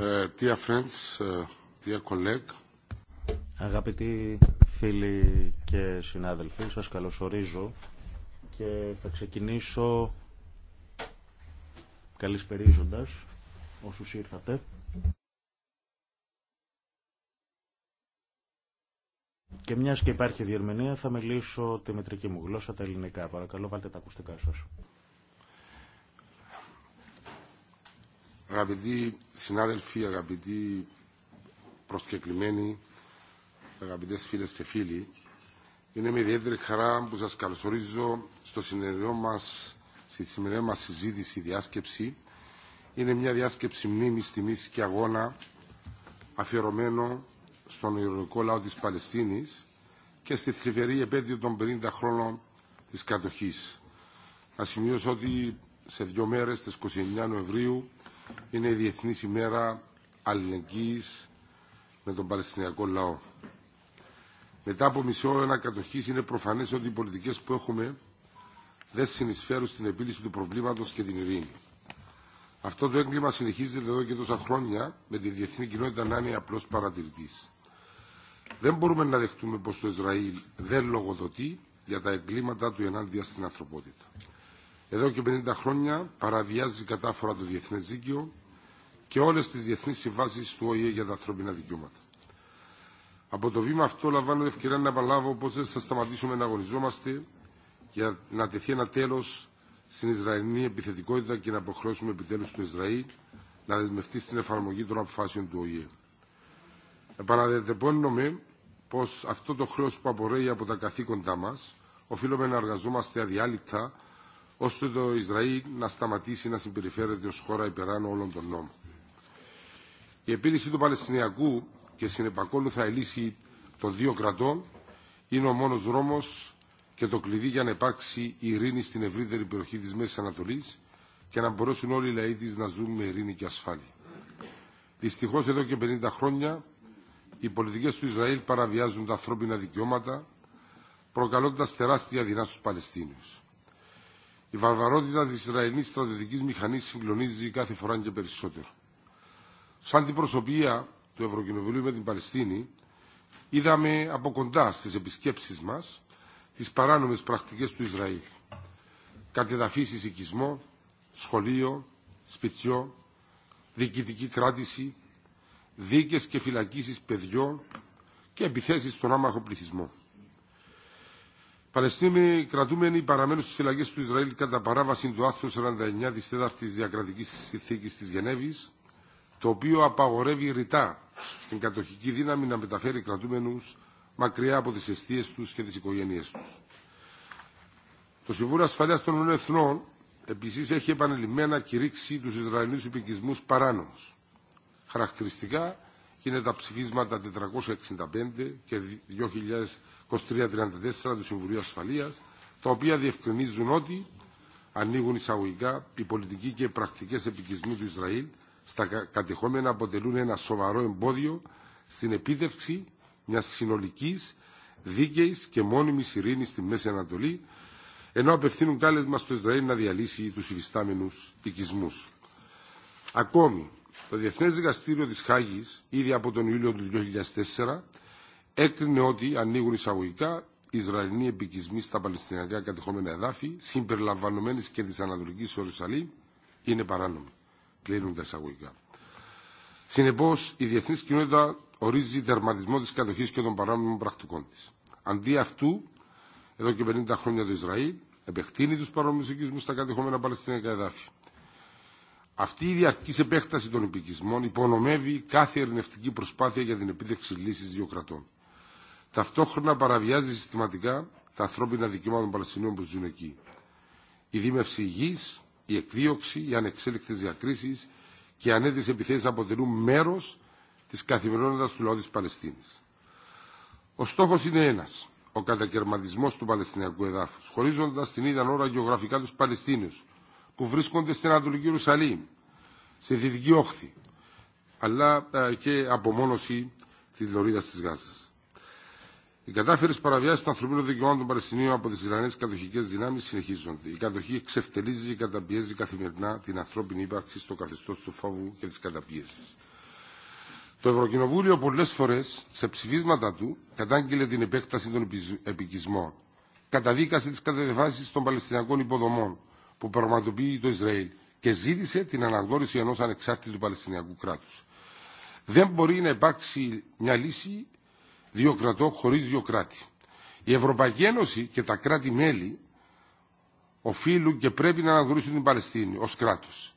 Ε, dear ε, Αγαπητοί φίλοι και συνάδελφοι, σας καλωσορίζω και θα ξεκινήσω καλησπερίζοντας όσους ήρθατε. Και μιας και υπάρχει διερμηνία θα μιλήσω τη μετρική μου γλώσσα, τα ελληνικά. Παρακαλώ βάλτε τα ακουστικά σας. Αγαπητοί συνάδελφοι, αγαπητοί προσκεκλημένοι, αγαπητέ φίλε και φίλοι, είναι με ιδιαίτερη χαρά που σα καλωσορίζω στο σημερινό μας, στη σημερινή μας συζήτηση, διάσκεψη. Είναι μια διάσκεψη μνήμης, τιμής και αγώνα αφιερωμένο στον ειρωνικό λαό της Παλαιστίνης και στη θλιβερή επέτειο των 50 χρόνων της κατοχής. Να σημειώσω ότι σε δύο μέρες, στις 29 Νοεμβρίου, είναι η διεθνή ημέρα αλληλεγγύης με τον Παλαιστινιακό λαό. Μετά από μισό αιώνα κατοχής είναι προφανές ότι οι πολιτικές που έχουμε δεν συνεισφέρουν στην επίλυση του προβλήματος και την ειρήνη. Αυτό το έγκλημα συνεχίζεται εδώ και τόσα χρόνια με τη διεθνή κοινότητα να είναι απλώς παρατηρητής. Δεν μπορούμε να δεχτούμε πως το Ισραήλ δεν λογοδοτεί για τα εγκλήματα του ενάντια στην ανθρωπότητα εδώ και 50 χρόνια παραβιάζει κατάφορα το διεθνές δίκαιο και όλες τις διεθνείς συμβάσεις του ΟΗΕ για τα ανθρώπινα δικαιώματα. Από το βήμα αυτό λαμβάνω ευκαιρία να επαναλάβω πως δεν θα σταματήσουμε να αγωνιζόμαστε για να τεθεί ένα τέλος στην Ισραηλινή επιθετικότητα και να αποχρώσουμε επιτέλους του Ισραήλ να δεσμευτεί στην εφαρμογή των αποφάσεων του ΟΗΕ. Επαναδετεπώνουμε πως αυτό το χρέος που απορρέει από τα καθήκοντά μας οφείλουμε να εργαζόμαστε αδιάλειπτα ώστε το Ισραήλ να σταματήσει να συμπεριφέρεται ως χώρα υπεράνω όλων των νόμων. Η επίλυση του Παλαιστινιακού και συνεπακόλουθα η λύση των δύο κρατών είναι ο μόνος δρόμος και το κλειδί για να υπάρξει ειρήνη στην ευρύτερη περιοχή της Μέσης Ανατολής και να μπορέσουν όλοι οι λαοί της να ζουν με ειρήνη και ασφάλεια. Δυστυχώς εδώ και 50 χρόνια οι πολιτικές του Ισραήλ παραβιάζουν τα ανθρώπινα δικαιώματα προκαλώντας τεράστια δεινά στους Παλαιστίνιους. Η βαρβαρότητα της Ισραηλής στρατιωτικής μηχανής συγκλονίζει κάθε φορά και περισσότερο. Σαν την προσωπία του Ευρωκοινοβουλίου με την Παλαιστίνη, είδαμε από κοντά στις επισκέψεις μας τις παράνομες πρακτικές του Ισραήλ. Κατεδαφίσεις οικισμό, σχολείο, σπιτιό, διοικητική κράτηση, δίκες και φυλακίσεις παιδιών και επιθέσεις στον άμαχο πληθυσμό. Παλαιστίνοι κρατούμενοι παραμένουν στι φυλακέ του Ισραήλ κατά παράβαση του άρθρου 49 τη 4 Διακρατική Συνθήκη τη Γενέβη, το οποίο απαγορεύει ρητά στην κατοχική δύναμη να μεταφέρει κρατούμενου μακριά από τι αιστείε του και τι οικογένειέ του. Το Συμβούλιο Ασφαλεία των Εθνών επίση έχει επανειλημμένα κηρύξει του Ισραηλινού υπηκισμού παράνομου. Χαρακτηριστικά είναι τα ψηφίσματα 465 και 2334 του Συμβουλίου Ασφαλεία, τα οποία διευκρινίζουν ότι ανοίγουν εισαγωγικά οι πολιτικοί και οι πρακτικέ επικισμοί του Ισραήλ στα κατεχόμενα αποτελούν ένα σοβαρό εμπόδιο στην επίτευξη μια συνολική, δίκαιη και μόνιμη ειρήνη στη Μέση Ανατολή, ενώ απευθύνουν κάλεσμα στο Ισραήλ να διαλύσει του υφιστάμενου οικισμού. Ακόμη, το Διεθνές Δικαστήριο της Χάγης, ήδη από τον Ιούλιο του 2004, έκρινε ότι ανοίγουν εισαγωγικά Ισραηλοί επικισμοί στα Παλαιστινιακά κατεχόμενα εδάφη, συμπεριλαμβανομένη και τη Ανατολική Ιερουσαλήμ, είναι παράνομοι. Κλείνουν τα εισαγωγικά. Συνεπώ, η διεθνή κοινότητα ορίζει τερματισμό τη κατοχή και των παράνομων πρακτικών τη. Αντί αυτού, εδώ και 50 χρόνια το Ισραήλ επεκτείνει του παρόμοιου οικισμού στα κατεχόμενα Παλαιστινιακά εδάφη. Αυτή η διαρκή επέκταση των επικισμών υπονομεύει κάθε ειρηνευτική προσπάθεια για την επίτευξη λύση δύο κρατών ταυτόχρονα παραβιάζει συστηματικά τα ανθρώπινα δικαιώματα των Παλαιστινίων που ζουν εκεί. Η δίμευση γη, η εκδίωξη, οι ανεξέλεκτε διακρίσει και οι ανέτε επιθέσει αποτελούν μέρο τη καθημερινότητα του λαού τη Παλαιστίνη. Ο στόχο είναι ένα. Ο κατακαιρματισμό του Παλαιστινιακού εδάφου, χωρίζοντα την ίδια ώρα γεωγραφικά του Παλαιστίνιου, που βρίσκονται στην Ανατολική Ιερουσαλήμ, σε δυτική όχθη, αλλά ε, και απομόνωση τη λωρίδα τη Γάζας. Οι κατάφερε παραβιάσει των ανθρωπίνων δικαιωμάτων των Παλαιστινίων από τι Ιρανέ κατοχικέ δυνάμει συνεχίζονται. Η κατοχή εξευτελίζει και καταπιέζει καθημερινά την ανθρώπινη ύπαρξη στο καθεστώ του φόβου και τη καταπίεση. Το Ευρωκοινοβούλιο πολλέ φορέ σε ψηφίσματα του κατάγγειλε την επέκταση των επικισμών. Καταδίκασε τι κατεδεφάσει των Παλαιστινιακών υποδομών που πραγματοποιεί το Ισραήλ και ζήτησε την αναγνώριση ενό ανεξάρτητου Παλαιστινιακού κράτου. Δεν μπορεί να υπάρξει μια λύση δύο κρατό χωρίς δύο κράτη. Η Ευρωπαϊκή Ένωση και τα κράτη-μέλη οφείλουν και πρέπει να αναγνωρίσουν την Παλαιστίνη ως κράτος.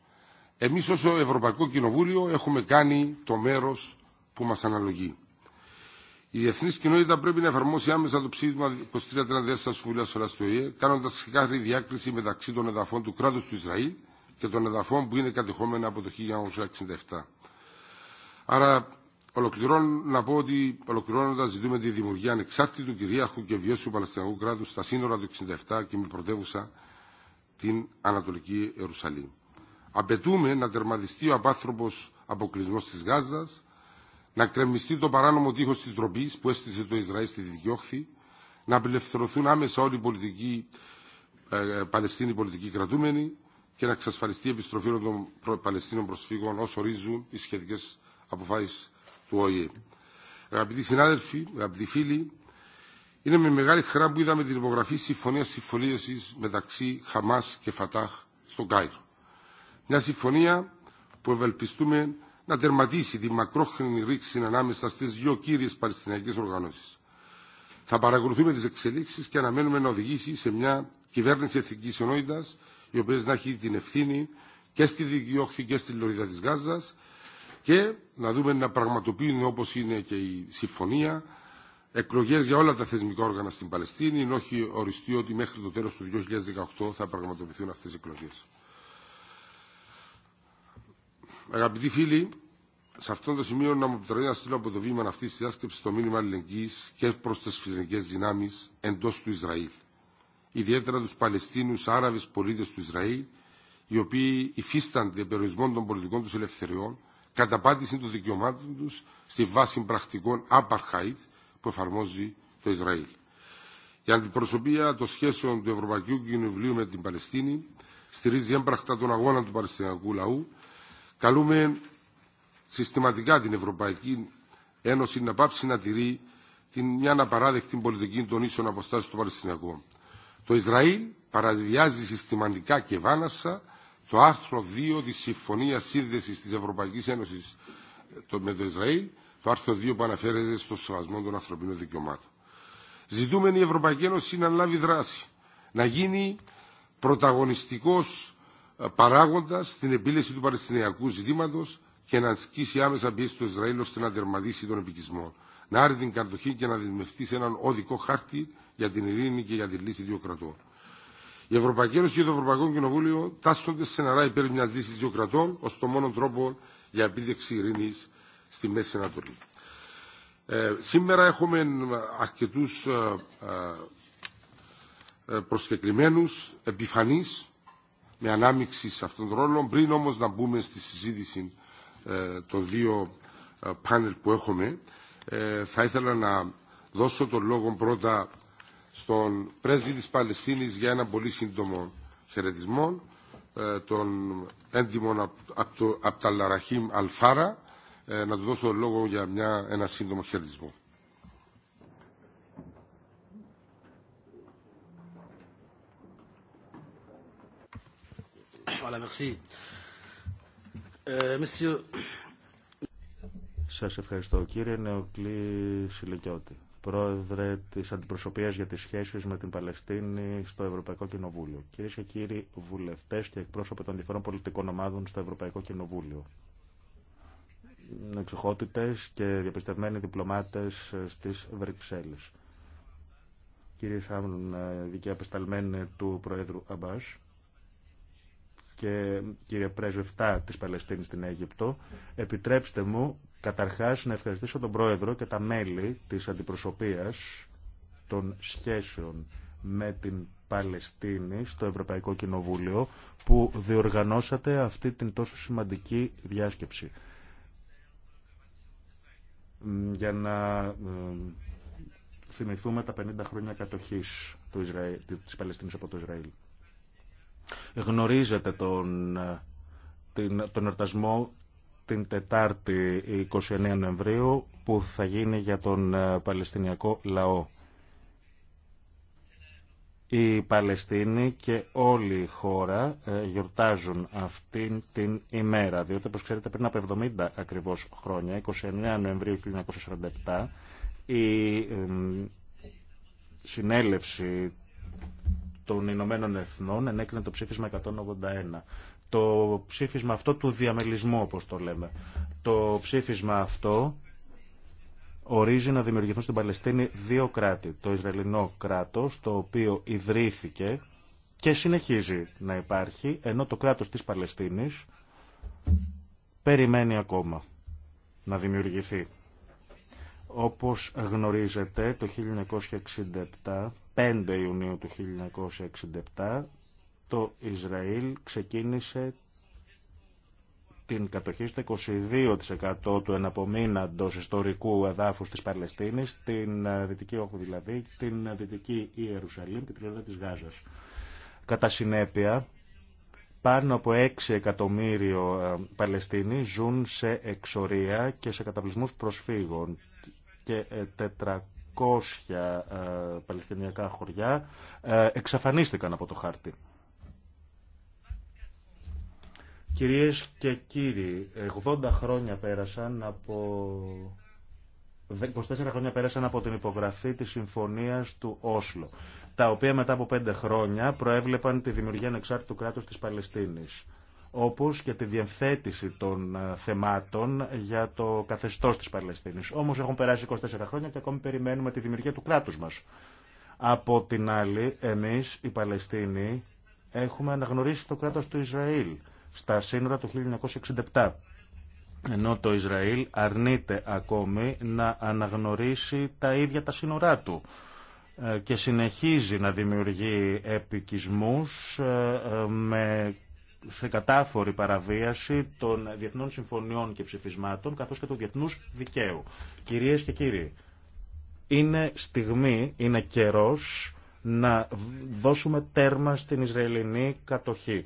Εμείς ως Ευρωπαϊκό Κοινοβούλιο έχουμε κάνει το μέρος που μας αναλογεί. Η διεθνή κοινότητα πρέπει να εφαρμόσει άμεσα το ψήφισμα 2334 τη Βουλή Ασφαλεία του ΟΗΕ, κάνοντα ξεκάθαρη διάκριση μεταξύ των εδαφών του κράτου του Ισραήλ και των εδαφών που είναι κατεχόμενα από το 1967. Άρα Ολοκληρώνω να πω ότι ολοκληρώνοντα ζητούμε τη δημιουργία ανεξάρτητου κυρίαρχου και βιώσιου Παλαιστινιακού κράτου στα σύνορα του 67 και με πρωτεύουσα την Ανατολική Ιερουσαλήμ. Απαιτούμε να τερματιστεί ο απάνθρωπο αποκλεισμό τη Γάζα, να κρεμιστεί το παράνομο τείχο τη ντροπή που έστησε το Ισραήλ στη Δυτική να απελευθερωθούν άμεσα όλοι οι πολιτικοί, ε, Παλαιστίνοι πολιτικοί κρατούμενοι και να εξασφαλιστεί η επιστροφή των Παλαιστίνων προσφύγων όσο ορίζουν οι σχετικέ αποφάσει του ΟΗΕ. Αγαπητοί συνάδελφοι, αγαπητοί φίλοι, είναι με μεγάλη χαρά που είδαμε την υπογραφή συμφωνία συμφωνίωση μεταξύ Χαμά και Φατάχ στον Κάιρο. Μια συμφωνία που ευελπιστούμε να τερματίσει τη μακρόχρονη ρήξη ανάμεσα στι δύο κύριε Παλαιστινιακέ οργανώσει. Θα παρακολουθούμε τι εξελίξει και αναμένουμε να οδηγήσει σε μια κυβέρνηση εθνική ενότητα, η οποία να έχει την ευθύνη και στη διδιώχθη και στη λωρίδα τη Γάζας και να δούμε να πραγματοποιούν όπως είναι και η συμφωνία εκλογές για όλα τα θεσμικά όργανα στην Παλαιστίνη, ενώ έχει οριστεί ότι μέχρι το τέλος του 2018 θα πραγματοποιηθούν αυτές οι εκλογές. Αγαπητοί φίλοι, σε αυτό το σημείο να μου επιτρέψετε να στείλω από το βήμα αυτή τη διάσκεψη το μήνυμα αλληλεγγύη και προ τι φιλενικέ δυνάμει εντό του Ισραήλ. Ιδιαίτερα του Παλαιστίνου Άραβε πολίτε του Ισραήλ, οι οποίοι υφίστανται περιορισμών των πολιτικών του ελευθεριών καταπάτηση των δικαιωμάτων τους στη βάση πρακτικών apartheid που εφαρμόζει το Ισραήλ. Η αντιπροσωπεία των σχέσεων του Ευρωπαϊκού Κοινοβουλίου με την Παλαιστίνη στηρίζει έμπρακτα τον αγώνα του Παλαιστινιακού λαού. Καλούμε συστηματικά την Ευρωπαϊκή Ένωση να πάψει να τηρεί την μια αναπαράδεκτη πολιτική των ίσων αποστάσεων του Παλαιστινιακού. Το Ισραήλ παραβιάζει συστηματικά και βάνασα το άρθρο 2 της Συμφωνίας Σύνδεσης της Ευρωπαϊκής Ένωσης ε, με το Ισραήλ, το άρθρο 2 που αναφέρεται στο σεβασμό των ανθρωπίνων δικαιωμάτων. Ζητούμενη η Ευρωπαϊκή Ένωση να λάβει δράση, να γίνει πρωταγωνιστικός ε, παράγοντας στην επίλυση του Παλαιστινιακού ζητήματος και να ασκήσει άμεσα πίεση στο Ισραήλ ώστε να τερματίσει τον επικισμό, να άρει την καρτοχή και να δημιουργηθεί σε έναν οδικό χάρτη για την ειρήνη και για τη λύση δύο κρατών. Η Ευρωπαϊκή Ένωση και το Ευρωπαϊκό Κοινοβούλιο τάσσονται στεναρά υπέρ μια λύση δύο κρατών ω το μόνο τρόπο για επίδεξη ειρήνη στη Μέση Ανατολή. Ε, σήμερα έχουμε αρκετού ε, ε προσκεκριμένου, επιφανεί, με ανάμειξη σε αυτόν τον ρόλο. Πριν όμω να μπούμε στη συζήτηση ε, των δύο ε, πάνελ που έχουμε, θα ήθελα να δώσω τον λόγο πρώτα στον πρέσβη της Παλαιστίνης για ένα πολύ σύντομο χαιρετισμό ε, τον έντιμο από απ τα Λαραχήμ Αλφάρα ε, να του δώσω λόγο για μια, ένα σύντομο χαιρετισμό. Ε, Σας ευχαριστώ κύριε Νεοκλή Σιλικιώτη πρόεδρε της Αντιπροσωπείας για τις σχέσεις με την Παλαιστίνη στο Ευρωπαϊκό Κοινοβούλιο. Κυρίες και κύριοι βουλευτές και εκπρόσωποι των διαφορών πολιτικών ομάδων στο Ευρωπαϊκό Κοινοβούλιο. Εξοχότητες και διαπιστευμένοι διπλωμάτες στις Βρυξέλλες. Κύριε Σάμουν, ε, δικαία απεσταλμένη του Προέδρου Αμπάς, και κύριε Πρέσβευτά της Παλαιστίνης στην Αίγυπτο, επιτρέψτε μου Καταρχάς να ευχαριστήσω τον Πρόεδρο και τα μέλη της αντιπροσωπείας των σχέσεων με την Παλαιστίνη στο Ευρωπαϊκό Κοινοβούλιο που διοργανώσατε αυτή την τόσο σημαντική διάσκεψη για να ε, θυμηθούμε τα 50 χρόνια κατοχής του Ισραήλ, της Παλαιστίνης από το Ισραήλ. Γνωρίζετε τον, ε, τον ερτασμό την Τετάρτη 29 Νοεμβρίου που θα γίνει για τον ε, Παλαιστινιακό λαό. Οι Παλαιστίνοι και όλη η χώρα ε, γιορτάζουν αυτήν την ημέρα, διότι όπως ξέρετε πριν από 70 ακριβώς χρόνια, 29 Νοεμβρίου 1947, η συνέλευση των Ηνωμένων Εθνών ενέκρινε το ψήφισμα 181 το ψήφισμα αυτό του διαμελισμού, όπως το λέμε. Το ψήφισμα αυτό ορίζει να δημιουργηθούν στην Παλαιστίνη δύο κράτη. Το Ισραηλινό κράτος, το οποίο ιδρύθηκε και συνεχίζει να υπάρχει, ενώ το κράτος της Παλαιστίνης περιμένει ακόμα να δημιουργηθεί. Όπως γνωρίζετε, το 1967, 5 Ιουνίου του 1967, το Ισραήλ ξεκίνησε την κατοχή στο 22% του εναπομείναντος ιστορικού εδάφους της Παλαιστίνης, την ε, Δυτική Όχθη δηλαδή, την ε, Δυτική Ιερουσαλήμ την Ελλάδα της Γάζας. Κατά συνέπεια, πάνω από 6 εκατομμύριο ε, Παλαιστίνοι ζουν σε εξορία και σε καταβλισμούς προσφύγων και 400 Παλαιστινιακά χωριά εξαφανίστηκαν από το χάρτη. Κυρίες και κύριοι, 80 χρόνια πέρασαν από... 24 χρόνια πέρασαν από την υπογραφή της Συμφωνίας του Όσλο, τα οποία μετά από 5 χρόνια προέβλεπαν τη δημιουργία ανεξάρτητου κράτους της Παλαιστίνης, όπως και τη διευθέτηση των ε, θεμάτων για το καθεστώς της Παλαιστίνης. Όμως έχουν περάσει 24 χρόνια και ακόμη περιμένουμε τη δημιουργία του κράτους μας. Από την άλλη, εμείς, οι Παλαιστίνοι, έχουμε αναγνωρίσει το κράτος του Ισραήλ στα σύνορα του 1967 ενώ το Ισραήλ αρνείται ακόμη να αναγνωρίσει τα ίδια τα σύνορά του ε, και συνεχίζει να δημιουργεί επικισμούς ε, ε, με σε κατάφορη παραβίαση των διεθνών συμφωνιών και ψηφισμάτων καθώς και του διεθνούς δικαίου. Κυρίες και κύριοι, είναι στιγμή, είναι καιρός να δώσουμε τέρμα στην Ισραηλινή κατοχή.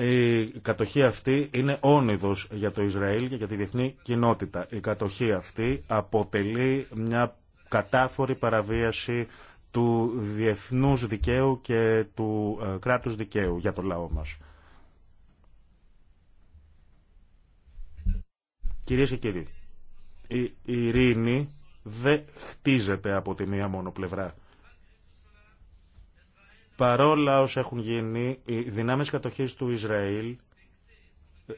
Η κατοχή αυτή είναι όνειδος για το Ισραήλ και για τη διεθνή κοινότητα. Η κατοχή αυτή αποτελεί μια κατάφορη παραβίαση του διεθνούς δικαίου και του ε, κράτους δικαίου για το λαό μας. Κυρίε και κύριοι, η ειρήνη δεν χτίζεται από τη μία μόνο πλευρά. Παρόλα όσα έχουν γίνει, οι δυνάμεις κατοχής του Ισραήλ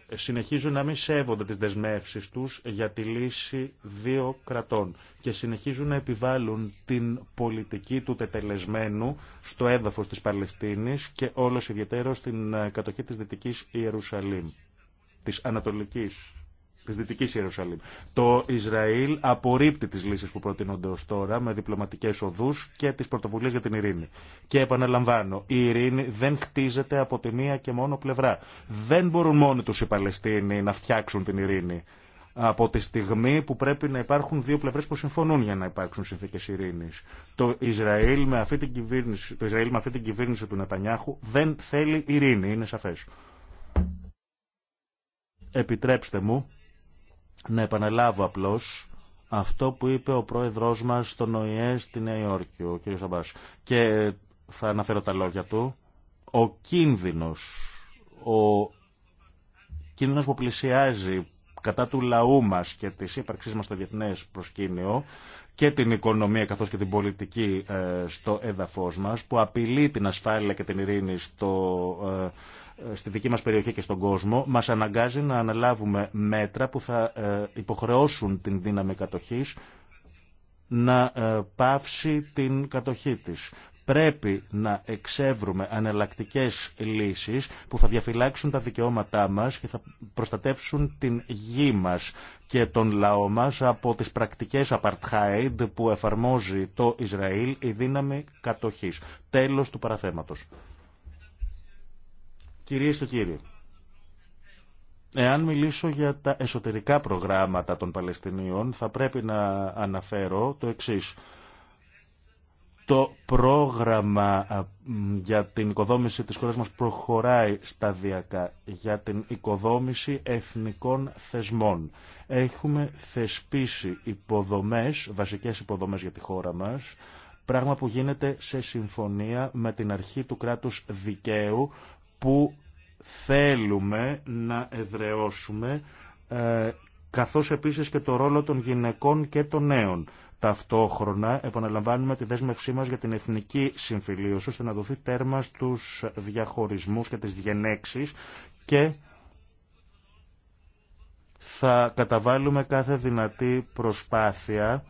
ε, συνεχίζουν να μην σέβονται τις δεσμεύσεις τους για τη λύση δύο κρατών και συνεχίζουν να επιβάλλουν την πολιτική του τετελεσμένου στο έδαφος της Παλαιστίνης και όλος ιδιαίτερο στην ε, κατοχή της Δυτικής Ιερουσαλήμ, της Ανατολικής Τη δυτική Ιερουσαλήμ. Το Ισραήλ απορρίπτει τι λύσει που προτείνονται ω τώρα με διπλωματικέ οδού και τι πρωτοβουλίε για την ειρήνη. Και επαναλαμβάνω, η ειρήνη δεν χτίζεται από τη μία και μόνο πλευρά. Δεν μπορούν μόνοι του οι Παλαιστίνοι να φτιάξουν την ειρήνη από τη στιγμή που πρέπει να υπάρχουν δύο πλευρές που συμφωνούν για να υπάρξουν συνθήκες ειρήνης. Το Ισραήλ με αυτή την κυβέρνηση, το Ισραήλ με αυτή την του Νετανιάχου δεν θέλει ειρήνη, είναι σαφές. Επιτρέψτε μου να επαναλάβω απλώς αυτό που είπε ο πρόεδρός μας στο ΟΗΕ στη Νέα Υόρκη, ο κ. Σαμπάς. Και θα αναφέρω τα λόγια του. Ο κίνδυνος, ο κίνδυνος που πλησιάζει κατά του λαού μας και της ύπαρξής μας στο διεθνές προσκήνιο και την οικονομία καθώς και την πολιτική ε, στο έδαφος μας που απειλεί την ασφάλεια και την ειρήνη στο ε, στη δική μας περιοχή και στον κόσμο, μας αναγκάζει να αναλάβουμε μέτρα που θα ε, υποχρεώσουν την δύναμη κατοχής να ε, πάυσει την κατοχή της. Πρέπει να εξεύρουμε ανελακτικές λύσεις που θα διαφυλάξουν τα δικαιώματά μας και θα προστατεύσουν την γη μας και τον λαό μας από τις πρακτικές apartheid που εφαρμόζει το Ισραήλ η δύναμη κατοχής. Τέλος του παραθέματος. Κυρίες και κύριοι, εάν μιλήσω για τα εσωτερικά προγράμματα των Παλαιστινίων, θα πρέπει να αναφέρω το εξής. Το πρόγραμμα για την οικοδόμηση της χώρας μας προχωράει σταδιακά για την οικοδόμηση εθνικών θεσμών. Έχουμε θεσπίσει υποδομές, βασικές υποδομές για τη χώρα μας, πράγμα που γίνεται σε συμφωνία με την αρχή του κράτους δικαίου που θέλουμε να εδραιώσουμε ε, καθώς επίσης και το ρόλο των γυναικών και των νέων. Ταυτόχρονα επαναλαμβάνουμε τη δέσμευσή μας για την εθνική συμφιλίωση ώστε να δοθεί τέρμα στους διαχωρισμούς και τις διενέξεις και θα καταβάλουμε κάθε δυνατή προσπάθεια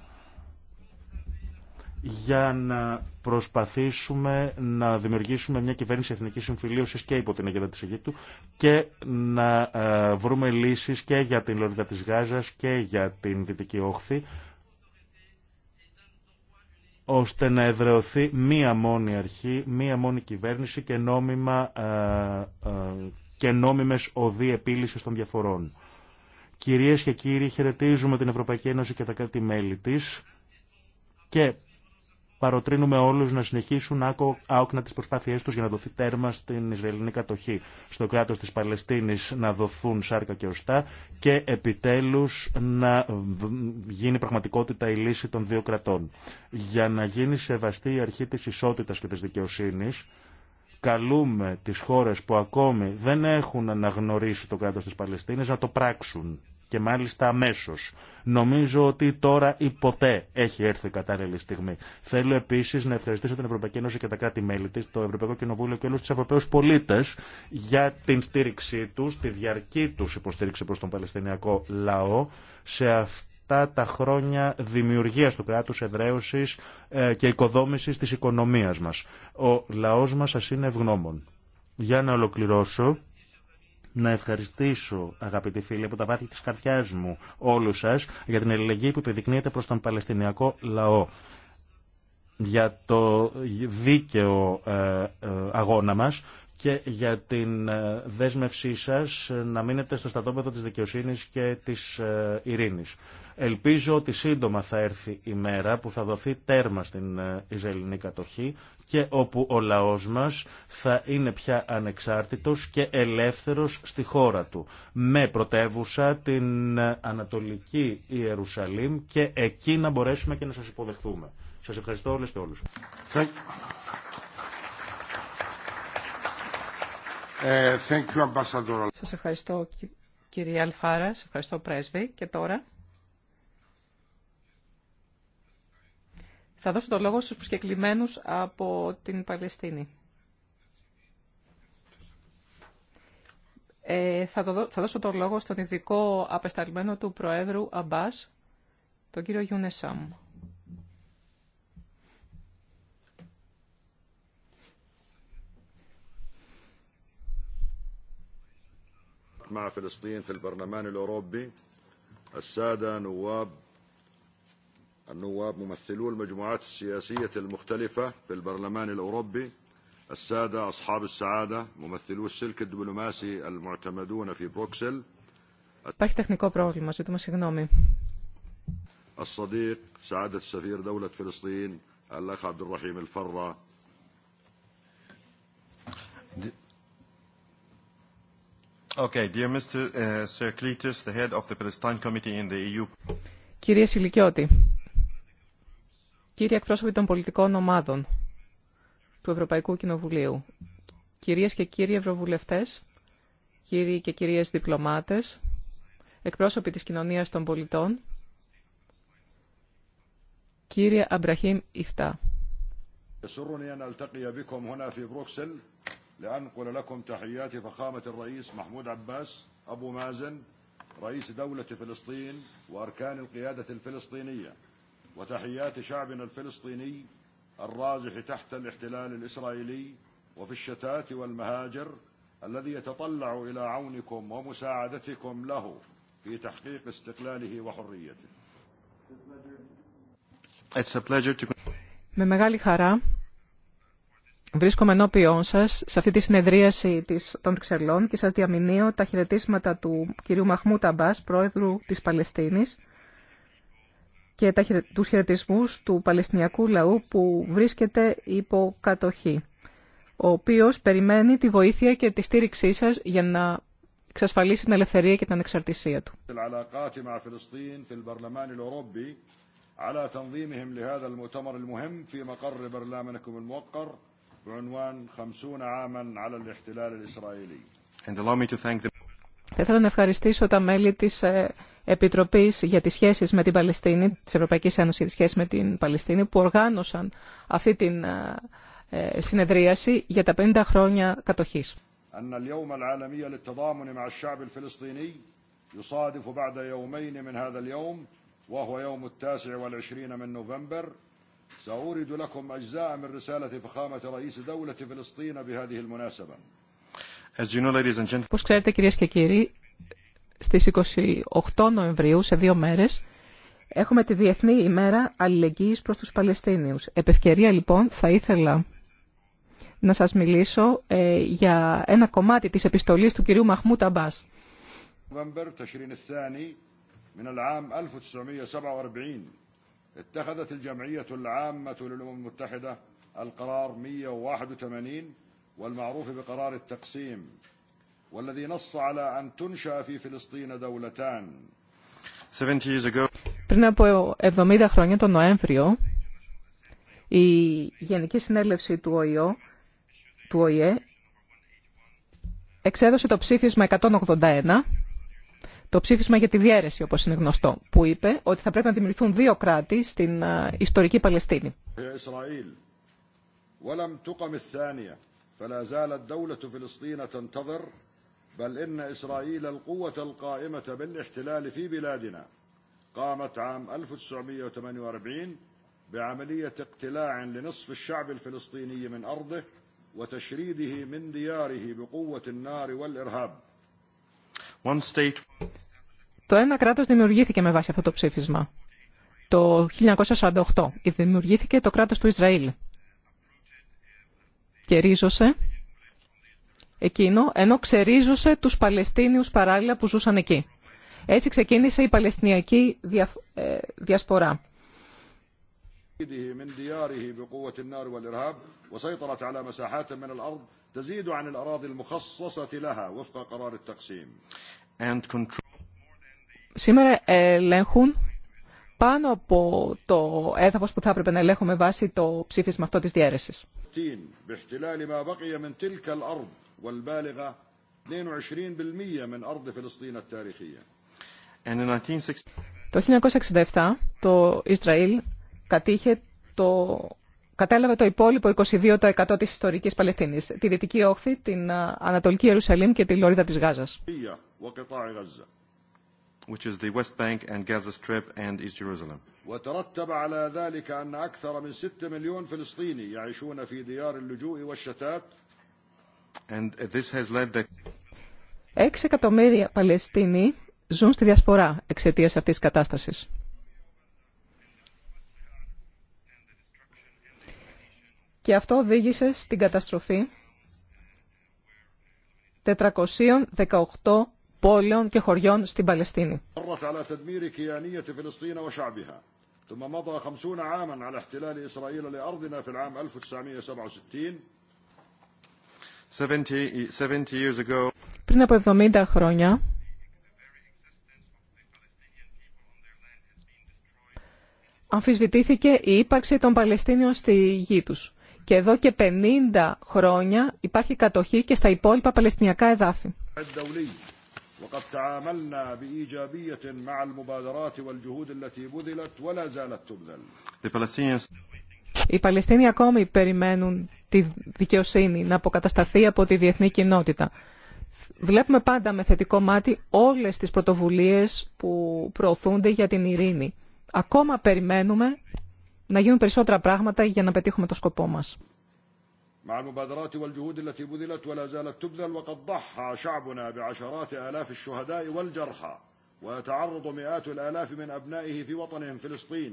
για να προσπαθήσουμε να δημιουργήσουμε μια κυβέρνηση εθνικής συμφιλίωσης και υπό την Αγία τη Αιγύπτου και να ε, βρούμε λύσει και για την Λωρίδα τη Γάζας και για την Δυτική Όχθη ώστε να εδρεωθεί μία μόνη αρχή, μία μόνη κυβέρνηση και, νόμιμα, ε, ε, και νόμιμες οδοί επίλυσης των διαφορών. Κυρίες και κύριοι, χαιρετίζουμε την Ευρωπαϊκή Ένωση και τα κράτη-μέλη της και παροτρύνουμε όλου να συνεχίσουν άοκνα τι προσπάθειέ του για να δοθεί τέρμα στην Ισραηλινή κατοχή. Στο κράτο τη Παλαιστίνη να δοθούν σάρκα και οστά και επιτέλου να γίνει πραγματικότητα η λύση των δύο κρατών. Για να γίνει σεβαστή η αρχή τη ισότητα και τη δικαιοσύνη, καλούμε τις χώρες που ακόμη δεν έχουν αναγνωρίσει το κράτος της Παλαιστίνης να το πράξουν και μάλιστα αμέσω. Νομίζω ότι τώρα ή ποτέ έχει έρθει η κατάλληλη στιγμή. Θέλω επίση να ευχαριστήσω την Ευρωπαϊκή Ένωση και τα κράτη-μέλη τη, το Ευρωπαϊκό Κοινοβούλιο και όλου του Ευρωπαίου πολίτε για την στήριξή του, τη διαρκή του υποστήριξη προ τον Παλαιστινιακό λαό σε αυτά τα χρόνια δημιουργίας του κράτους, εδραίωσης ε, και οικοδόμησης της οικονομίας μας. Ο λαός μας σας είναι ευγνώμων. Για να ολοκληρώσω, να ευχαριστήσω, αγαπητοί φίλοι, από τα βάθη της καρδιάς μου όλους σας για την ελληνική που επιδεικνύεται προς τον Παλαιστινιακό λαό για το δίκαιο ε, ε, αγώνα μας και για την ε, δέσμευσή σας να μείνετε στο στατόπεδο της δικαιοσύνης και της ειρήνης. Ελπίζω ότι σύντομα θα έρθει η μέρα που θα δοθεί τέρμα στην Ισραηλινή κατοχή και όπου ο λαός μας θα είναι πια ανεξάρτητος και ελεύθερος στη χώρα του. Με πρωτεύουσα την Ανατολική Ιερουσαλήμ και εκεί να μπορέσουμε και να σας υποδεχθούμε. Σας ευχαριστώ όλες και όλους. Thank ε, Σας ευχαριστώ κύριε Αλφάρα, σας ευχαριστώ πρέσβη και τώρα Θα δώσω το λόγο στους προσκεκλημένους από την Παλαιστίνη. Ε, θα, θα δώσω το λόγο στον ειδικό απεσταλμένο του Προέδρου Αμπάς, τον κύριο Γιούνεσάμ. مع فلسطين في البرلمان الأوروبي السادة النواب ممثلو المجموعات السياسية المختلفة في البرلمان الأوروبي السادة أصحاب السعادة ممثلو السلك الدبلوماسي المعتمدون في بروكسل Υπάρχει τεχνικό πρόβλημα, ζητούμε συγγνώμη. الصديق سعادة السفير دولة فلسطين الأخ عبد الرحيم الفرة Okay, dear Mr. Sir Cletus, the head of the Palestine Committee in the EU. Κύριε Σιλικιώτη, κύριοι εκπρόσωποι των πολιτικών ομάδων του Ευρωπαϊκού Κοινοβουλίου, κυρίες και κύριοι ευρωβουλευτές, κύριοι και κυρίες διπλωμάτες, εκπρόσωποι της κοινωνίας των πολιτών, κύριε Αμπραχήμ Ιφτά. يسرني أن ألتقي بكم هنا في بروكسل لأنقل لكم تحيات فخامة الرئيس محمود عباس أبو مازن رئيس دولة فلسطين وأركان القيادة الفلسطينية وتحيات شعبنا الفلسطيني الرازح تحت الاحتلال الإسرائيلي وفي الشتات والمهاجر الذي يتطلع إلى عونكم ومساعدتكم له في تحقيق استقلاله وحريته It's a pleasure to... Με μεγάλη χαρά βρίσκομαι ενώπιόν σα σε αυτή τη συνεδρίαση της, των Βρυξελών και σας διαμηνύω τα χαιρετίσματα του κυρίου Μαχμούτα Αμπάς, πρόεδρου της Παλαιστίνης, και τους χαιρετισμού του Παλαιστινιακού λαού που βρίσκεται υπό κατοχή, ο οποίος περιμένει τη βοήθεια και τη στήριξή σας για να εξασφαλίσει την ελευθερία και την ανεξαρτησία του. Θα ήθελα να ευχαριστήσω τα μέλη της ε, Επιτροπής για τις σχέσεις με την Παλαιστίνη, της Ευρωπαϊκής Ένωσης για τις σχέσεις με την Παλαιστίνη, που οργάνωσαν αυτή την ε, ε, συνεδρίαση για τα 50 χρόνια κατοχής. يصادف بعد يومين من هذا اليوم وهو يوم التاسع والعشرين من نوفمبر سأورد لكم أجزاء من رسالة فخامة رئيس دولة فلسطين بهذه المناسبة. Όπως ξέρετε κυρίες και κύριοι, στις 28 Νοεμβρίου, σε δύο μέρες, έχουμε τη Διεθνή ημέρα αλληλεγγύης προς τους Παλαιστίνιους. Επ' λοιπόν, θα ήθελα να σας μιλήσω ε, για ένα κομμάτι της επιστολής του κυρίου Μαχμού Ταμπάς. اتخذت الجمعية العامة للأمم المتحدة القرار 181 والمعروف بقرار التقسيم والذي نص على أن تنشأ في فلسطين دولتان πριν από 70 χρόνια, τον Νοέμβριο, η Γενική Συνέλευση του, ΟΗΟ, ΟΗΕ εξέδωσε το ψήφισμα 181, το ψήφισμα για τη διαίρεση, όπως είναι γνωστό, που είπε ότι θα πρέπει να δημιουργηθούν δύο κράτη στην ιστορική Παλαιστίνη. Ε, بل إن إسرائيل القوة القائمة بالاحتلال في بلادنا قامت عام 1948 بعملية اقتلاع لنصف الشعب الفلسطيني من أرضه وتشريده من دياره بقوة النار والإرهاب One state. Το ένα κράτος δημιουργήθηκε με βάση αυτό το ψήφισμα. Το 1948 δημιουργήθηκε το κράτος του Ισραήλ και ρίζωσε εκείνο, ενώ ξερίζωσε τους Παλαιστίνιους παράλληλα που ζούσαν εκεί. Έτσι ξεκίνησε η Παλαιστινιακή ε, Διασπορά. Σήμερα ελέγχουν πάνω από το έδαφο που θα έπρεπε να ελέγχουμε βάση το ψήφισμα αυτό της διαίρεσης. والبالغة 22% من أرض فلسطين التاريخية. Το 1967 το Ισραήλ κατήχε το κατέλαβε το υπόλοιπο 22% της ιστορικής Παλαιστίνης, τη Δυτική Όχθη, την Ανατολική Ιερουσαλήμ και τη Λωρίδα της Γάζας. Which is the West Bank and Gaza Strip and East Jerusalem. وترتب على ذلك أن أكثر من 6 مليون فلسطيني يعيشون في ديار اللجوء والشتات Έξι εκατομμύρια Παλαιστίνοι ζουν στη διασπορά εξαιτία αυτή τη κατάσταση. Και αυτό οδήγησε στην καταστροφή 418 πόλεων και χωριών στην Παλαιστίνη. Πριν από 70 χρόνια, αμφισβητήθηκε η ύπαρξη των Παλαιστίνιων στη γη τους. Και εδώ και 50 χρόνια υπάρχει κατοχή και στα υπόλοιπα Παλαιστινιακά εδάφη. Οι Παλαιστίνοι ακόμη περιμένουν τη δικαιοσύνη να αποκατασταθεί από τη διεθνή κοινότητα. Βλέπουμε πάντα με θετικό μάτι όλες τις πρωτοβουλίες που προωθούνται για την ειρήνη. Ακόμα περιμένουμε να γίνουν περισσότερα πράγματα για να πετύχουμε το σκοπό μας. مع المبادرات والجهود التي بذلت ولا زالت تبذل وقد ضحى شعبنا بعشرات آلاف الشهداء والجرحى ويتعرض مئات الآلاف من أبنائه في وطنهم فلسطين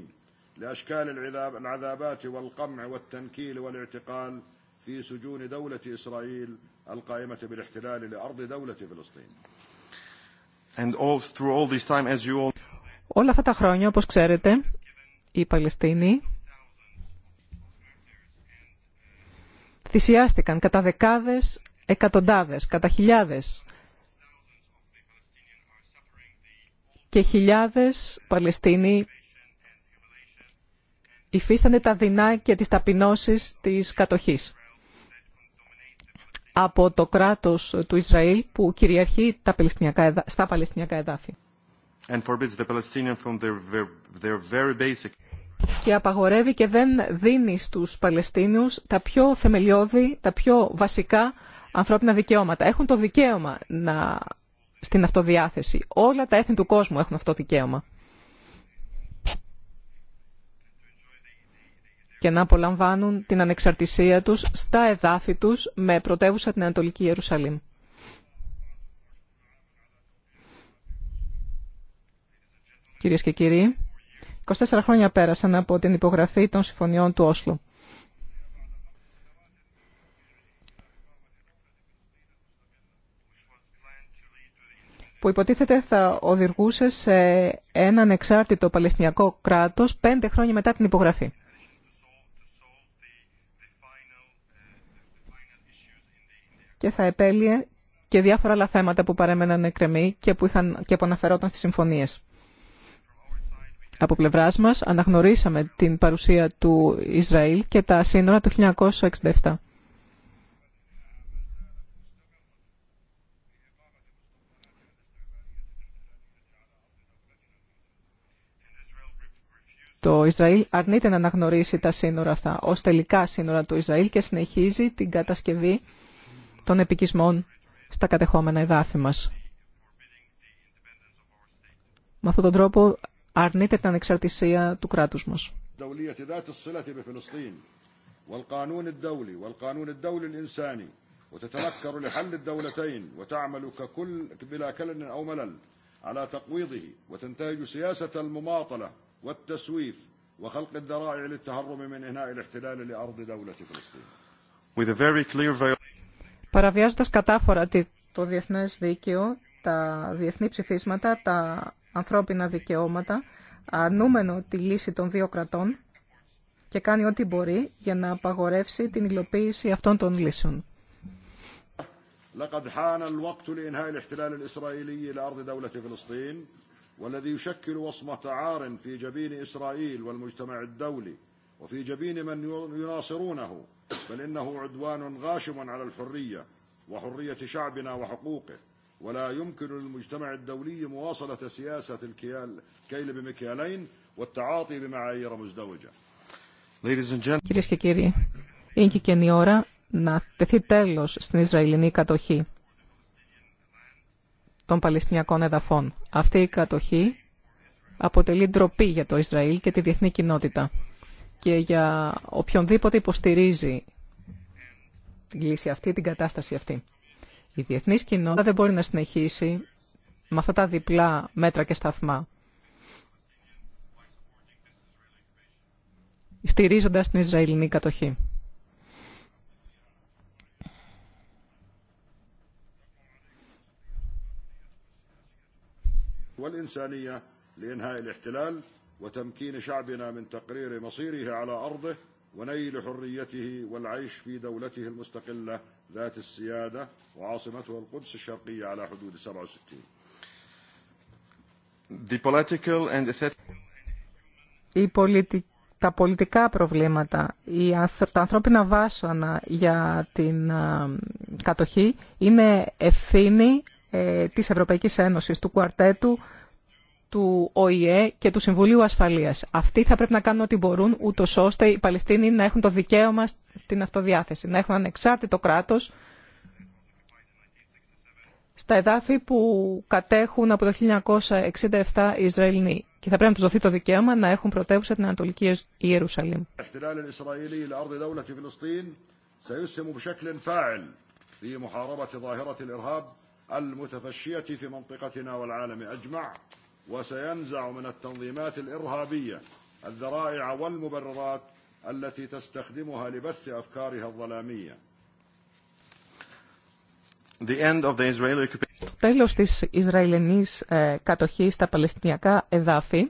لأشكال العذاب العذابات والقمع والتنكيل والاعتقال في سجون دولة إسرائيل القائمة بالاحتلال لأرض دولة فلسطين. And all, through all this time, as you all... Όλα αυτά τα χρόνια, όπως ξέρετε, οι Παλαιστίνοι θυσιάστηκαν κατά δεκάδες, εκατοντάδες, κατά χιλιάδες και χιλιάδες Παλαιστίνοι υφίστανται τα δεινά και τις ταπεινώσεις της κατοχής από το κράτος του Ισραήλ που κυριαρχεί τα Παλαιστινιακά, στα Παλαιστινιακά εδάφη. Και απαγορεύει και δεν δίνει στους Παλαιστίνιους τα πιο θεμελιώδη, τα πιο βασικά ανθρώπινα δικαιώματα. Έχουν το δικαίωμα να... στην αυτοδιάθεση. Όλα τα έθνη του κόσμου έχουν αυτό το δικαίωμα. και να απολαμβάνουν την ανεξαρτησία τους στα εδάφη τους με πρωτεύουσα την Ανατολική Ιερουσαλήμ. Κυρίε και κύριοι, 24 χρόνια πέρασαν από την υπογραφή των συμφωνιών του Όσλου. που υποτίθεται θα οδηγούσε σε έναν εξάρτητο Παλαιστινιακό κράτος πέντε χρόνια μετά την υπογραφή. και θα επέλυε και διάφορα άλλα θέματα που παρέμεναν εκκρεμή και που, είχαν, και που αναφερόταν στις συμφωνίες. Από πλευράς μας αναγνωρίσαμε την παρουσία του Ισραήλ και τα σύνορα του 1967. Το Ισραήλ αρνείται να αναγνωρίσει τα σύνορα αυτά ως τελικά σύνορα του Ισραήλ και συνεχίζει την κατασκευή των επικισμών στα κατεχόμενα εδάφη μας. Με αυτόν τον τρόπο αρνείται την ανεξαρτησία του κράτους μας παραβιάζοντας κατάφορα το διεθνές δίκαιο, τα διεθνή ψηφίσματα, τα ανθρώπινα δικαιώματα, αρνούμενο τη λύση των δύο κρατών και κάνει ό,τι μπορεί για να απαγορεύσει την υλοποίηση αυτών των λύσεων. لقد حان الوقت لإنهاء الاحتلال الإسرائيلي لأرض دولة فلسطين والذي يشكل وصمة عار في بل إنه عدوان غاشم على الحرية وحرية شعبنا وحقوقه ولا يمكن للمجتمع الدولي مواصلة سياسة كيل بمكيالين والتعاطي بمعايير مزدوجة Κυρίε και κύριοι, είναι και καινή ώρα να τεθεί τέλο στην Ισραηλινή κατοχή των Παλαιστινιακών εδαφών. Αυτή η κατοχή αποτελεί ντροπή για το Ισραήλ και τη διεθνή κοινότητα και για οποιονδήποτε υποστηρίζει την λύση αυτή, την κατάσταση αυτή. Η διεθνής κοινότητα δεν μπορεί να συνεχίσει με αυτά τα διπλά μέτρα και σταθμά. στηρίζοντας την Ισραηλινή κατοχή. وتمكين شعبنا من تقرير مصيره على أرضه ونيل حريته والعيش في دولته المستقلة ذات السيادة وعاصمته القدس الشرقية على حدود 67 The political and η πολιτική τα πολιτικά προβλήματα, η, τα ανθρώπινα βάσανα για την κατοχή είναι ευθύνη ε, της Ευρωπαϊκής Ένωσης, του κουαρτέτου του ΟΗΕ και του Συμβουλίου Ασφαλείας. Αυτοί θα πρέπει να κάνουν ό,τι μπορούν, ούτω ώστε οι Παλαιστίνοι να έχουν το δικαίωμα στην αυτοδιάθεση, να έχουν ανεξάρτητο κράτος στα εδάφη που κατέχουν από το 1967 οι Ισραηλοί και θα πρέπει να του δοθεί το δικαίωμα να έχουν πρωτεύουσα την Ανατολική Ιερουσαλήμ. وسينزع من التنظيمات الإرهابية الذرائع والمبررات التي تستخدمها لبث أفكارها الظلامية The end of the Israeli... Το τέλος της Ισραηλινής ε, κατοχής στα Παλαιστινιακά εδάφη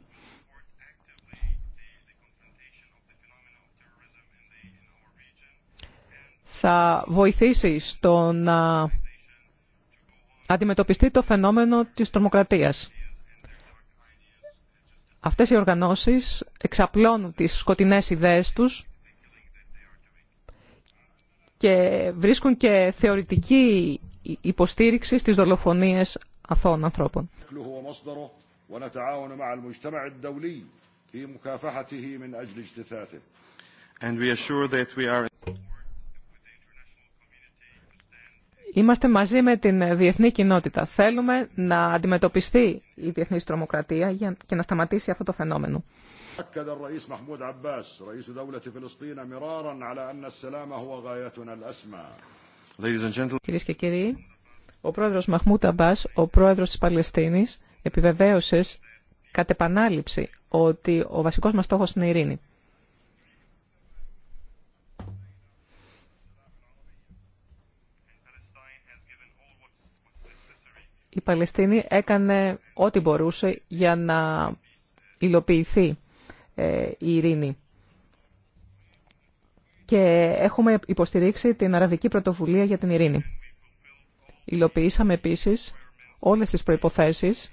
θα βοηθήσει στο να αντιμετωπιστεί το φαινόμενο της τρομοκρατίας. Αυτές οι οργανώσεις εξαπλώνουν τις σκοτεινές ιδέες τους και βρίσκουν και θεωρητική υποστήριξη στις δολοφονίες αθώων ανθρώπων. Είμαστε μαζί με την διεθνή κοινότητα. Θέλουμε να αντιμετωπιστεί η διεθνής τρομοκρατία και να σταματήσει αυτό το φαινόμενο. Κυρίες και κύριοι, ο πρόεδρος Μαχμούτ Αμπάς, ο πρόεδρος της Παλαιστίνης, επιβεβαίωσε κατ' επανάληψη ότι ο βασικός μας στόχος είναι η ειρήνη. η Παλαιστίνη έκανε ό,τι μπορούσε για να υλοποιηθεί ε, η ειρήνη. Και έχουμε υποστηρίξει την Αραβική Πρωτοβουλία για την Ειρήνη. Υλοποιήσαμε επίσης όλες τις προϋποθέσεις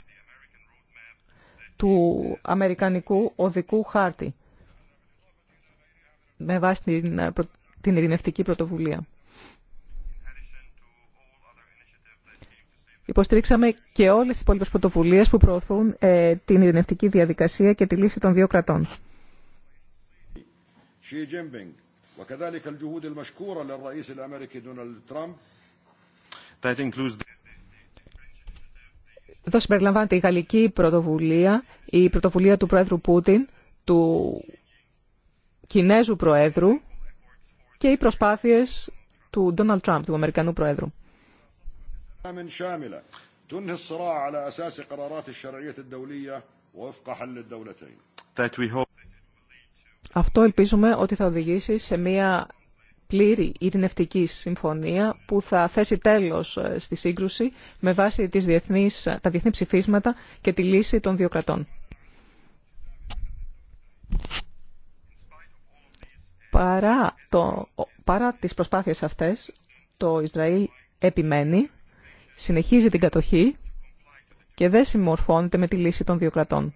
του Αμερικανικού Οδικού Χάρτη με βάση την, την Ειρηνευτική Πρωτοβουλία. Υποστηρίξαμε και όλες τι υπόλοιπε πρωτοβουλίε που προωθούν ε, την ειρηνευτική διαδικασία και τη λύση των δύο κρατών. Εδώ συμπεριλαμβάνεται η γαλλική πρωτοβουλία, η πρωτοβουλία του Πρόεδρου Πούτιν, του Κινέζου Προέδρου και οι προσπάθειες του Ντόναλτ Τραμπ, του Αμερικανού Προέδρου. Αυτό ελπίζουμε ότι θα οδηγήσει σε μια πλήρη ειρηνευτική συμφωνία που θα θέσει τέλος ε, στη σύγκρουση με βάση τις διεθνείς, τα διεθνή ψηφίσματα και τη λύση των δύο κρατών. Παρά, το, παρά τις προσπάθειες αυτές, το Ισραήλ επιμένει συνεχίζει την κατοχή και δεν συμμορφώνεται με τη λύση των δύο κρατών.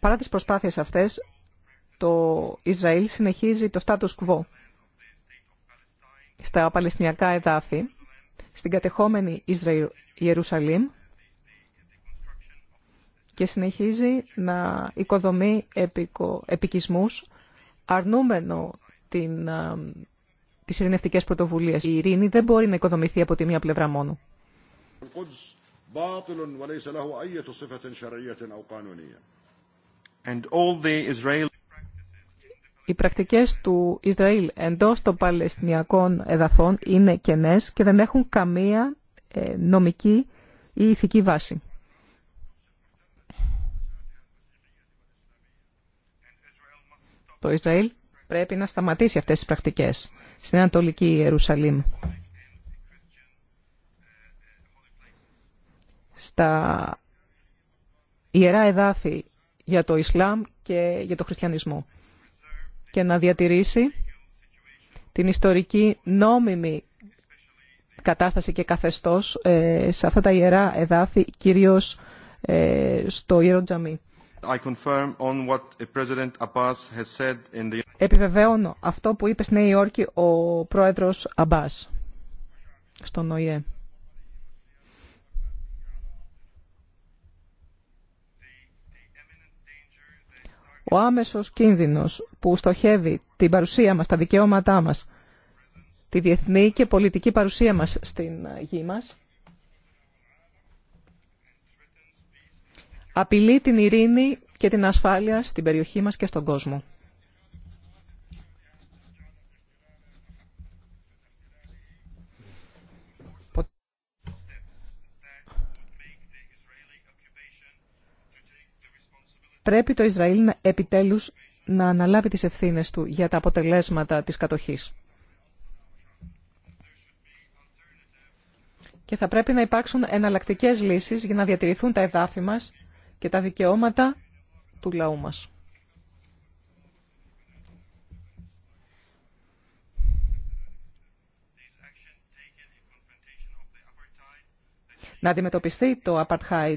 Παρά τις προσπάθειες αυτές, το Ισραήλ συνεχίζει το status quo στα Παλαιστινιακά εδάφη, στην κατεχόμενη Ισραηλ, Ιερουσαλήμ και συνεχίζει να οικοδομεί επικο, επικισμούς αρνούμενο την, α, τις ειρηνευτικές πρωτοβουλίες. Η ειρήνη δεν μπορεί να οικοδομηθεί από τη μία πλευρά μόνο. And all the οι πρακτικές του Ισραήλ εντός των Παλαιστινιακών εδαφών είναι κενές και δεν έχουν καμία ε, νομική ή ηθική βάση. Το Ισραήλ πρέπει να σταματήσει αυτές τις πρακτικές στην Ανατολική Ιερουσαλήμ. Στα ιερά εδάφη για το Ισλάμ και για το χριστιανισμό και να διατηρήσει την ιστορική νόμιμη κατάσταση και καθεστώς ε, σε αυτά τα ιερά εδάφη, κυρίως ε, στο Ιερό Τζαμί. Επιβεβαιώνω αυτό που είπε στη Νέα Υόρκη ο πρόεδρος Αμπάς στον ΟΗΕ. Ο άμεσος κίνδυνος που στοχεύει την παρουσία μας, τα δικαιώματά μας, τη διεθνή και πολιτική παρουσία μας στην ε, γη μας, απειλεί την ειρήνη και την ασφάλεια στην περιοχή μας και στον κόσμο. Πρέπει το Ισραήλ να, επιτέλους να αναλάβει τις ευθύνες του για τα αποτελέσματα της κατοχής. Και θα πρέπει να υπάρξουν εναλλακτικές λύσεις για να διατηρηθούν τα εδάφη μας και τα δικαιώματα του λαού μας. Να αντιμετωπιστεί το apartheid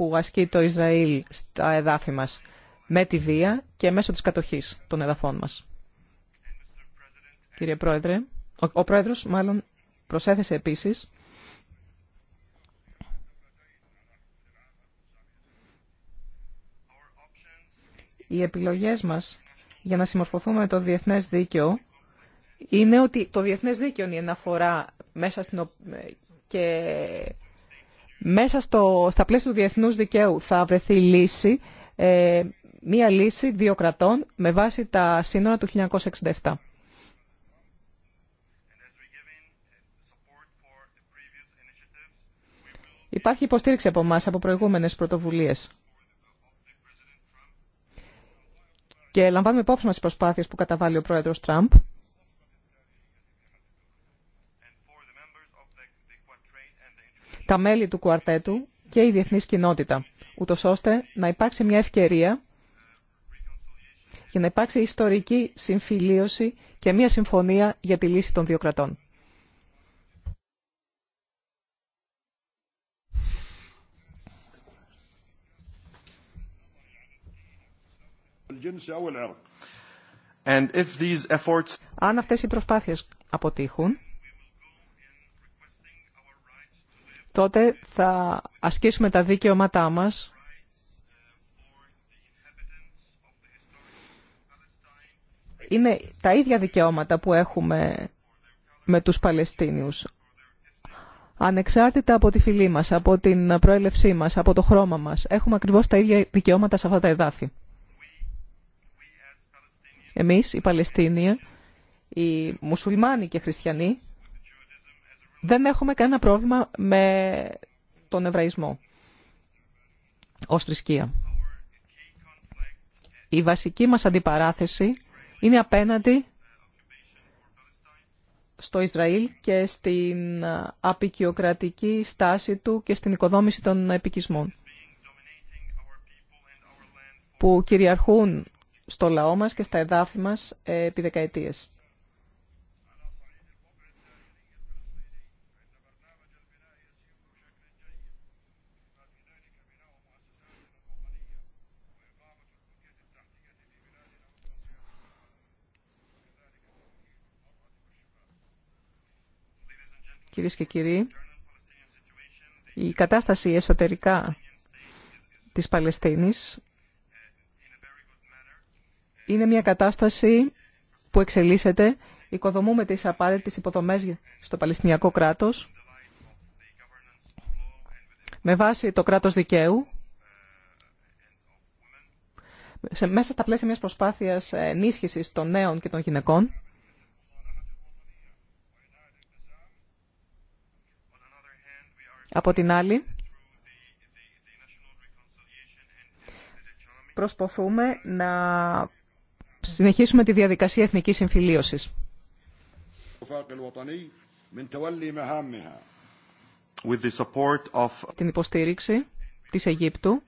που ασκεί το Ισραήλ στα εδάφη μας με τη βία και μέσω της κατοχής των εδαφών μας. Κύριε Πρόεδρε, ο, ο Πρόεδρος μάλλον προσέθεσε επίσης οι επιλογές μας για να συμμορφωθούμε με το διεθνές δίκαιο είναι ότι το διεθνές δίκαιο είναι η αναφορά μέσα στην... και μέσα στο, στα πλαίσια του διεθνούς δικαίου θα βρεθεί λύση, ε, μία λύση δύο κρατών με βάση τα σύνορα του 1967. Υπάρχει υποστήριξη από εμά από προηγούμενες πρωτοβουλίες. Και λαμβάνουμε υπόψη μα τι προσπάθειες που καταβάλει ο πρόεδρος Τραμπ τα μέλη του κουαρτέτου και η διεθνής κοινότητα, ούτω ώστε να υπάρξει μια ευκαιρία για να υπάρξει ιστορική συμφιλίωση και μια συμφωνία για τη λύση των δύο κρατών. Αν αυτές οι προσπάθειες αποτύχουν, τότε θα ασκήσουμε τα δικαιώματά μας είναι τα ίδια δικαιώματα που έχουμε με τους Παλαιστίνιους. Ανεξάρτητα από τη φυλή μας, από την προέλευσή μας, από το χρώμα μας, έχουμε ακριβώς τα ίδια δικαιώματα σε αυτά τα εδάφη. Εμείς, οι Παλαιστίνοι, οι μουσουλμάνοι και χριστιανοί, δεν έχουμε κανένα πρόβλημα με τον Εβραϊσμό ως θρησκεία. Η βασική μας αντιπαράθεση είναι απέναντι στο Ισραήλ και στην απεικιοκρατική στάση του και στην οικοδόμηση των επικισμών που κυριαρχούν στο λαό μας και στα εδάφη μας ε, επί δεκαετίες. κυρίες και κύριοι, η κατάσταση εσωτερικά της Παλαιστίνης είναι μια κατάσταση που εξελίσσεται, οικοδομούμε τις απαραίτητες υποδομές στο Παλαιστινιακό κράτος, με βάση το κράτος δικαίου, μέσα στα πλαίσια μιας προσπάθειας ενίσχυσης των νέων και των γυναικών, Από την άλλη, προσπαθούμε να συνεχίσουμε τη διαδικασία εθνικής συμφιλίωσης. Την υποστήριξη της Αιγύπτου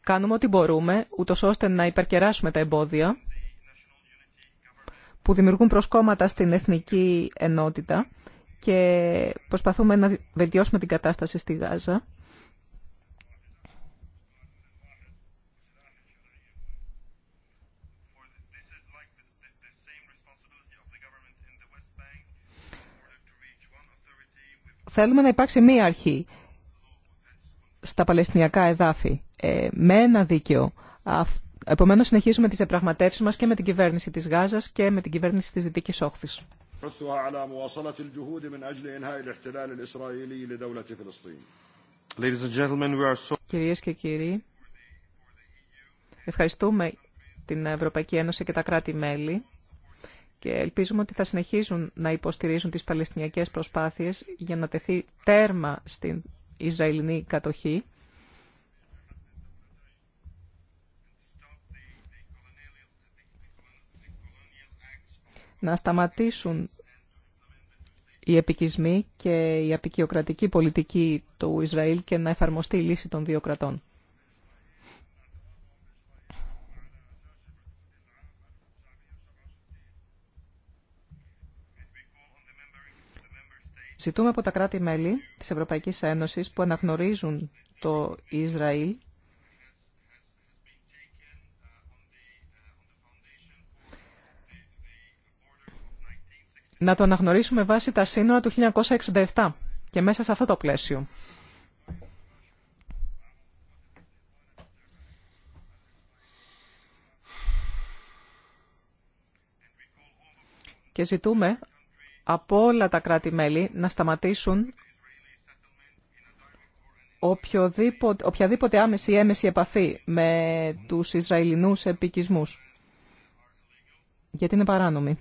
κάνουμε ό,τι μπορούμε, ούτω ώστε να υπερκεράσουμε τα εμπόδια που δημιουργούν προσκόμματα στην εθνική ενότητα και προσπαθούμε να βελτιώσουμε την κατάσταση στη Γάζα. Θέλουμε να υπάρξει μία αρχή στα Παλαιστινιακά εδάφη ε, με ένα δίκαιο. Επομένως, συνεχίζουμε τις επραγματεύσεις μας και με την κυβέρνηση της Γάζας και με την κυβέρνηση της Δυτικής Όχθης. حثها Κυρίες και κύριοι, ευχαριστούμε την Ευρωπαϊκή Ένωση και τα κράτη-μέλη και ελπίζουμε ότι θα συνεχίζουν να υποστηρίζουν τις παλαιστινιακές προσπάθειες για να τεθεί τέρμα στην Ισραηλινή κατοχή να σταματήσουν οι επικισμοί και η απεικιοκρατική πολιτική του Ισραήλ και να εφαρμοστεί η λύση των δύο κρατών. Ζητούμε από τα κράτη-μέλη της Ευρωπαϊκής Ένωσης που αναγνωρίζουν το Ισραήλ να το αναγνωρίσουμε βάσει τα σύνορα του 1967 και μέσα σε αυτό το πλαίσιο. Και ζητούμε από όλα τα κράτη-μέλη να σταματήσουν οποιαδήποτε άμεση ή έμεση επαφή με τους Ισραηλινούς επικισμούς. Γιατί είναι παράνομη.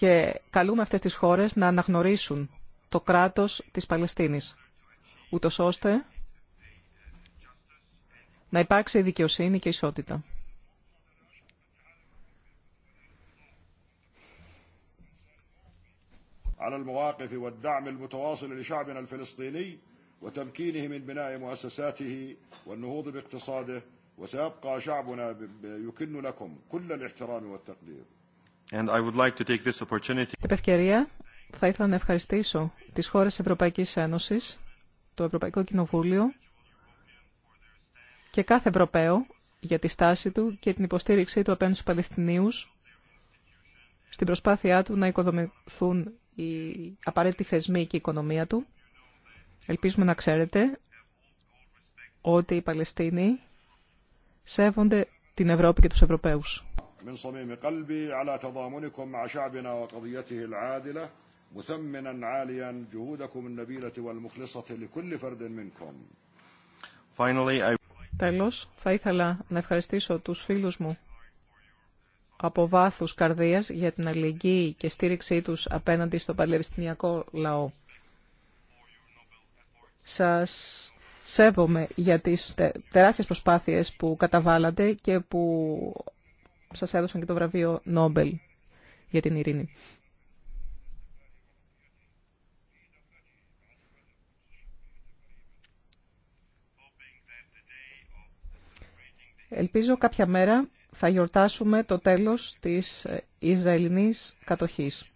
και καλούμε αυτές τις χώρες να αναγνωρίσουν το κράτος της Παλαιστίνης, ούτως ώστε να υπάρξει δικαιοσύνη και ισότητα. على المواقف والدعم المتواصل لشعبنا الفلسطيني وتمكينه من بناء مؤسساته والنهوض باقتصاده وسيبقى شعبنا يكن لكم كل الاحترام والتقدير And θα ήθελα να ευχαριστήσω τις χώρες Ευρωπαϊκής Ένωσης, το Ευρωπαϊκό Κοινοβούλιο και κάθε Ευρωπαίο για τη στάση του και την υποστήριξή του απέναντι στους Παλαιστινίους στην προσπάθειά του να οικοδομηθούν οι απαραίτητοι θεσμοί και η οικονομία του. Ελπίζουμε να ξέρετε ότι οι Παλαιστίνοι σέβονται την Ευρώπη και τους Ευρωπαίους. من صميم قلبي على تضامنكم مع شعبنا وقضيته العادلة مثمنا عاليا جهودكم النبيلة والمخلصة لكل فرد منكم Τέλος, θα ήθελα να ευχαριστήσω τους φίλους μου από βάθους καρδίας για την αλληλεγγύη και στήριξή τους απέναντι στο παλαιριστινιακό λαό. Σας σέβομαι για τις τεράστιες προσπάθειες που καταβάλατε και που σας έδωσαν και το βραβείο Νόμπελ για την ειρήνη. Ελπίζω κάποια μέρα θα γιορτάσουμε το τέλος της Ισραηλινής κατοχής.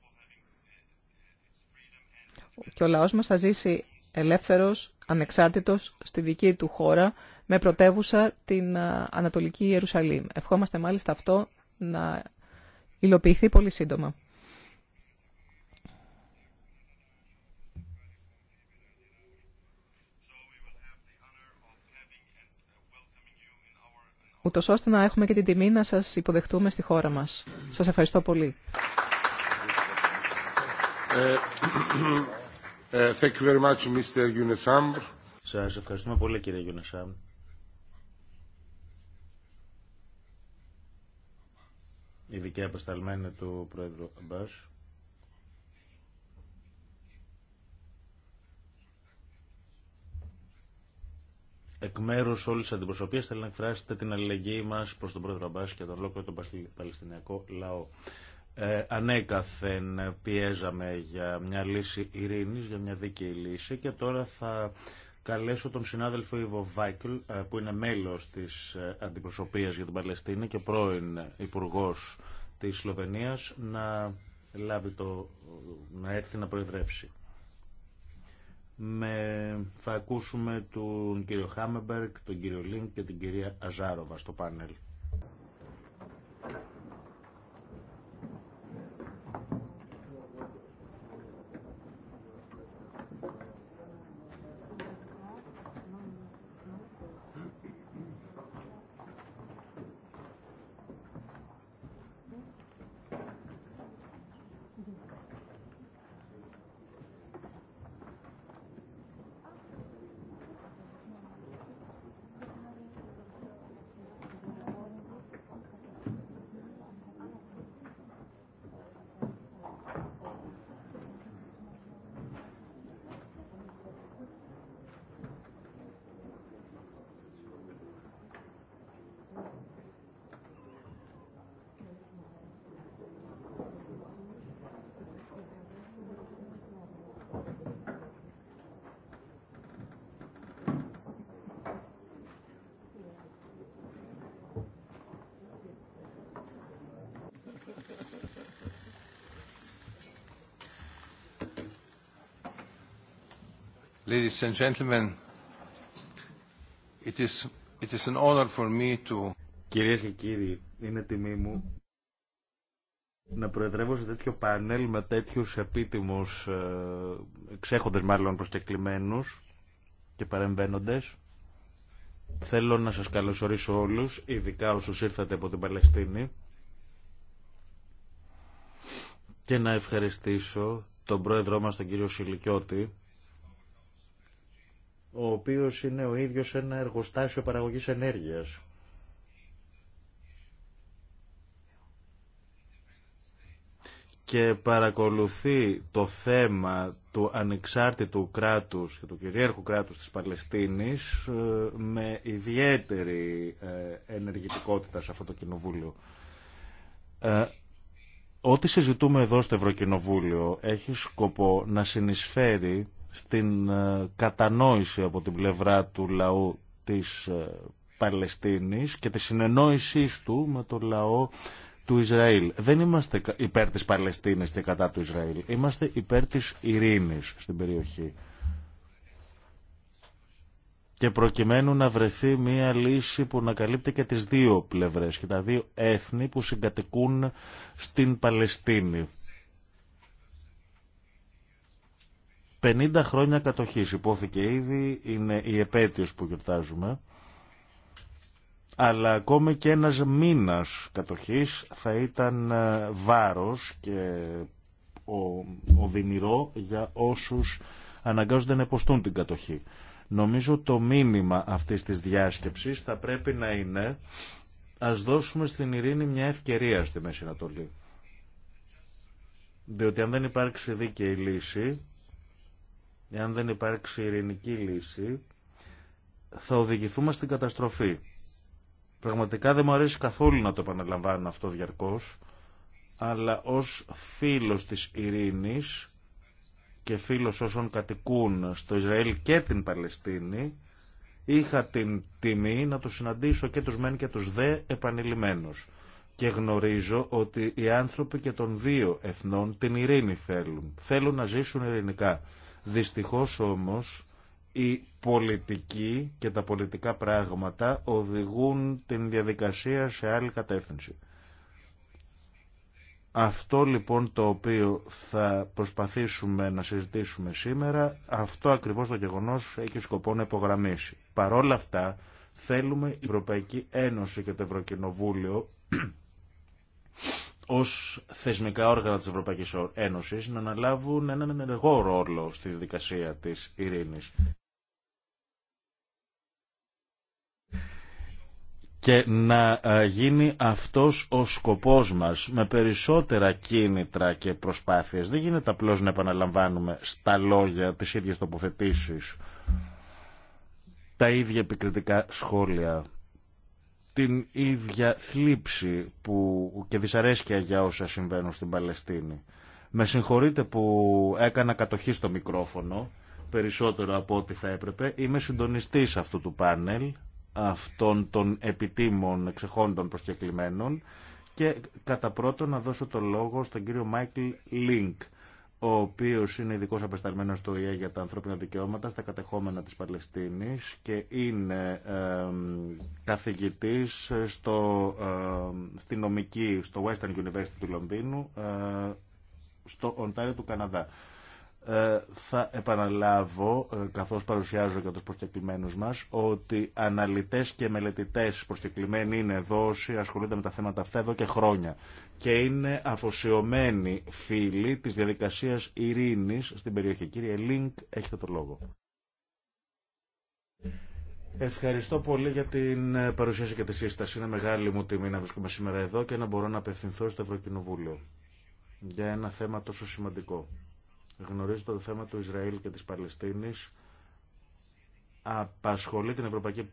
Και ο λαός μας θα ζήσει ελεύθερος, ανεξάρτητος στη δική του χώρα με πρωτεύουσα την ε, Ανατολική Ιερουσαλήμ. Ευχόμαστε μάλιστα αυτό να υλοποιηθεί πολύ σύντομα. ούτω ώστε να έχουμε και την τιμή να σας υποδεχτούμε στη χώρα μας. Σας ευχαριστώ πολύ. Ε, ε, thank Σας ευχαριστούμε πολύ κύριε Γιουνεσάμ. Ειδική απεσταλμένη του Πρόεδρου Αμπάς. εκ μέρου όλη τη αντιπροσωπεία θέλω να εκφράσετε την αλληλεγγύη μα προ τον πρόεδρο Αμπά και τον ολόκληρο τον Παλαιστινιακό λαό. Ε, ανέκαθεν πιέζαμε για μια λύση ειρήνης, για μια δίκαιη λύση και τώρα θα καλέσω τον συνάδελφο Ιβο Βάικλ ε, που είναι μέλος της ε, αντιπροσωπείας για την Παλαιστίνη και πρώην υπουργό της Σλοβενίας να, λάβει το, να έρθει να προεδρεύσει. Με, θα ακούσουμε τον κύριο Χάμεμπεργκ, τον κύριο Λίνκ και την κυρία Αζάροβα στο πάνελ. Ladies and gentlemen, it is, it is an honor for me to... Κυρίες και κύριοι, είναι τιμή μου να προεδρεύω σε τέτοιο πάνελ με τέτοιους επίτιμους, ε, ξέχοντες μάλλον προσκεκλημένους και παρεμβαίνοντες. Θέλω να σας καλωσορίσω όλους, ειδικά όσους ήρθατε από την Παλαιστίνη και να ευχαριστήσω τον πρόεδρό μας τον κύριο Σιλικιώτη ο οποίος είναι ο ίδιος ένα εργοστάσιο παραγωγής ενέργειας. και παρακολουθεί το θέμα του ανεξάρτητου κράτους και του κυρίαρχου κράτους της Παλαιστίνης ε, με ιδιαίτερη ε, ενεργητικότητα σε αυτό το κοινοβούλιο. Ε, ό,τι συζητούμε εδώ στο Ευρωκοινοβούλιο έχει σκοπό να συνεισφέρει στην ε, κατανόηση από την πλευρά του λαού της ε, Παλαιστίνης και τη συνεννόησή του με το λαό του Ισραήλ. Δεν είμαστε υπέρ της Παλαιστίνης και κατά του Ισραήλ. Είμαστε υπέρ της ειρήνης στην περιοχή. Και προκειμένου να βρεθεί μια λύση που να καλύπτει και τις δύο πλευρές και τα δύο έθνη που συγκατοικούν στην Παλαιστίνη. 50 χρόνια κατοχής υπόθηκε ήδη, είναι η επέτειος που γιορτάζουμε αλλά ακόμη και ένας μήνας κατοχής θα ήταν ε, βάρος και ο οδυνηρό για όσους αναγκάζονται να υποστούν την κατοχή. Νομίζω το μήνυμα αυτής της διάσκεψης θα πρέπει να είναι ας δώσουμε στην ειρήνη μια ευκαιρία στη Μέση Ανατολή. Διότι αν δεν υπάρξει δίκαιη λύση εάν δεν υπάρξει ειρηνική λύση, θα οδηγηθούμε στην καταστροφή. Πραγματικά δεν μου αρέσει καθόλου να το επαναλαμβάνω αυτό διαρκώς, αλλά ως φίλος της ειρήνης και φίλος όσων κατοικούν στο Ισραήλ και την Παλαιστίνη, είχα την τιμή να τους συναντήσω και τους μεν και τους δε επανειλημμένους. Και γνωρίζω ότι οι άνθρωποι και των δύο εθνών την ειρήνη θέλουν. Θέλουν να ζήσουν ειρηνικά. Δυστυχώς όμως η πολιτική και τα πολιτικά πράγματα οδηγούν την διαδικασία σε άλλη κατεύθυνση. Αυτό λοιπόν το οποίο θα προσπαθήσουμε να συζητήσουμε σήμερα, αυτό ακριβώς το γεγονός έχει σκοπό να υπογραμμίσει. Παρόλα αυτά, θέλουμε η Ευρωπαϊκή Ένωση και το Ευρωκοινοβούλιο ως θεσμικά όργανα της Ευρωπαϊκής Ένωσης να αναλάβουν έναν ενεργό ρόλο στη δικασία της Ειρήνη. και να ε, γίνει αυτός ο σκοπός μας με περισσότερα κίνητρα και προσπάθειες. Δεν γίνεται απλώς να επαναλαμβάνουμε στα λόγια τις ίδιες τοποθετήσεις, τα ίδια επικριτικά σχόλια την ίδια θλίψη που, και δυσαρέσκεια για όσα συμβαίνουν στην Παλαιστίνη. Με συγχωρείτε που έκανα κατοχή στο μικρόφωνο περισσότερο από ό,τι θα έπρεπε. Είμαι συντονιστής αυτού του πάνελ, αυτών των επιτήμων εξεχόντων προσκεκλημένων και κατά πρώτο να δώσω το λόγο στον κύριο Μάικλ Λίνκ ο οποίος είναι ειδικό απεσταλμένο στο ΙΕ για τα ανθρώπινα δικαιώματα στα κατεχόμενα της Παλαιστίνη και είναι ε, καθηγητής στο, στη νομική στο Western University του Λονδίνου ε, στο Οντάριο του Καναδά. Ε, θα επαναλάβω, ε, καθώς παρουσιάζω για τους προσκεκλημένους μας, ότι αναλυτές και μελετητές προσκεκλημένοι είναι εδώ όσοι ασχολούνται με τα θέματα αυτά εδώ και χρόνια και είναι αφοσιωμένοι φίλοι της διαδικασίας ειρήνης στην περιοχή. Κύριε Λίνκ, έχετε το λόγο. Ευχαριστώ πολύ για την ε, παρουσίαση και τη σύσταση. Είναι μεγάλη μου τιμή να βρίσκομαι σήμερα εδώ και να μπορώ να απευθυνθώ στο Ευρωκοινοβούλιο για ένα θέμα τόσο σημαντικό γνωρίζετε το θέμα του Ισραήλ και της Παλαιστίνης απασχολεί την Ευρωπαϊκή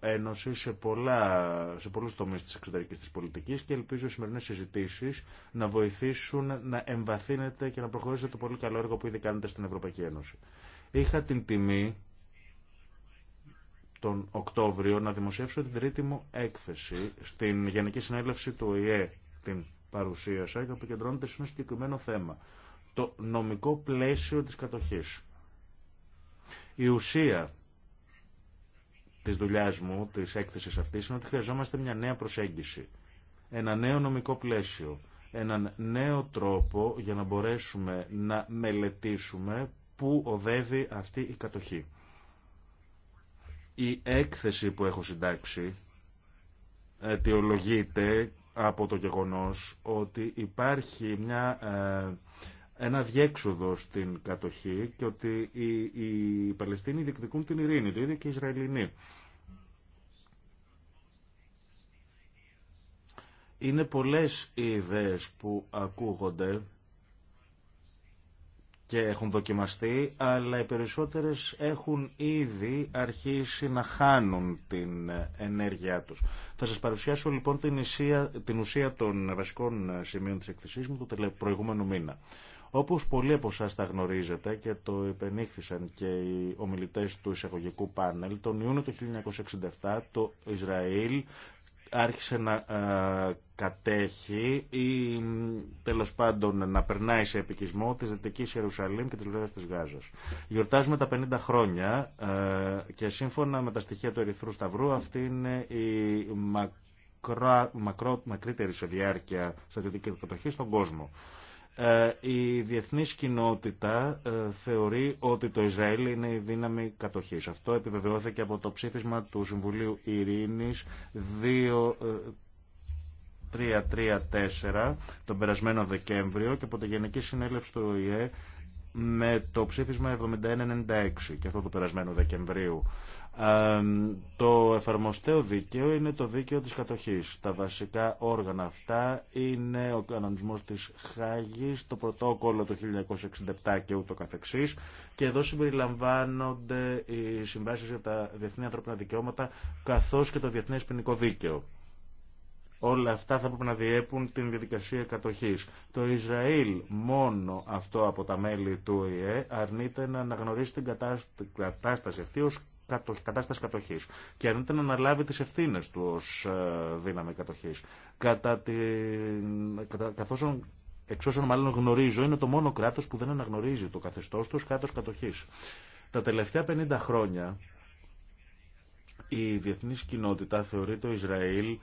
Ένωση σε, πολλά, σε πολλούς τομείς της εξωτερικής της πολιτικής και ελπίζω οι σημερινές συζητήσεις να βοηθήσουν να εμβαθύνετε και να προχωρήσετε το πολύ καλό έργο που ήδη κάνετε στην Ευρωπαϊκή Ένωση. Είχα την τιμή τον Οκτώβριο να δημοσιεύσω την τρίτη μου έκθεση στην Γενική Συνέλευση του ΟΗΕ την παρουσίασα και επικεντρώνεται σε ένα συγκεκριμένο θέμα το νομικό πλαίσιο της κατοχής. Η ουσία της δουλειά μου, της έκθεσης αυτής, είναι ότι χρειαζόμαστε μια νέα προσέγγιση, ένα νέο νομικό πλαίσιο, έναν νέο τρόπο για να μπορέσουμε να μελετήσουμε πού οδεύει αυτή η κατοχή. Η έκθεση που έχω συντάξει αιτιολογείται από το γεγονός ότι υπάρχει μια ε, ένα διέξοδο στην κατοχή και ότι οι, οι Παλαιστίνοι διεκδικούν την ειρήνη, το ίδιο και οι Ισραηλινοί. Είναι πολλές οι ιδέες που ακούγονται και έχουν δοκιμαστεί, αλλά οι περισσότερες έχουν ήδη αρχίσει να χάνουν την ενέργειά τους. Θα σας παρουσιάσω λοιπόν την, ουσία, των βασικών σημείων της εκθεσής μου το προηγούμενο μήνα. Όπως πολλοί από εσά τα γνωρίζετε και το υπενήχθησαν και οι ομιλητές του εισαγωγικού πάνελ, τον Ιούνιο του 1967 το Ισραήλ άρχισε να κατέχει ή τέλος πάντων να περνάει σε επικισμό της Δυτικής Ιερουσαλήμ και της Λεωρίδας της Γάζας. Γιορτάζουμε τα 50 χρόνια και σύμφωνα με τα στοιχεία του Ερυθρού Σταυρού αυτή είναι η μακρύτερη σε διάρκεια στρατιωτική κατοχή στον κόσμο. Ε, η διεθνής κοινότητα ε, θεωρεί ότι το Ισραήλ είναι η δύναμη κατοχής. Αυτό επιβεβαιώθηκε από το ψήφισμα του Συμβουλίου Ειρήνης 2334 ε, τον περασμένο Δεκέμβριο και από τη Γενική Συνέλευση του ΟΗΕ με το ψήφισμα 7196 και αυτό το περασμένο Δεκεμβρίου το εφαρμοστέο δίκαιο είναι το δίκαιο της κατοχής. Τα βασικά όργανα αυτά είναι ο κανονισμός της Χάγης, το πρωτόκολλο του 1967 και ούτω καθεξής και εδώ συμπεριλαμβάνονται οι συμβάσεις για τα διεθνή ανθρώπινα δικαιώματα καθώς και το διεθνέ ποινικό δίκαιο. Όλα αυτά θα πρέπει να διέπουν την διαδικασία κατοχής. Το Ισραήλ μόνο αυτό από τα μέλη του ΟΗΕ αρνείται να αναγνωρίσει την κατάσταση αυτή ως κατάσταση κατοχή. Και αρνείται να αναλάβει τι ευθύνε του ω ε, δύναμη κατοχή. Κατά τη... κατά... Καθώς εξ όσων μάλλον γνωρίζω, είναι το μόνο κράτο που δεν αναγνωρίζει το καθεστώ του κράτο κατοχή. Τα τελευταία 50 χρόνια η διεθνής κοινότητα θεωρεί το Ισραήλ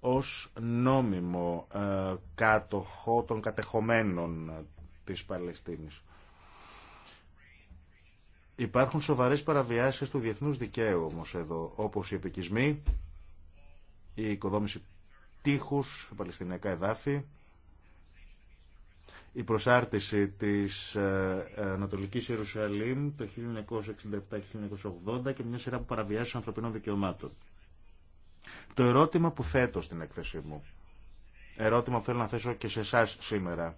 ως νόμιμο ε, κάτοχο των κατεχομένων ε, της Παλαιστίνης. Υπάρχουν σοβαρές παραβιάσεις του διεθνούς δικαίου όμως εδώ, όπως οι επικισμοί, η οικοδόμηση τείχους, παλαιστινιακά εδάφη, η προσάρτηση της ε, Ανατολικής Ιερουσαλήμ το 1967-1980 και μια σειρά από παραβιάσεις ανθρωπινών δικαιωμάτων. Το ερώτημα που θέτω στην έκθεσή μου, ερώτημα που θέλω να θέσω και σε εσά σήμερα,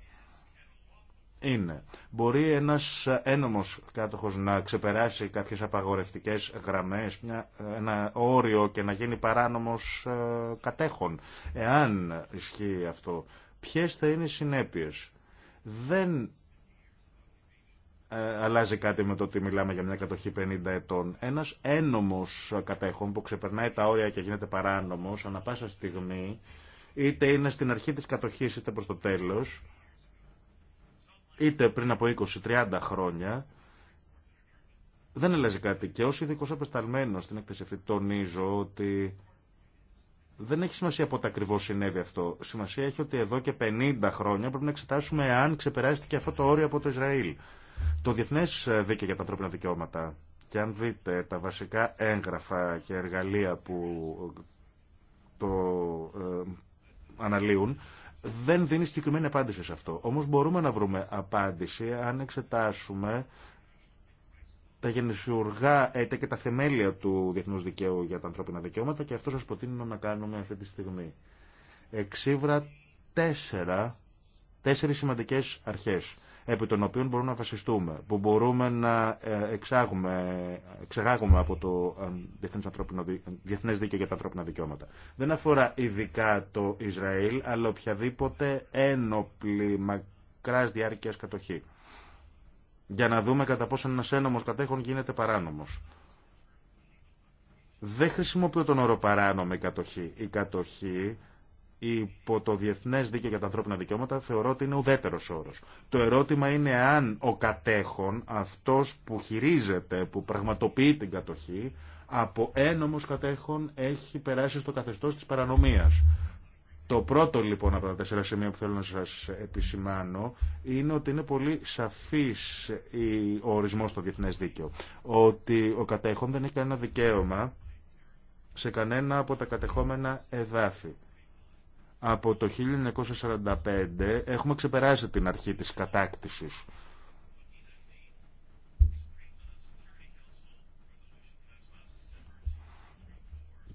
είναι. Μπορεί ένας ένομος κάτοχος να ξεπεράσει κάποιες απαγορευτικές γραμμές, μια, ένα όριο και να γίνει παράνομος ε, κατέχων. Εάν ισχύει αυτό, ποιες θα είναι οι συνέπειες. Δεν ε, αλλάζει κάτι με το ότι μιλάμε για μια κατοχή 50 ετών. Ένας ένομος κατέχων που ξεπερνάει τα όρια και γίνεται παράνομος, ανα πάσα στιγμή, είτε είναι στην αρχή της κατοχής είτε προς το τέλος, είτε πριν από 20-30 χρόνια, δεν αλλάζει κάτι. Και ω ειδικό απεσταλμένο στην έκθεση αυτή τονίζω ότι δεν έχει σημασία πότε ακριβώ συνέβη αυτό. Σημασία έχει ότι εδώ και 50 χρόνια πρέπει να εξετάσουμε αν ξεπεράστηκε αυτό το όριο από το Ισραήλ. Το Διεθνέ Δίκαιο για τα Ανθρώπινα Δικαιώματα. Και αν δείτε τα βασικά έγγραφα και εργαλεία που το ε, αναλύουν, δεν δίνει συγκεκριμένη απάντηση σε αυτό. Όμως μπορούμε να βρούμε απάντηση αν εξετάσουμε τα γενεσιουργά έτα και τα θεμέλια του διεθνούς δικαίου για τα ανθρώπινα δικαιώματα και αυτό σας προτείνω να κάνουμε αυτή τη στιγμή. Εξίβρα τέσσερα, τέσσερις σημαντικές αρχές επί των οποίων μπορούμε να βασιστούμε, που μπορούμε να ε, εξάγουμε, εξεγάγουμε από το ε, Διεθνές Δίκαιο για τα Ανθρώπινα Δικαιώματα. Δεν αφορά ειδικά το Ισραήλ, αλλά οποιαδήποτε ένοπλη μακράς διάρκειας κατοχή. Για να δούμε κατά πόσο ένα ένομος κατέχων γίνεται παράνομος. Δεν χρησιμοποιώ τον όρο παράνομη κατοχή. Η κατοχή υπό το Διεθνέ Δίκαιο για τα Ανθρώπινα Δικαιώματα θεωρώ ότι είναι ουδέτερο όρο. Το ερώτημα είναι αν ο κατέχον, αυτό που χειρίζεται, που πραγματοποιεί την κατοχή, από ένομος κατέχον έχει περάσει στο καθεστώ της παρανομία. Το πρώτο λοιπόν από τα τέσσερα σημεία που θέλω να σας επισημάνω είναι ότι είναι πολύ σαφής ο ορισμός στο Διεθνέ δίκαιο. Ότι ο κατέχον δεν έχει κανένα δικαίωμα σε κανένα από τα κατεχόμενα εδάφη. Από το 1945 έχουμε ξεπεράσει την αρχή της κατάκτησης.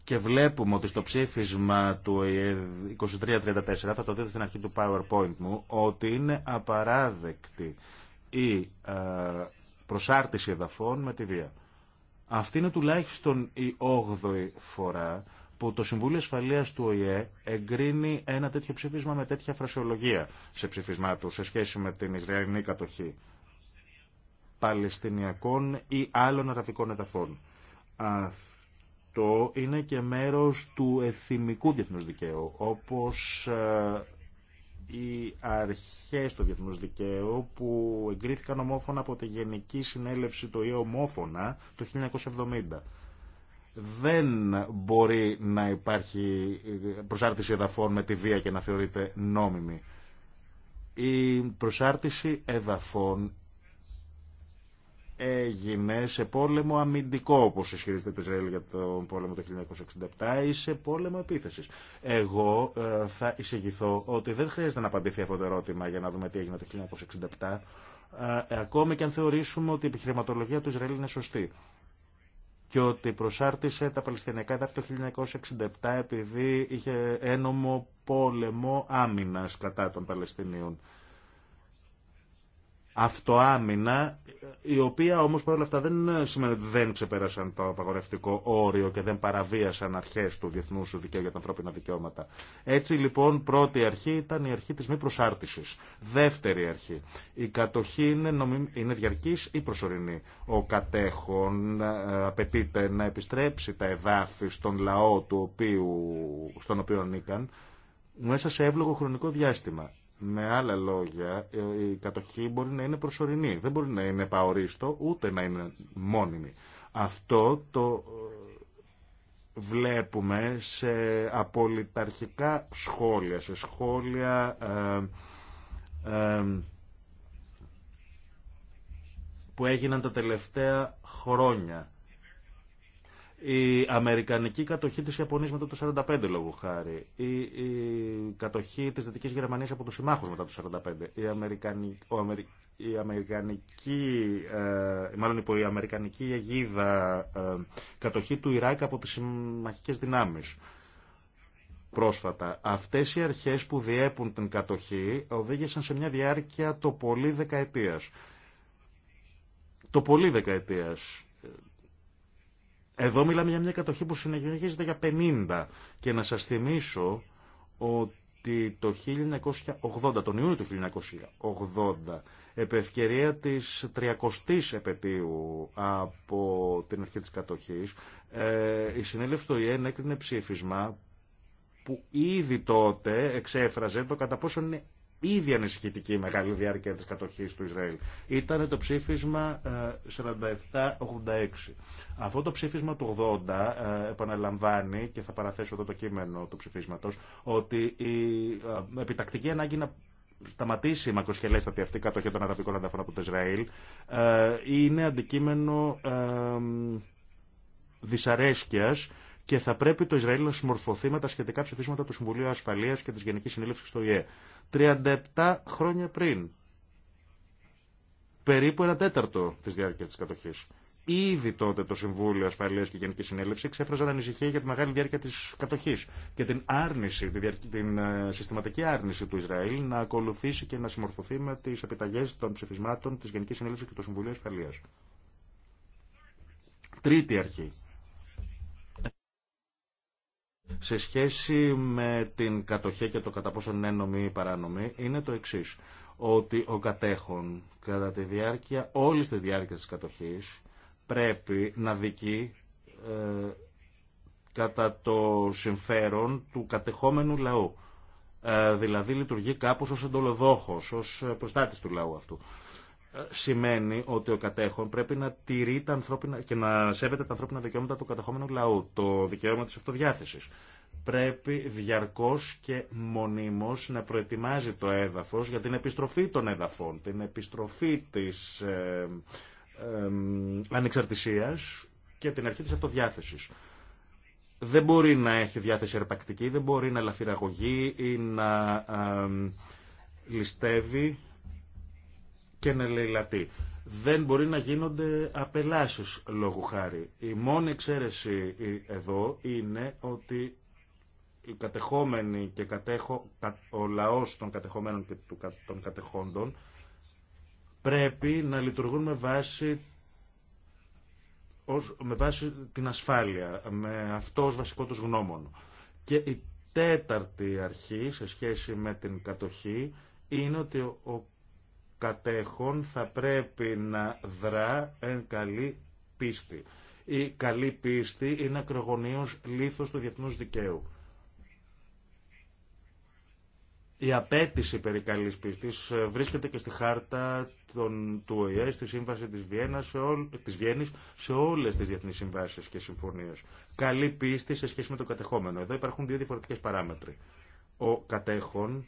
και βλέπουμε ότι στο ψήφισμα του 2334, θα το δείτε στην αρχή του PowerPoint μου, ότι είναι απαράδεκτη η ε, προσάρτηση εδαφών με τη βία. Αυτή είναι τουλάχιστον η 8η φορά που το Συμβούλιο Ασφαλείας του ΟΗΕ εγκρίνει ένα τέτοιο ψήφισμα με τέτοια φρασιολογία σε ψήφισμά του σε σχέση με την Ισραηλινή κατοχή Παλαιστινιακών ή άλλων αραβικών εδαφών. Αυτό είναι και μέρος του εθιμικού διεθνούς δικαίου, όπως ε, οι αρχές του διεθνούς δικαίου που εγκρίθηκαν ομόφωνα από τη Γενική Συνέλευση του ΙΕ ομόφωνα το 1970 δεν μπορεί να υπάρχει προσάρτηση εδαφών με τη βία και να θεωρείται νόμιμη. Η προσάρτηση εδαφών έγινε σε πόλεμο αμυντικό, όπως ισχυρίζεται το Ισραήλ για τον πόλεμο το 1967, ή σε πόλεμο επίθεσης. Εγώ ε, θα εισηγηθώ ότι δεν χρειάζεται να απαντηθεί αυτό το ερώτημα για να δούμε τι έγινε το 1967, ε, ακόμη και αν θεωρήσουμε ότι η επιχειρηματολογία του Ισραήλ είναι σωστή και ότι προσάρτησε τα Παλαιστινιακά εδάφη το 1967 επειδή είχε ένομο πόλεμο άμυνας κατά των Παλαιστινίων αυτοάμυνα, η οποία όμως παρόλα αυτά δεν σημαίνει ότι δεν ξεπέρασαν το απαγορευτικό όριο και δεν παραβίασαν αρχές του διεθνούς δικαίου για τα ανθρώπινα δικαιώματα. Έτσι λοιπόν πρώτη αρχή ήταν η αρχή της μη προσάρτησης. Δεύτερη αρχή. Η κατοχή είναι, νομι... είναι διαρκής ή προσωρινή. Ο κατέχον ε, απαιτείται να επιστρέψει τα εδάφη στον λαό του οποίου... στον οποίο ανήκαν μέσα σε εύλογο χρονικό διάστημα. Με άλλα λόγια, ε, η κατοχή μπορεί να είναι προσωρινή. Δεν μπορεί να είναι παορίστο, ούτε να είναι μόνιμη. Αυτό το ε, βλέπουμε σε απολυταρχικά σχόλια, σε σχόλια ε, ε, που έγιναν τα τελευταία χρόνια η αμερικανική κατοχή της Ιαπωνίας μετά το 1945 λόγω χάρη, η, κατοχή της Δυτικής Γερμανίας από τους συμμάχους μετά το 1945, η, Αμερικανική, ο η αμερικανική, μάλλον υπό η αμερικανική αιγίδα ε, κατοχή του Ιράκ από τις συμμαχικές δυνάμεις πρόσφατα. Αυτές οι αρχές που διέπουν την κατοχή οδήγησαν σε μια διάρκεια το πολύ δεκαετίας. Το πολύ δεκαετίας εδώ μιλάμε για μια κατοχή που συνεχίζεται για 50 και να σας θυμίσω ότι το 1980, τον Ιούνιο του 1980, επ' ευκαιρία της 30ης επαιτίου από την αρχή της κατοχής, ε, η συνέλευση του ΙΕΝ έκρινε ψήφισμα που ήδη τότε εξέφραζε το κατά πόσο είναι ήδη ανησυχητική μεγάλη διάρκεια της κατοχής του Ισραήλ. Ήταν το ψήφισμα 47-86. Ε, Αυτό το ψήφισμα του 80 ε, επαναλαμβάνει, και θα παραθέσω εδώ το κείμενο του ψηφίσματος, ότι η ε, επιτακτική ανάγκη να σταματήσει η μακροσχελέστατη αυτή κατοχή των αραβικών ανταφών από το Ισραήλ είναι αντικείμενο δυσαρέσκειας και θα πρέπει το Ισραήλ να συμμορφωθεί με τα σχετικά ψηφίσματα του Συμβουλίου Ασφαλείας και της Γενικής Συνέλευσης του ΙΕ. 37 χρόνια πριν, περίπου ένα τέταρτο της διάρκειας της κατοχής. Ήδη τότε το Συμβούλιο Ασφαλείας και Γενική Συνέλευση εξέφραζαν ανησυχία για τη μεγάλη διάρκεια της κατοχής και την άρνηση, την ε, συστηματική άρνηση του Ισραήλ να ακολουθήσει και να συμμορφωθεί με τι επιταγέ των ψηφισμάτων τη Γενική Συνέλευση και του Συμβουλίου Ασφαλεία. Τρίτη αρχή σε σχέση με την κατοχή και το κατά πόσο είναι ένομη ή παράνομη είναι το εξής. Ότι ο κατέχων κατά τη διάρκεια όλη τη διάρκεια τη κατοχής πρέπει να δικεί ε, κατά το συμφέρον του κατεχόμενου λαού. Ε, δηλαδή λειτουργεί κάπως ως εντολοδόχος, ως προστάτης του λαού αυτού σημαίνει ότι ο κατέχον πρέπει να τηρεί τα ανθρώπινα και να σέβεται τα ανθρώπινα δικαιώματα του κατεχόμενου λαού, το δικαίωμα της αυτοδιάθεσης. Πρέπει διαρκώς και μονίμως να προετοιμάζει το έδαφος για την επιστροφή των έδαφων, την επιστροφή της ε, ε, ανεξαρτησίας και την αρχή της αυτοδιάθεσης. Δεν μπορεί να έχει διάθεση αρπακτική, δεν μπορεί να λαφυραγωγεί ή να ε, ληστεύει και να Δεν μπορεί να γίνονται απελάσεις λόγου χάρη. Η μόνη εξαίρεση εδώ είναι ότι οι κατεχόμενοι και ο λαός των κατεχομένων και των κατεχόντων πρέπει να λειτουργούν με βάση, ως, με βάση την ασφάλεια, με αυτό ως βασικό τους γνώμονο. Και η τέταρτη αρχή σε σχέση με την κατοχή είναι ότι ο θα πρέπει να δρά εν καλή πίστη. Η καλή πίστη είναι ακρογωνίως λίθος του διεθνούς δικαίου. Η απέτηση περί καλής πίστης ε, βρίσκεται και στη χάρτα των, του ΟΗΕ, στη Σύμβαση της, Βιέννας, σε όλ, της Βιέννης, σε όλες τις διεθνείς συμβάσεις και συμφωνίες. Καλή πίστη σε σχέση με το κατεχόμενο. Εδώ υπάρχουν δύο διαφορετικές παράμετροι. Ο κατέχον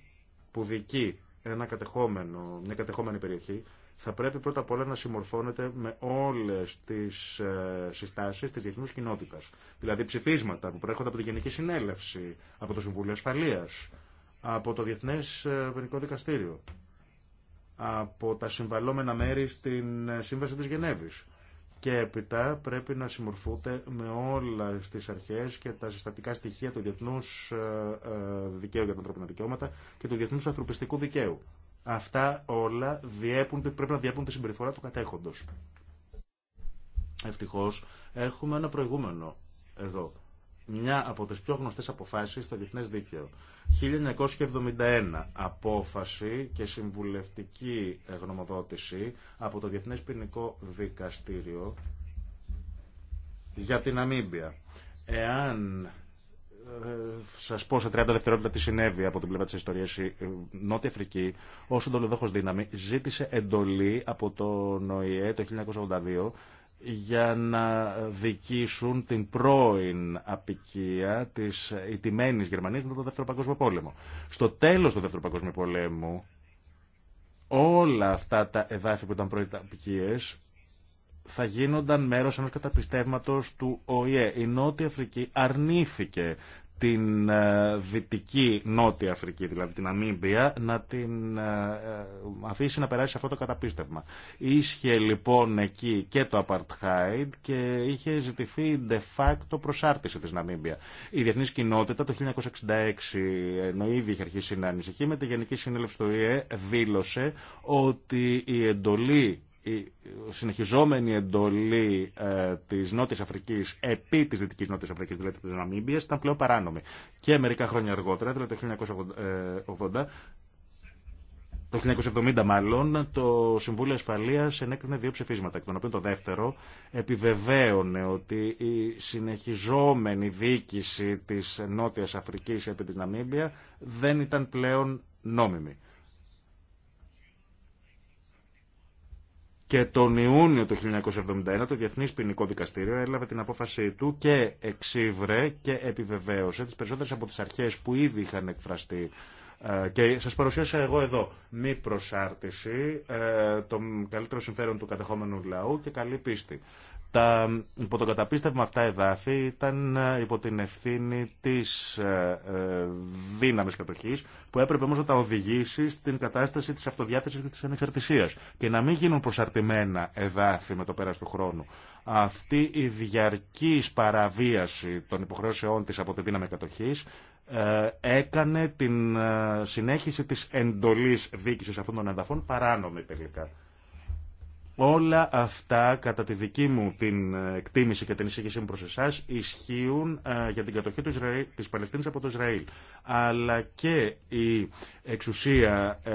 που δικεί ένα κατεχόμενο, μια κατεχόμενη περιοχή θα πρέπει πρώτα απ' όλα να συμμορφώνεται με όλες τις ε, συστάσεις της διεθνούς κοινότητα, Δηλαδή ψηφίσματα που προέρχονται από την Γενική Συνέλευση, από το Συμβούλιο ασφαλεία, από το Διεθνές ε, Ποινικό Δικαστήριο, από τα συμβαλώμενα μέρη στην ε, Σύμβαση της Γενέβη και έπειτα πρέπει να συμμορφούνται με όλα τις αρχές και τα συστατικά στοιχεία του διεθνούς ε, ε, δικαίου για τα ανθρώπινα δικαιώματα και του διεθνούς ανθρωπιστικού δικαίου. Αυτά όλα διέπουν, πρέπει να διέπουν τη συμπεριφορά του κατέχοντος. Ευτυχώς έχουμε ένα προηγούμενο εδώ μια από τις πιο γνωστές αποφάσεις στο διεθνές δίκαιο. 1971 απόφαση και συμβουλευτική ε, γνωμοδότηση από το Διεθνές Ποινικό Δικαστήριο για την Αμίμπια. Εάν ε, σας πω σε 30 δευτερόλεπτα τι συνέβη από την πλευρά της ιστορίας η ε, Νότια Αφρική ως συντολιδόχος δύναμη ζήτησε εντολή από τον ΟΗΕ το 1982 για να δικήσουν την πρώην απικία της ιτημένης Γερμανίας μετά το Δεύτερο Παγκόσμιο Πόλεμο. Στο τέλος του Δεύτερου Παγκόσμιου Πολέμου όλα αυτά τα εδάφη που ήταν πρώην απικίες θα γίνονταν μέρος ενός καταπιστεύματος του ΟΗΕ. Η Νότια Αφρική αρνήθηκε την ε, Δυτική Νότια Αφρική, δηλαδή την Αμίμπια, να την ε, ε, αφήσει να περάσει αυτό το καταπίστευμα. Ήσχε, λοιπόν εκεί και το Απαρτχάιντ και είχε ζητηθεί de facto προσάρτηση της Ναμίμπια. Η διεθνής κοινότητα το 1966, ενώ ήδη είχε αρχίσει να ανησυχεί, με τη Γενική Σύνελευση του ΙΕ δήλωσε ότι η εντολή η συνεχιζόμενη εντολή ε, της Νότιας Αφρικής επί της δυτική νότια Αφρικής, δηλαδή τη Ναμίμπια, ήταν πλέον παράνομη. Και μερικά χρόνια αργότερα, δηλαδή το 1980, ε, το 1970 μάλλον, το Συμβούλιο Ασφαλείας ενέκρινε δύο ψηφίσματα, εκ των οποίων το δεύτερο επιβεβαίωνε ότι η συνεχιζόμενη διοίκηση της Νότιας Αφρικής επί της Ναμίμπια δεν ήταν πλέον νόμιμη. Και τον Ιούνιο του 1971 το Διεθνής Ποινικό Δικαστήριο έλαβε την απόφαση του και εξήβρε και επιβεβαίωσε τις περισσότερες από τις αρχές που ήδη είχαν εκφραστεί ε, και σας παρουσίασα εγώ εδώ μη προσάρτηση, ε, των καλύτερων συμφέρον του κατεχόμενου λαού και καλή πίστη. Τα, υπό τον καταπίστευμα αυτά εδάφη ήταν ε, υπό την ευθύνη της δύναμη κατοχή, που έπρεπε όμω να τα οδηγήσει στην κατάσταση τη αυτοδιάθεση και τη ανεξαρτησία. Και να μην γίνουν προσαρτημένα εδάφη με το πέρα του χρόνου. Αυτή η διαρκή παραβίαση των υποχρεώσεών τη από τη δύναμη κατοχή ε, έκανε την ε, συνέχιση της εντολής δίκησης αυτών των εδαφών παράνομη τελικά. Όλα αυτά, κατά τη δική μου την ε, εκτίμηση και την εισήγησή μου προς εσάς, ισχύουν ε, για την κατοχή του Ισραήλ, της Παλαιστίνης από το Ισραήλ. Αλλά και η εξουσία ε,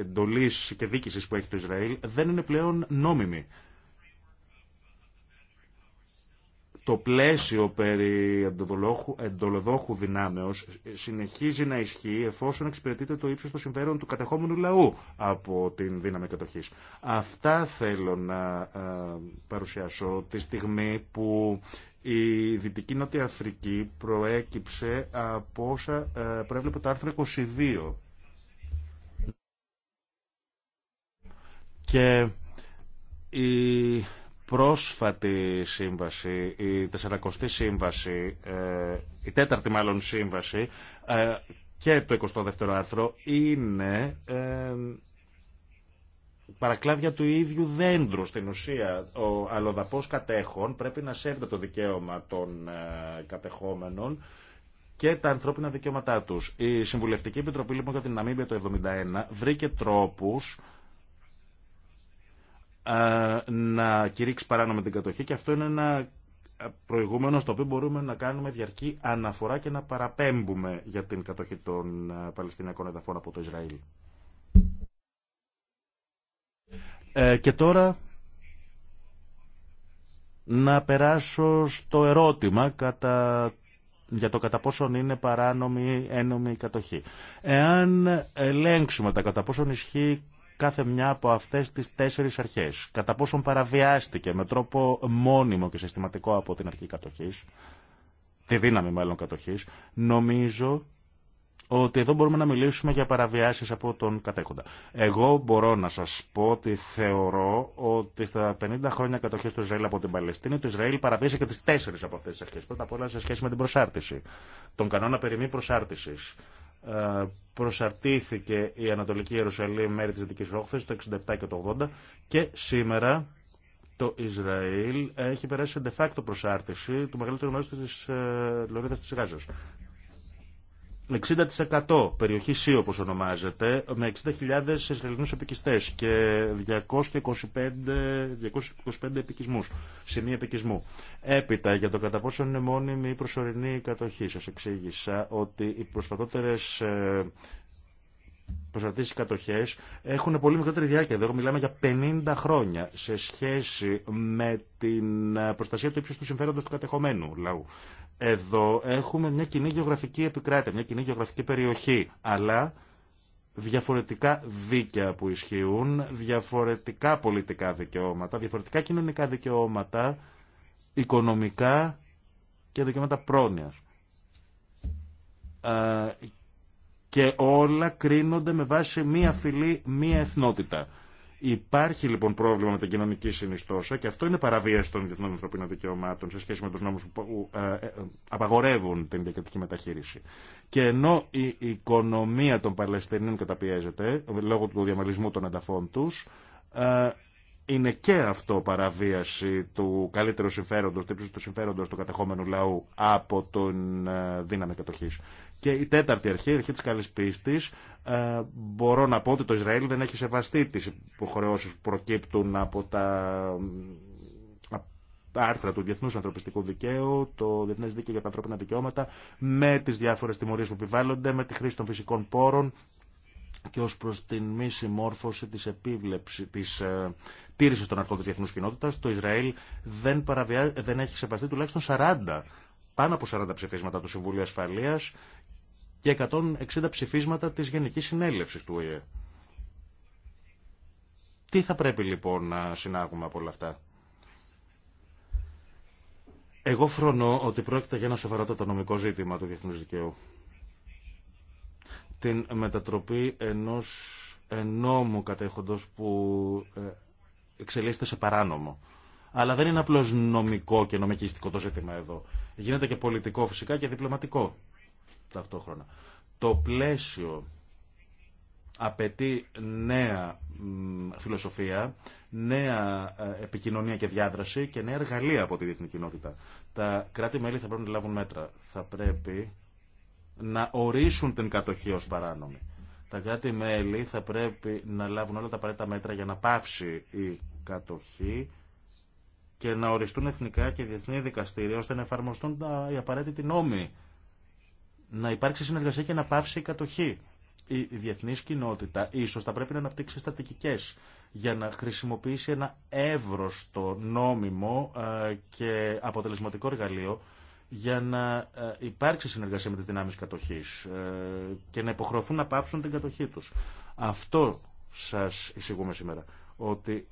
εντολής και δίκησης που έχει το Ισραήλ δεν είναι πλέον νόμιμη. το πλαίσιο περί εντολοδόχου δυνάμεως συνεχίζει να ισχύει εφόσον εξυπηρετείται το ύψος των συμφέρων του κατεχόμενου λαού από την δύναμη κατοχής. Αυτά θέλω να ε, παρουσιάσω τη στιγμή που η Δυτική Νότια Αφρική προέκυψε από όσα ε, προέβλεπε το άρθρο 22. Και η πρόσφατη σύμβαση, η 40η σύμβαση, ε, η τέταρτη μάλλον σύμβαση ε, και το 22ο άρθρο είναι ε, παρακλάδια του ίδιου δέντρου στην ουσία. Ο αλλοδαπός κατέχων πρέπει να σέβεται το δικαίωμα των κατεχόμενων και τα ανθρώπινα δικαιώματά τους. Η Συμβουλευτική Επιτροπή λοιπόν για την Ναμίμπια το 1971 βρήκε τρόπους ε, να κηρύξει παράνομη την κατοχή και αυτό είναι ένα προηγούμενο στο οποίο μπορούμε να κάνουμε διαρκή αναφορά και να παραπέμπουμε για την κατοχή των ε, Παλαιστινιακών εδαφών από το Ισραήλ. Ε, και τώρα να περάσω στο ερώτημα κατά, για το κατά πόσον είναι παράνομη ένομη η κατοχή. Εάν ελέγξουμε τα κατά πόσον ισχύει κάθε μια από αυτές τις τέσσερις αρχές. Κατά πόσον παραβιάστηκε με τρόπο μόνιμο και συστηματικό από την αρχή κατοχής, τη δύναμη μάλλον κατοχή, νομίζω ότι εδώ μπορούμε να μιλήσουμε για παραβιάσεις από τον κατέχοντα. Εγώ μπορώ να σας πω ότι θεωρώ ότι στα 50 χρόνια κατοχής του Ισραήλ από την Παλαιστίνη, το Ισραήλ παραβίασε και τις τέσσερις από αυτές τις αρχές. Πρώτα απ' όλα σε σχέση με την προσάρτηση. Τον κανόνα περί μη προσάρτησης προσαρτήθηκε η Ανατολική Ιερουσαλήμ μέρη της Δυτικής Όχθης το 67 και το 80 και σήμερα το Ισραήλ έχει περάσει σε de facto προσάρτηση του μεγαλύτερου μέρους της ε, Λωρίδας της Γάζας. 60% περιοχή ΣΥ όπως ονομάζεται, με 60.000 Ισραηλινούς επικιστές και 225, 225 επικισμούς, σημεία επικισμού. Έπειτα, για το κατά πόσο είναι μόνιμη η προσωρινή κατοχή, σας εξήγησα ότι οι προσφατότερες ε, προσαρτήσει κατοχέ έχουν πολύ μικρότερη διάρκεια. Εδώ μιλάμε για 50 χρόνια σε σχέση με την ε, προστασία του ύψου του συμφέροντο του κατεχομένου λαού. Εδώ έχουμε μια κοινή γεωγραφική επικράτεια, μια κοινή γεωγραφική περιοχή, αλλά διαφορετικά δίκαια που ισχύουν, διαφορετικά πολιτικά δικαιώματα, διαφορετικά κοινωνικά δικαιώματα, οικονομικά και δικαιώματα πρόνοιας. Και όλα κρίνονται με βάση μία φυλή, μία εθνότητα. Υπάρχει λοιπόν πρόβλημα με την κοινωνική συνιστόσα και αυτό είναι παραβίαση των διεθνών ανθρωπίνων δικαιωμάτων σε σχέση με του νόμου που ε, ε, απαγορεύουν την διακριτική μεταχείριση. Και ενώ η οικονομία των Παλαιστινίων καταπιέζεται λόγω του διαμελισμού των ανταφών του, ε, είναι και αυτό παραβίαση του καλύτερου συμφέροντο, του του συμφέροντος του κατεχόμενου λαού από τον δύναμη κατοχή. Και η τέταρτη αρχή, η αρχή της καλής πίστης, ε, μπορώ να πω ότι το Ισραήλ δεν έχει σεβαστεί τι υποχρεώσει που προκύπτουν από τα άρθρα του Διεθνούς Ανθρωπιστικού Δικαίου, το Διεθνές Δίκαιο για τα Ανθρώπινα Δικαιώματα, με τις διάφορες τιμωρίες που επιβάλλονται, με τη χρήση των φυσικών πόρων και ως προς την μη συμμόρφωση της επίβλεψη, της ε, τήρησης των αρχών της διεθνούς κοινότητας, το Ισραήλ δεν, παραβιά, δεν έχει σεβαστεί τουλάχιστον 40 πάνω από 40 ψηφίσματα του Συμβουλίου Ασφαλείας και 160 ψηφίσματα της Γενικής Συνέλευσης του ΟΗΕ. Τι θα πρέπει λοιπόν να συνάγουμε από όλα αυτά. Εγώ φρονώ ότι πρόκειται για ένα σοβαρότατο νομικό ζήτημα του διεθνούς δικαίου. Την μετατροπή ενός νόμου κατέχοντος που ε, εξελίσσεται σε παράνομο. Αλλά δεν είναι απλώς νομικό και νομικιστικό το ζήτημα εδώ. Γίνεται και πολιτικό φυσικά και διπλωματικό ταυτόχρονα. Το πλαίσιο απαιτεί νέα φιλοσοφία, νέα ε, επικοινωνία και διάδραση και νέα εργαλεία από τη διεθνή κοινότητα. Τα κράτη-μέλη θα πρέπει να λάβουν μέτρα. Θα πρέπει να ορίσουν την κατοχή ως παράνομη. Τα κράτη-μέλη θα πρέπει να λάβουν όλα τα απαραίτητα μέτρα για να πάυσει η κατοχή και να οριστούν εθνικά και διεθνή δικαστήρια ώστε να εφαρμοστούν οι απαραίτητοι νόμοι να υπάρξει συνεργασία και να πάυσει η κατοχή. Η διεθνή κοινότητα ίσως θα πρέπει να αναπτύξει στρατηγικές για να χρησιμοποιήσει ένα εύρωστο, νόμιμο ε, και αποτελεσματικό εργαλείο για να ε, υπάρξει συνεργασία με τις δυνάμεις κατοχής ε, και να υποχρεωθούν να πάψουν την κατοχή τους. Αυτό σας εισηγούμε σήμερα, ότι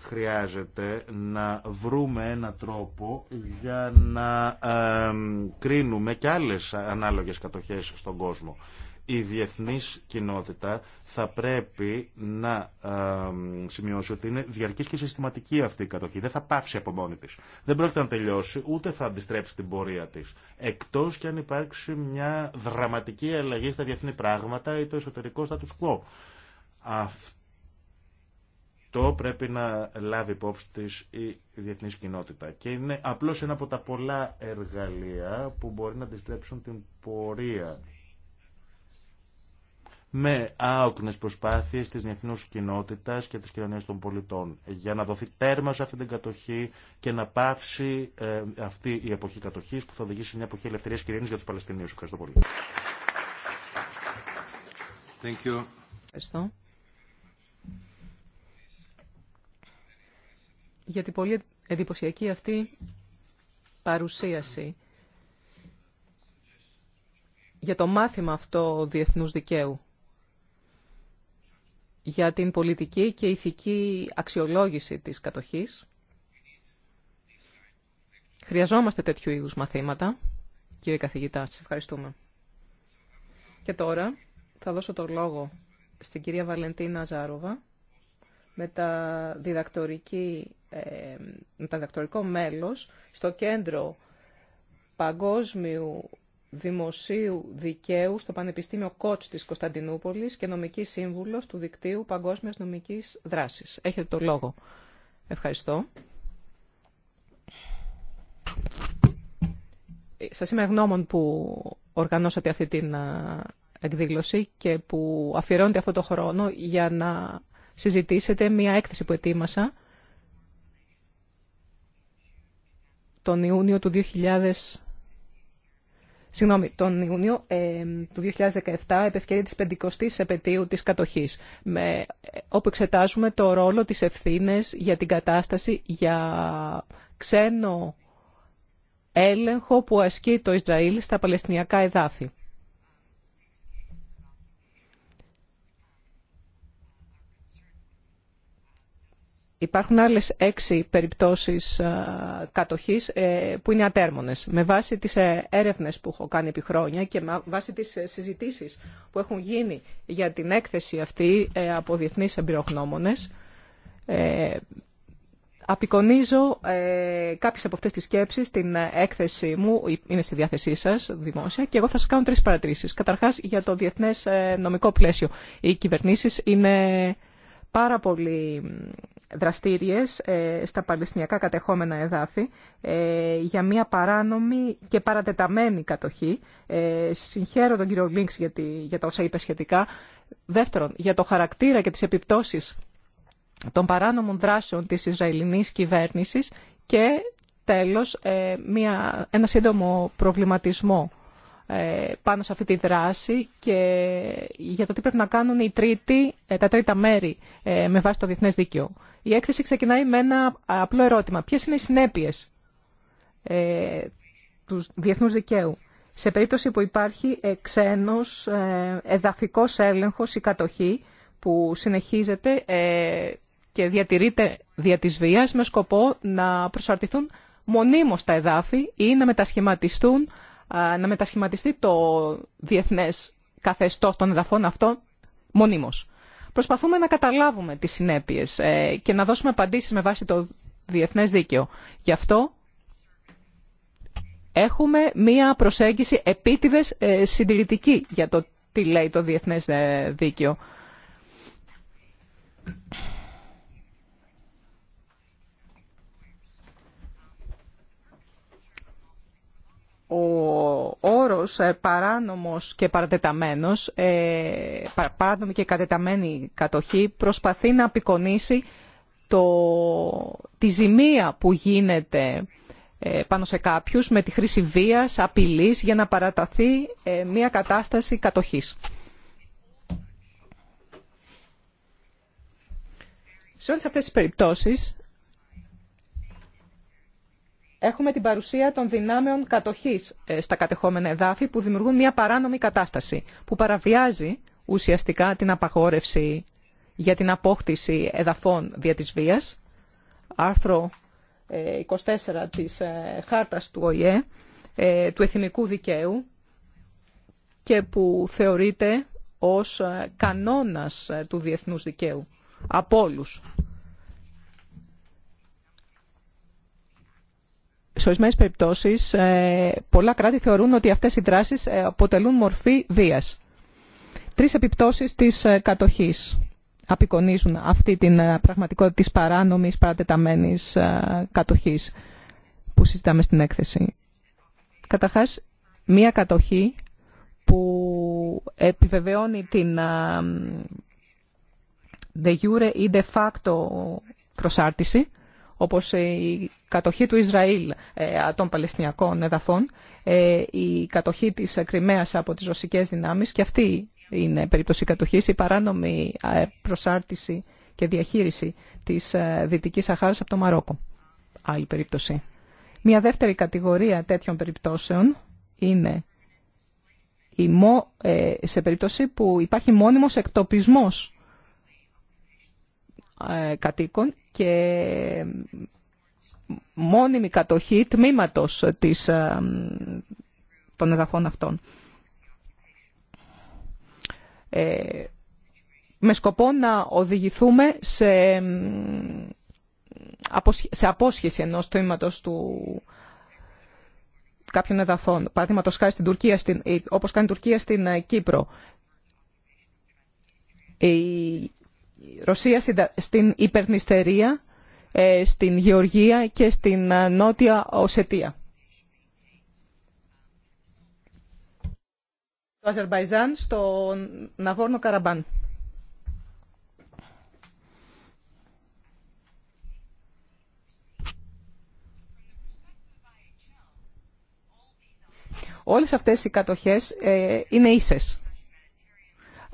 χρειάζεται να βρούμε ένα τρόπο για να κρίνουμε και άλλες ανάλογες κατοχές στον κόσμο. Η διεθνής κοινότητα θα πρέπει να σημειώσει ότι είναι διαρκής και συστηματική αυτή η κατοχή. Δεν θα πάψει από μόνη της. Δεν πρόκειται να τελειώσει, ούτε θα αντιστρέψει την πορεία της. Εκτός και αν υπάρξει μια δραματική αλλαγή στα διεθνή πράγματα ή το εσωτερικό status quo. Αυτό το πρέπει να λάβει υπόψη της η διεθνής κοινότητα και είναι απλώς ένα από τα πολλά εργαλεία που μπορεί να αντιστρέψουν την πορεία με άοκνες προσπάθειες της διεθνούς κοινότητας και της κοινωνίας των πολιτών για να δοθεί τέρμα σε αυτή την κατοχή και να πάυσει ε, αυτή η εποχή κατοχής που θα οδηγήσει σε μια εποχή ελευθερίας και για τους Παλαιστινίους. Ευχαριστώ πολύ. Thank you. Ευχαριστώ. για την πολύ εντυπωσιακή αυτή παρουσίαση για το μάθημα αυτό διεθνούς δικαίου, για την πολιτική και ηθική αξιολόγηση της κατοχής. Χρειαζόμαστε τέτοιου είδους μαθήματα. Κύριε καθηγητά, σας ευχαριστούμε. Και τώρα θα δώσω το λόγο στην κυρία Βαλεντίνα Ζάροβα με, τα διδακτορική, ε, με τα διδακτορικό μέλος στο κέντρο παγκόσμιου δημοσίου δικαίου στο Πανεπιστήμιο Κότς της Κωνσταντινούπολης και νομική σύμβουλος του Δικτύου Παγκόσμιας Νομικής Δράσης. Έχετε το λόγο. Ευχαριστώ. Ε, σας είμαι γνώμων που οργανώσατε αυτή την ε, εκδήλωση και που αφιερώνετε αυτό το χρόνο για να συζητήσετε μια έκθεση που ετοίμασα τον Ιούνιο του 2000... Συγγνώμη, τον Ιούνιο ε, του 2017, επευκαιρία της 50ης επαιτίου της κατοχής, με, όπου εξετάζουμε το ρόλο της ευθύνες για την κατάσταση, για ξένο έλεγχο που ασκεί το Ισραήλ στα Παλαιστινιακά εδάφη. Υπάρχουν άλλες έξι περιπτώσεις κατοχής ε, που είναι ατέρμονες. Με βάση τις ε, έρευνες που έχω κάνει επί χρόνια και με βάση τις ε, συζητήσεις που έχουν γίνει για την έκθεση αυτή από διεθνείς εμπειρογνώμονες, απεικονίζω κάποιες από αυτές τις σκέψεις στην έκθεση μου, είναι στη διάθεσή σας δημόσια, και εγώ θα σας κάνω τρεις παρατηρήσεις. Καταρχάς, για το διεθνές νομικό πλαίσιο. Οι κυβερνήσεις είναι πάρα πολύ δραστήριες ε, στα παλαιστινιακά κατεχόμενα εδάφη ε, για μια παράνομη και παρατεταμένη κατοχή. Ε, συγχαίρω τον κύριο Λίνξ για, για τα όσα είπε σχετικά. Δεύτερον, για το χαρακτήρα και τις επιπτώσεις των παράνομων δράσεων της Ισραηλινής κυβέρνησης και τέλος μια, ένα σύντομο προβληματισμό ε, πάνω σε αυτή τη δράση και για το τι πρέπει να κάνουν οι τρίτοι, ε, τα τρίτα μέρη ε, με βάση το διεθνές δίκαιο. Η έκθεση ξεκινάει με ένα απλό ερώτημα. Ποιες είναι οι συνέπειες ε, του διεθνούς δικαίου σε περίπτωση που υπάρχει ξένος εδαφικός έλεγχος ή κατοχή που συνεχίζεται και διατηρείται δια της βίας με σκοπό να προσαρτηθούν μονίμως τα εδάφη ή να μετασχηματιστούν να μετασχηματιστεί το διεθνές καθεστώς των εδαφών αυτό μονίμως. Προσπαθούμε να καταλάβουμε τις συνέπειες ε, και να δώσουμε απαντήσεις με βάση το διεθνές δίκαιο. Γι' αυτό έχουμε μία προσέγγιση επίτηδες ε, συντηρητική για το τι λέει το διεθνές ε, δίκαιο. ο όρος ε, παράνομος και παρατεταμένος, ε, παράνομη και κατεταμένη κατοχή προσπαθεί να απεικονίσει το, τη ζημία που γίνεται ε, πάνω σε κάποιους με τη χρήση βίας, απειλής για να παραταθεί μια κατάσταση κατοχής. Σε όλες αυτές τις περιπτώσεις Έχουμε την παρουσία των δυνάμεων κατοχής ε, στα κατεχόμενα εδάφη που δημιουργούν μια παράνομη κατάσταση που παραβιάζει ουσιαστικά την απαγόρευση για την απόκτηση εδαφών δια της βίας, άρθρο 24 ε, της ε, χάρτας του ΟΗΕ, του εθνικού δικαίου και που θεωρείται ως κανόνας του διεθνούς δικαίου από όλους. σε ορισμένε περιπτώσει ε, πολλά κράτη θεωρούν ότι αυτέ οι δράσει ε, αποτελούν μορφή βία. Τρει επιπτώσει τη ε, κατοχή απεικονίζουν αυτή την πραγματικότητα της παράνομης παρατεταμένης κατοχής που συζητάμε στην έκθεση. Καταρχά μία κατοχή που επιβεβαιώνει την de jure ή de facto προσάρτηση όπως η κατοχή του Ισραήλ ε, των Παλαιστινιακών εδαφών, ε, η κατοχή της Κρυμαίας από τις ρωσικές δυνάμεις και αυτή είναι περίπτωση κατοχής, η παράνομη ε, προσάρτηση και διαχείριση της Δυτικής Σαχάρας από το Μαρόκο. Άλλη περίπτωση. Μια δεύτερη κατηγορία τέτοιων περιπτώσεων είναι σε περίπτωση που υπάρχει μόνιμος εκτοπισμός κατοίκων και μόνιμη κατοχή τμήματος της, ε, των εδαφών αυτών. Ε, με σκοπό να οδηγηθούμε σε, σε απόσχεση ενός τμήματος του κάποιων εδαφών. Παραδείγματο χάρη στην Τουρκία, στην, ε, όπως κάνει η Τουρκία στην Κύπρο. Ρωσία στην υπερνηστερία, ε, στην Γεωργία και στην ε, Νότια Οσετία. Το Αζερβαϊζάν στο Ναγόρνο Καραμπάν. Όλες αυτές οι κατοχές ε, είναι ίσες.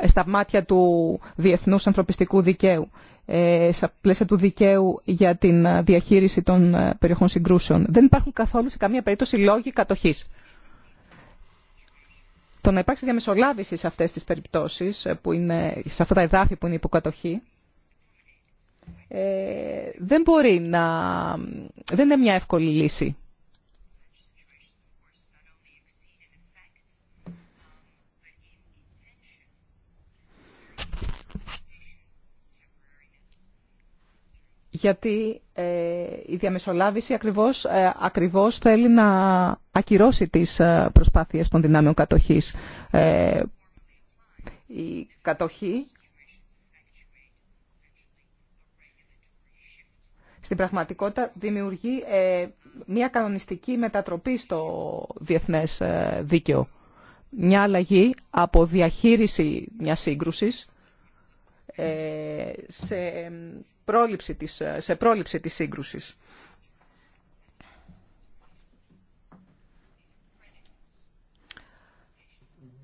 Ε, στα μάτια του διεθνούς ανθρωπιστικού δικαίου, ε, στα πλαίσια του δικαίου για την ε, διαχείριση των περιοχών συγκρούσεων. Δεν υπάρχουν καθόλου σε καμία περίπτωση λόγοι κατοχής. Το να υπάρξει διαμεσολάβηση σε αυτές τις περιπτώσεις, που είναι, σε αυτά τα εδάφη που είναι υποκατοχή, δεν μπορεί να... δεν είναι μια εύκολη λύση. γιατί ε, η διαμεσολάβηση ακριβώς, ε, ακριβώς θέλει να ακυρώσει τις ε, προσπάθειες των δυνάμεων κατοχής. η κατοχή στην πραγματικότητα δημιουργεί μια κανονιστική μετατροπή στο διεθνές δίκαιο. Μια αλλαγή από διαχείριση μιας σύγκρουσης ε, σε πρόληψη της, σε πρόληψη της σύγκρουσης.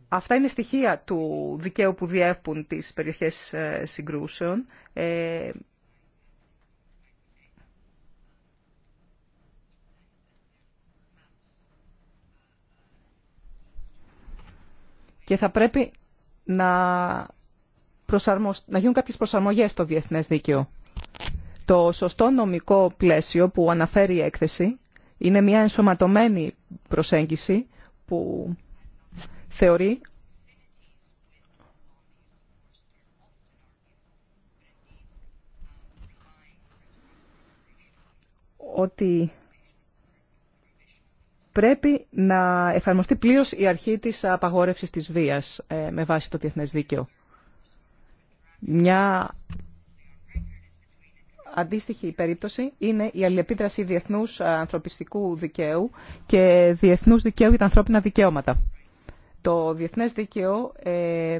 Αυτά είναι στοιχεία του δικαίου που διέπουν τις περιοχές ε, συγκρούσεων. Ε, και θα πρέπει να προσαρμοσ... να γίνουν κάποιες προσαρμογές στο διεθνές δίκαιο. Το σωστό νομικό πλαίσιο που αναφέρει η έκθεση είναι μια ενσωματωμένη προσέγγιση που θεωρεί ότι πρέπει να εφαρμοστεί πλήρως η αρχή της απαγόρευσης της βίας ε, με βάση το διεθνές δίκαιο. Μια αντίστοιχη περίπτωση είναι η αλληλεπίδραση διεθνούς ε, ανθρωπιστικού δικαίου και διεθνούς δικαίου για τα ανθρώπινα δικαιώματα. Το διεθνές δίκαιο ε,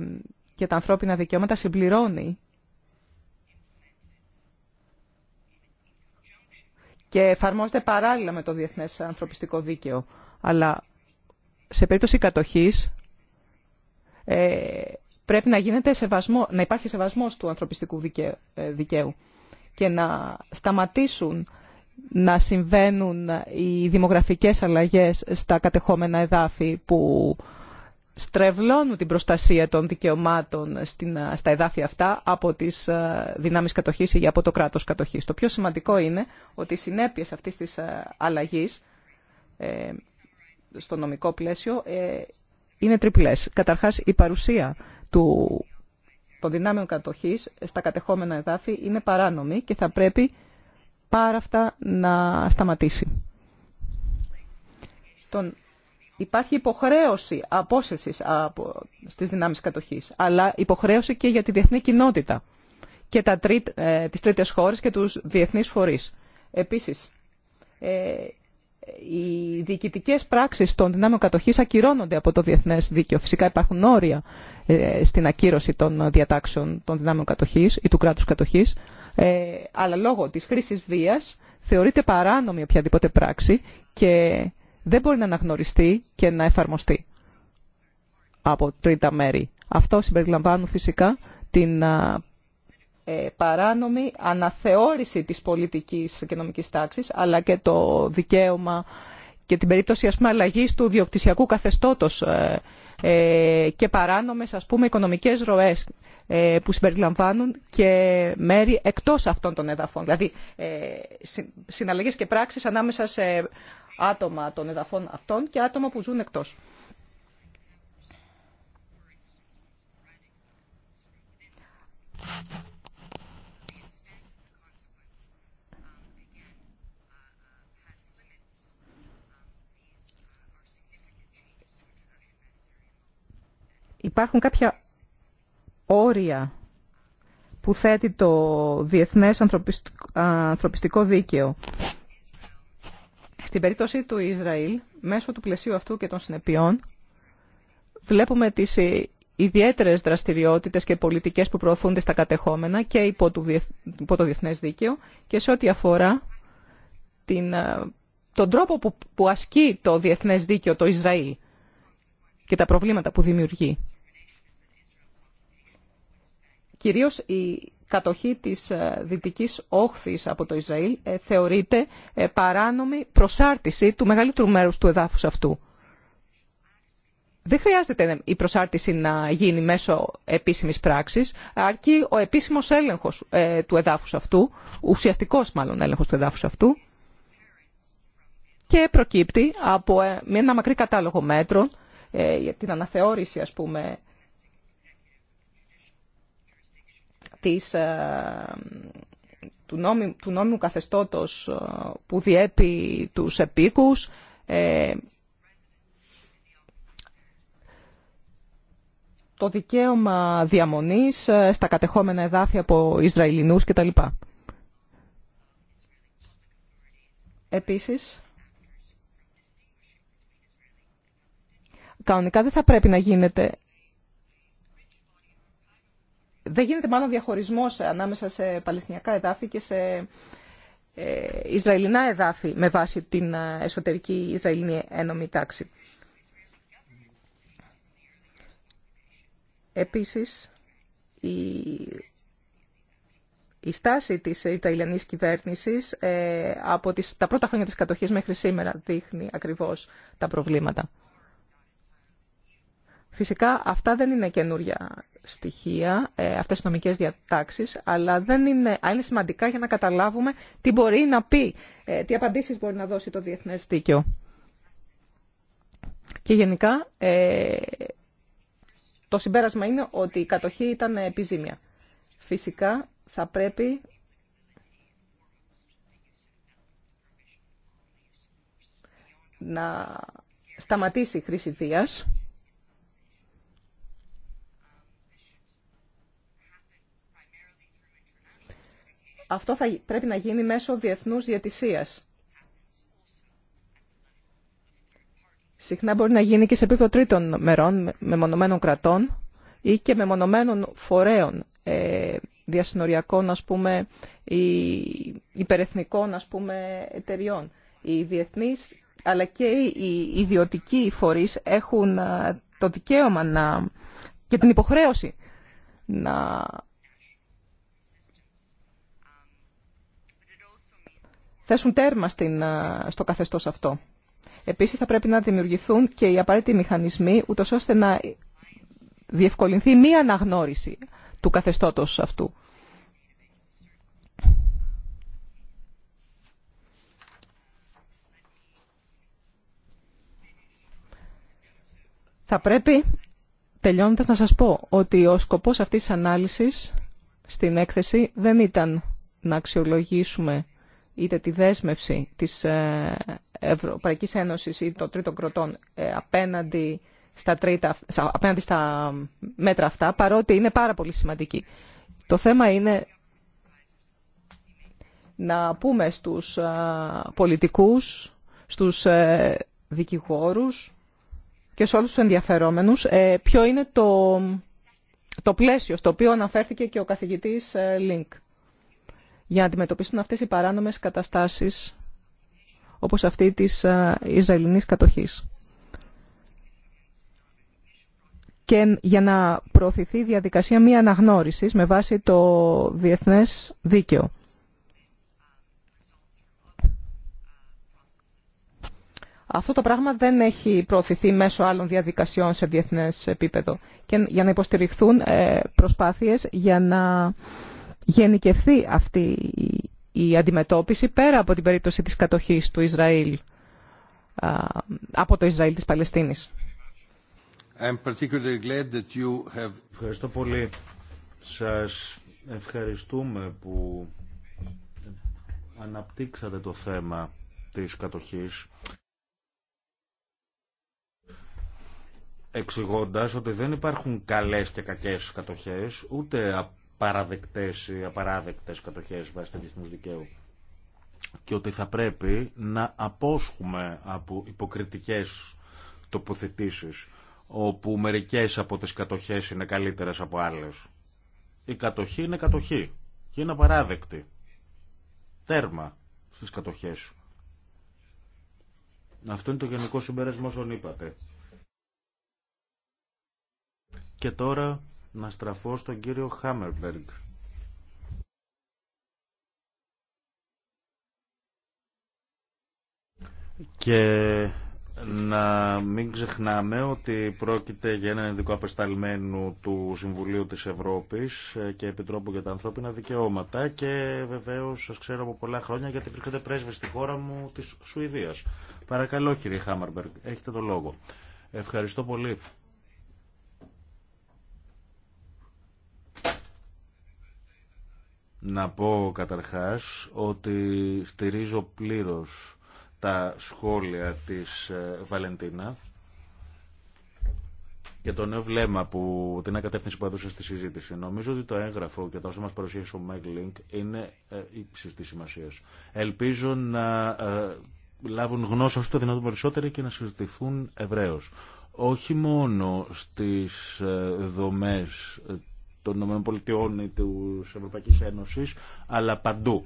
και τα ανθρώπινα δικαιώματα συμπληρώνει και εφαρμόζεται παράλληλα με το διεθνές ανθρωπιστικό δίκαιο. Αλλά σε περίπτωση κατοχής ε, πρέπει να, γίνεται σεβασμό, να υπάρχει σεβασμός του ανθρωπιστικού ε, δικαίου και να σταματήσουν να συμβαίνουν οι δημογραφικές αλλαγές στα κατεχόμενα εδάφη που στρεβλώνουν την προστασία των δικαιωμάτων ε, στα εδάφη αυτά από τις ε, δυνάμεις κατοχής ή από το κράτος κατοχής. Το πιο σημαντικό είναι ότι οι συνέπειες αυτής της αλλαγής στο νομικό πλαίσιο είναι τριπλές. Καταρχάς η παρουσία του, των δυνάμεων κατοχής στα κατεχόμενα εδάφη είναι παράνομη και θα πρέπει πάρα αυτά να σταματήσει. Τον, υπάρχει υποχρέωση απόσυρσης από, στις δυνάμεις κατοχής, αλλά υποχρέωση και για τη διεθνή κοινότητα και τα τρίτ, ε, τις τρίτες χώρες και τους διεθνείς φορείς. Επίσης, ε, οι διοικητικέ πράξει των δυνάμεων κατοχή ακυρώνονται από το διεθνέ δίκαιο. Φυσικά υπάρχουν όρια ε, στην ακύρωση των διατάξεων των δυνάμεων κατοχή ή του κράτου κατοχή, ε, αλλά λόγω τη χρήση βία θεωρείται παράνομη οποιαδήποτε πράξη και δεν μπορεί να αναγνωριστεί και να εφαρμοστεί από τρίτα μέρη. Αυτό συμπεριλαμβάνουν φυσικά την ε, παράνομη αναθεώρηση της πολιτικής και οικονομικής τάξης, αλλά και το δικαίωμα και την περίπτωση ας αλλαγής του διοκτησιακού καθεστώτος ε, ε, και παράνομες ας πούμε, οικονομικές ροές που συμπεριλαμβάνουν και μέρη εκτός αυτών των εδαφών. Δηλαδή συναλλαγές και πράξεις ανάμεσα σε άτομα των εδαφών αυτών και άτομα που ζουν εκτός. Υπάρχουν κάποια όρια που θέτει το Διεθνές Ανθρωπιστικό Δίκαιο. Στην περίπτωση του Ισραήλ, μέσω του πλαισίου αυτού και των συνεπειών, βλέπουμε τις ε, ιδιαίτερες δραστηριότητες και πολιτικές που προωθούνται στα κατεχόμενα και υπό το Διεθνές Δίκαιο και σε ό,τι αφορά την, ε, τον τρόπο που, ασκεί το Διεθνές Δίκαιο το Ισραήλ και τα προβλήματα που δημιουργεί. Κυρίως η κατοχή της ε, δυτικής όχθης από το Ισραήλ ε, θεωρείται ε, παράνομη προσάρτηση του μεγαλύτερου μέρους του εδάφους αυτού. Δεν χρειάζεται η προσάρτηση να γίνει μέσω επίσημης πράξης, αρκεί ο επίσημος έλεγχος του εδάφους αυτού, ουσιαστικός μάλλον έλεγχος του εδάφους αυτού, και προκύπτει από ένα μακρύ κατάλογο μέτρων, για την αναθεώρηση ας πούμε της, ε, του, νόμι, του καθεστώτος ε, που διέπει τους επίκους, ε, το δικαίωμα διαμονής στα κατεχόμενα εδάφια από Ισραηλινούς κτλ. Επίσης, κανονικά δεν θα πρέπει να γίνεται δεν γίνεται μάλλον διαχωρισμός ανάμεσα σε παλαιστινιακά εδάφη και σε ε, Ισραηλινά εδάφη με βάση την ε, εσωτερική Ισραηλινή ένωμη τάξη. Επίσης, η, η στάση της Ιταλιανής κυβέρνησης ε, από τις... τα πρώτα χρόνια της κατοχής μέχρι σήμερα δείχνει ακριβώς τα προβλήματα. Φυσικά αυτά δεν είναι καινούρια στοιχεία, ε, αυτές οι νομικές διατάξεις, αλλά δεν είναι, είναι σημαντικά για να καταλάβουμε τι μπορεί να πει, ε, τι απαντήσεις μπορεί να δώσει το διεθνές δίκαιο. Και γενικά ε, το συμπέρασμα είναι ότι η κατοχή ήταν επιζήμια. Φυσικά θα πρέπει να σταματήσει η χρήση βίας Αυτό θα πρέπει να γίνει μέσω διεθνούς διατησίας. Συχνά μπορεί να γίνει και σε επίπεδο τρίτων μερών, μεμονωμένων κρατών ή και με μεμονωμένων φορέων ε, διασυνοριακών, ας πούμε, ή υπερεθνικών, ας πούμε, εταιριών. Οι διεθνείς αλλά και οι ιδιωτικοί φορείς έχουν ε, το δικαίωμα να, και την υποχρέωση να θέσουν τέρμα στο καθεστώς αυτό. Επίσης θα πρέπει να δημιουργηθούν και οι απαραίτητοι μηχανισμοί ούτως ώστε να διευκολυνθεί μία αναγνώριση του καθεστώτος αυτού. Θα πρέπει, τελειώνοντας, να σας πω ότι ο σκοπός αυτής της ανάλυσης στην έκθεση δεν ήταν να αξιολογήσουμε είτε τη δέσμευση της ε, Ευρωπαϊκής Ένωσης ή των τρίτων Κροτών ε, απέναντι στα, τρίτα, απέναντι στα μέτρα αυτά, παρότι είναι πάρα πολύ σημαντική. Το θέμα είναι να πούμε στους ε, πολιτικούς, στους δικηγόρους και σε όλους τους ενδιαφερόμενους ποιο είναι το, το πλαίσιο στο οποίο αναφέρθηκε και ο καθηγητής Λίνκ για να αντιμετωπιστούν αυτές οι παράνομες καταστάσεις όπως αυτή της ε, Ισραηλινής κατοχής. Και για να προωθηθεί διαδικασία μία αναγνώρισης με βάση το διεθνές δίκαιο. Αυτό το πράγμα δεν έχει προωθηθεί μέσω άλλων διαδικασιών σε διεθνές επίπεδο. Και για να υποστηριχθούν ε, προσπάθειες για να γενικευθεί αυτή η αντιμετώπιση πέρα από την περίπτωση της κατοχής του Ισραήλ, από το Ισραήλ της Παλαιστίνης. Ευχαριστώ πολύ. Σας ευχαριστούμε που αναπτύξατε το θέμα της κατοχής εξηγώντα ότι δεν υπάρχουν καλές και κακές κατοχές ούτε Παραδεκτέ ή απαράδειε κατοχέ βάσει του κοινωνικαίου. Και ότι θα πρέπει να αποσχούμε από υποκριτικέ τοποθετήσει όπου μερικέ από τι κατοχέ είναι καλύτερε από άλλε. Η απαραδεκτε κατοχε είναι δικαιου και είναι απαράδεκτη. Τέρμα στις κατοχές. Αυτό τις κατοχε το γενικό συμπέρασμα όσων είπατε. Και ειναι απαραδεκτη τερμα στις κατοχε αυτο ειναι το γενικο συμπερασμα οσων ειπατε και τωρα να στραφώ στον κύριο Χάμερμπεργκ. Και να μην ξεχνάμε ότι πρόκειται για έναν ειδικό απεσταλμένο του Συμβουλίου της Ευρώπης και Επιτρόπου για τα Ανθρώπινα Δικαιώματα και βεβαίως σας ξέρω από πολλά χρόνια γιατί βρίσκεται πρέσβη στη χώρα μου της Σουηδίας. Παρακαλώ κύριε Χάμερμπεργκ, έχετε το λόγο. Ευχαριστώ πολύ. Να πω καταρχάς ότι στηρίζω πλήρως τα σχόλια της ε, Βαλεντίνα και το νέο βλέμμα που την ακατεύθυνση που έδωσε στη συζήτηση. Νομίζω ότι το έγγραφο και το όσο μας παρουσίασε ο Μέγλινγκ είναι ε, ύψης της σημασίας. Ελπίζω να ε, λάβουν γνώση όσο το δυνατόν περισσότερο και να συζητηθούν ευρέως όχι μόνο στις δομές των ΗΠΑ ή της Ευρωπαϊκής Ένωσης, αλλά παντού.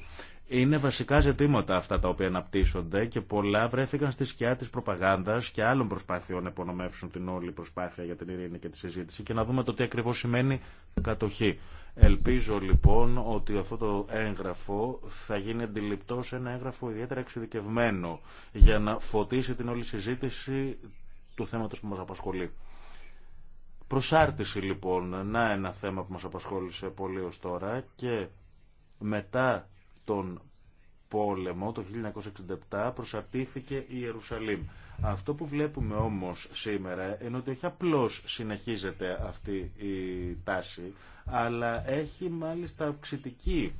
Είναι βασικά ζητήματα αυτά τα οποία αναπτύσσονται και πολλά βρέθηκαν στη σκιά της προπαγάνδας και άλλων προσπάθειων να υπονομεύσουν την όλη προσπάθεια για την ειρήνη και τη συζήτηση και να δούμε το τι ακριβώς σημαίνει κατοχή. Ελπίζω λοιπόν ότι αυτό το έγγραφο θα γίνει αντιληπτό σε ένα έγγραφο ιδιαίτερα εξειδικευμένο για να φωτίσει την όλη συζήτηση του θέματος που μας απασχολεί. Προσάρτηση λοιπόν, να ένα θέμα που μας απασχόλησε πολύ ως τώρα και μετά τον πόλεμο το 1967 προσαρτήθηκε η Ιερουσαλήμ. Αυτό που βλέπουμε όμως σήμερα είναι ότι όχι απλώς συνεχίζεται αυτή η τάση, αλλά έχει μάλιστα αυξητική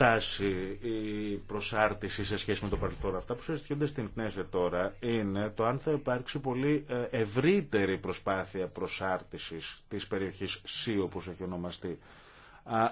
Τάση η προσάρτηση σε σχέση με το παρελθόν. Αυτά που συζητιούνται στην ΚΝΕΣΕ τώρα είναι το αν θα υπάρξει πολύ ε, ευρύτερη προσπάθεια προσάρτησης της περιοχής ΣΥ όπως έχει ονομαστεί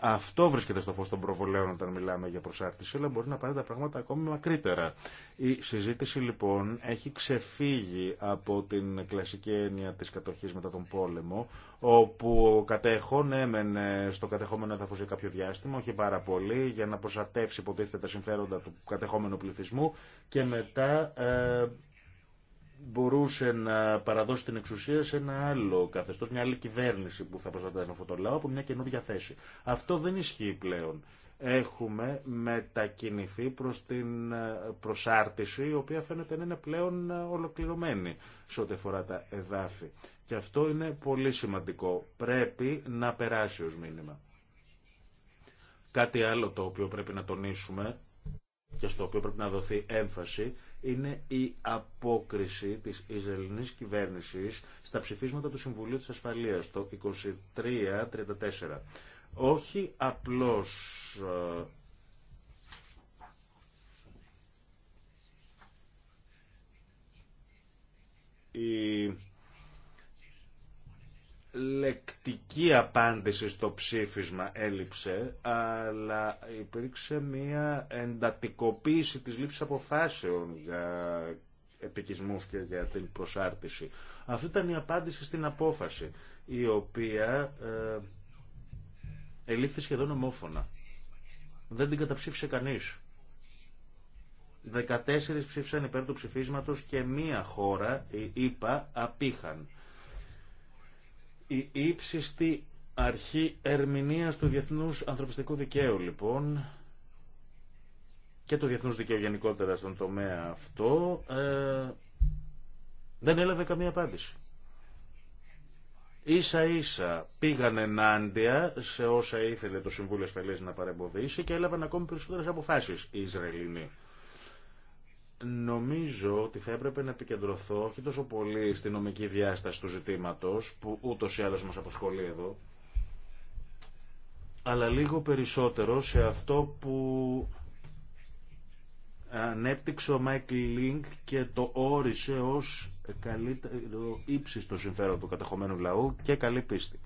αυτό βρίσκεται στο φως των προβολέων όταν μιλάμε για προσάρτηση, αλλά μπορεί να πάνε τα πράγματα ακόμη μακρύτερα. Η συζήτηση λοιπόν έχει ξεφύγει από την κλασική έννοια της κατοχής μετά τον πόλεμο, όπου ο κατέχον έμενε στο κατεχόμενο έδαφο για κάποιο διάστημα, όχι πάρα πολύ, για να προστατεύσει υποτίθεται τα συμφέροντα του κατεχόμενου πληθυσμού και μετά ε, μπορούσε να παραδώσει την εξουσία σε ένα άλλο καθεστώ, μια άλλη κυβέρνηση που θα προστατεύει αυτό το λαό από μια καινούργια θέση. Αυτό δεν ισχύει πλέον. Έχουμε μετακινηθεί προς την ε, προσάρτηση, η οποία φαίνεται να είναι πλέον ε, ολοκληρωμένη σε ό,τι αφορά τα εδάφη. Και αυτό είναι πολύ σημαντικό. Πρέπει να περάσει ως μήνυμα. Κάτι άλλο το οποίο πρέπει να τονίσουμε και στο οποίο πρέπει να δοθεί έμφαση είναι η απόκριση της Ισραηλινής κυβέρνησης στα ψηφίσματα του Συμβουλίου της Ασφαλείας το 23-34. Όχι απλώς ε, η λεκτική απάντηση στο ψήφισμα έλειψε, αλλά υπήρξε μια εντατικοποίηση της λήψης αποφάσεων για επικισμούς και για την προσάρτηση. Αυτή ήταν η απάντηση στην απόφαση, η οποία ε, ελήφθη σχεδόν ομόφωνα. Δεν την καταψήφισε κανείς. 14 ψήφισαν υπέρ του ψηφίσματος και μία χώρα, είπα ΕΠΑ, απήχαν. Η ύψιστη αρχή ερμηνείας του διεθνούς ανθρωπιστικού δικαίου, λοιπόν, και του διεθνούς δικαίου γενικότερα στον τομέα αυτό, ε, δεν έλαβε καμία απάντηση. Ίσα ίσα πήγαν ενάντια σε όσα ήθελε το Συμβούλιο Ασφαλείας να παρεμποδίσει και έλαβαν ακόμη περισσότερες αποφάσεις οι Ισραηλινοί. Νομίζω ότι θα έπρεπε να επικεντρωθώ όχι τόσο πολύ στην νομική διάσταση του ζητήματος, που ούτως ή άλλως μας αποσχολεί εδώ, αλλά λίγο περισσότερο σε αυτό που ανέπτυξε ο Μάικλ Λίνκ και το όρισε ως καλύτερο ύψιστο συμφέρον του κατεχομένου λαού και καλή πίστη.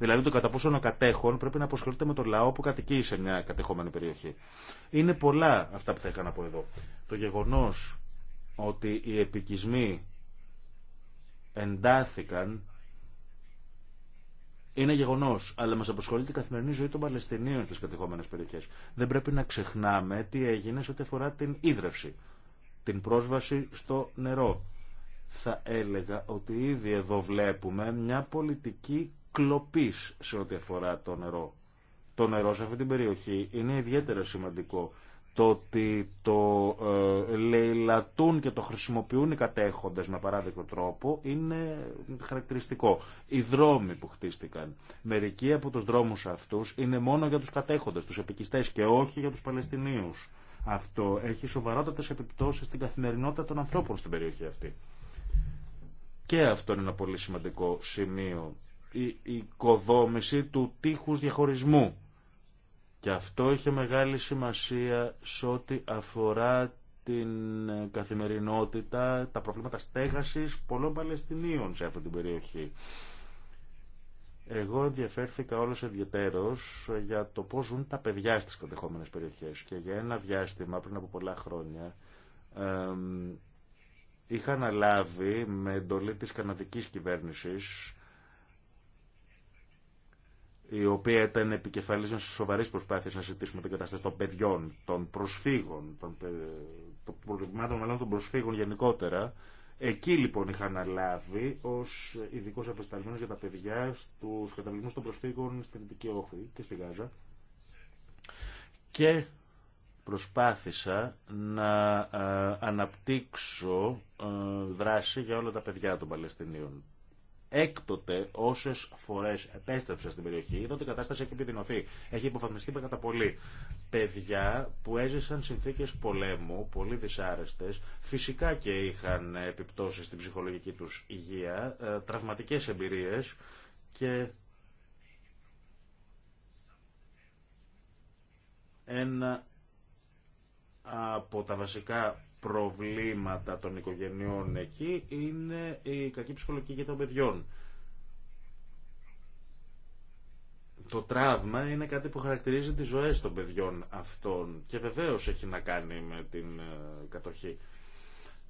Δηλαδή το κατά πόσο ο κατέχον πρέπει να αποσχολείται με τον λαό που κατοικεί σε μια κατεχόμενη περιοχή. Είναι πολλά αυτά που θα είχα να πω εδώ. Το γεγονό ότι οι επικισμοί εντάθηκαν είναι γεγονό, αλλά μα απασχολεί την καθημερινή ζωή των Παλαιστινίων στι κατεχόμενε περιοχέ. Δεν πρέπει να ξεχνάμε τι έγινε σε ό,τι αφορά την ίδρυυση, την πρόσβαση στο νερό. Θα έλεγα ότι ήδη εδώ βλέπουμε μια πολιτική κλοπή σε ό,τι αφορά το νερό. Το νερό σε αυτή την περιοχή είναι ιδιαίτερα σημαντικό. Το ότι το ε, λαιλατούν και το χρησιμοποιούν οι κατέχοντες με παράδειγμα τρόπο είναι χαρακτηριστικό. Οι δρόμοι που χτίστηκαν. Μερικοί από τους δρόμους αυτούς είναι μόνο για τους κατέχοντες, τους επικιστές και όχι για τους Παλαιστινίους. Αυτό έχει σοβαρότατες επιπτώσεις στην καθημερινότητα των ανθρώπων στην περιοχή αυτή. Και αυτό είναι ένα πολύ σημαντικό σημείο η οικοδόμηση του τείχους διαχωρισμού. Και αυτό είχε μεγάλη σημασία σε ό,τι αφορά την ε, καθημερινότητα, τα προβλήματα στέγασης πολλών Παλαιστινίων σε αυτή την περιοχή. Εγώ ενδιαφέρθηκα όλος ιδιαιτέρως για το πώς ζουν τα παιδιά στις κατεχόμενες περιοχές και για ένα διάστημα πριν από πολλά χρόνια είχα αναλάβει με εντολή της καναδικής κυβέρνησης η οποία ήταν επικεφαλής σε σοβαρές προσπάθειες να συζητήσουμε την κατάσταση των παιδιών, των προσφύγων, των, των προβλημάτων των προσφύγων γενικότερα. Εκεί λοιπόν είχα αναλάβει ως ειδικό απεσταλμένο για τα παιδιά στους καταβλημούς των προσφύγων στην Δυτική Όχη και στη Γάζα και προσπάθησα να ε, αναπτύξω ε, δράση για όλα τα παιδιά των Παλαιστινίων Έκτοτε, όσε φορέ επέστρεψα στην περιοχή, είδα ότι η κατάσταση έχει επιδεινωθεί. Έχει με κατά πολύ. Παιδιά που έζησαν συνθήκε πολέμου, πολύ δυσάρεστε, φυσικά και είχαν επιπτώσει στην ψυχολογική του υγεία, ε, τραυματικέ εμπειρίε και ένα από τα βασικά προβλήματα των οικογενειών εκεί είναι η κακή ψυχολογική για των παιδιών. Το τραύμα είναι κάτι που χαρακτηρίζει τις ζωές των παιδιών αυτών και βεβαίως έχει να κάνει με την ε, κατοχή.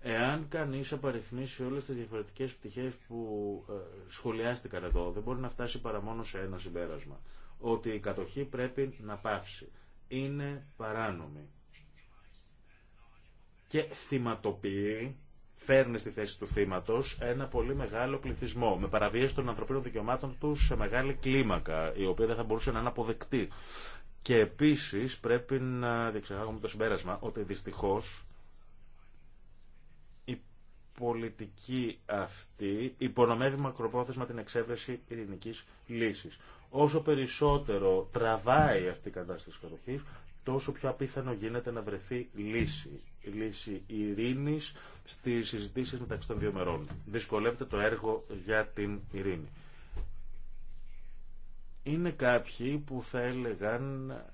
Εάν κανείς απαριθμίσει όλες τις διαφορετικές πτυχές που ε, σχολιάστηκαν εδώ, δεν μπορεί να φτάσει παρά μόνο σε ένα συμπέρασμα. Ότι η κατοχή πρέπει να πάυσει. Είναι παράνομη και θυματοποιεί, φέρνει στη θέση του θύματο ένα πολύ μεγάλο πληθυσμό με παραβίαση των ανθρωπίνων δικαιωμάτων του σε μεγάλη κλίμακα, η οποία δεν θα μπορούσε να είναι αποδεκτή. Και επίση πρέπει να διεξάγουμε το συμπέρασμα ότι δυστυχώ η πολιτική αυτή υπονομεύει μακροπρόθεσμα την εξέβρεση ειρηνική λύση. Όσο περισσότερο τραβάει αυτή η κατάσταση κατοχή, τόσο πιο απίθανο γίνεται να βρεθεί λύση λύση ειρήνη στις συζητήσεις μεταξύ των δύο μερών. Δυσκολεύεται το έργο για την ειρήνη. Είναι κάποιοι που θα έλεγαν ε,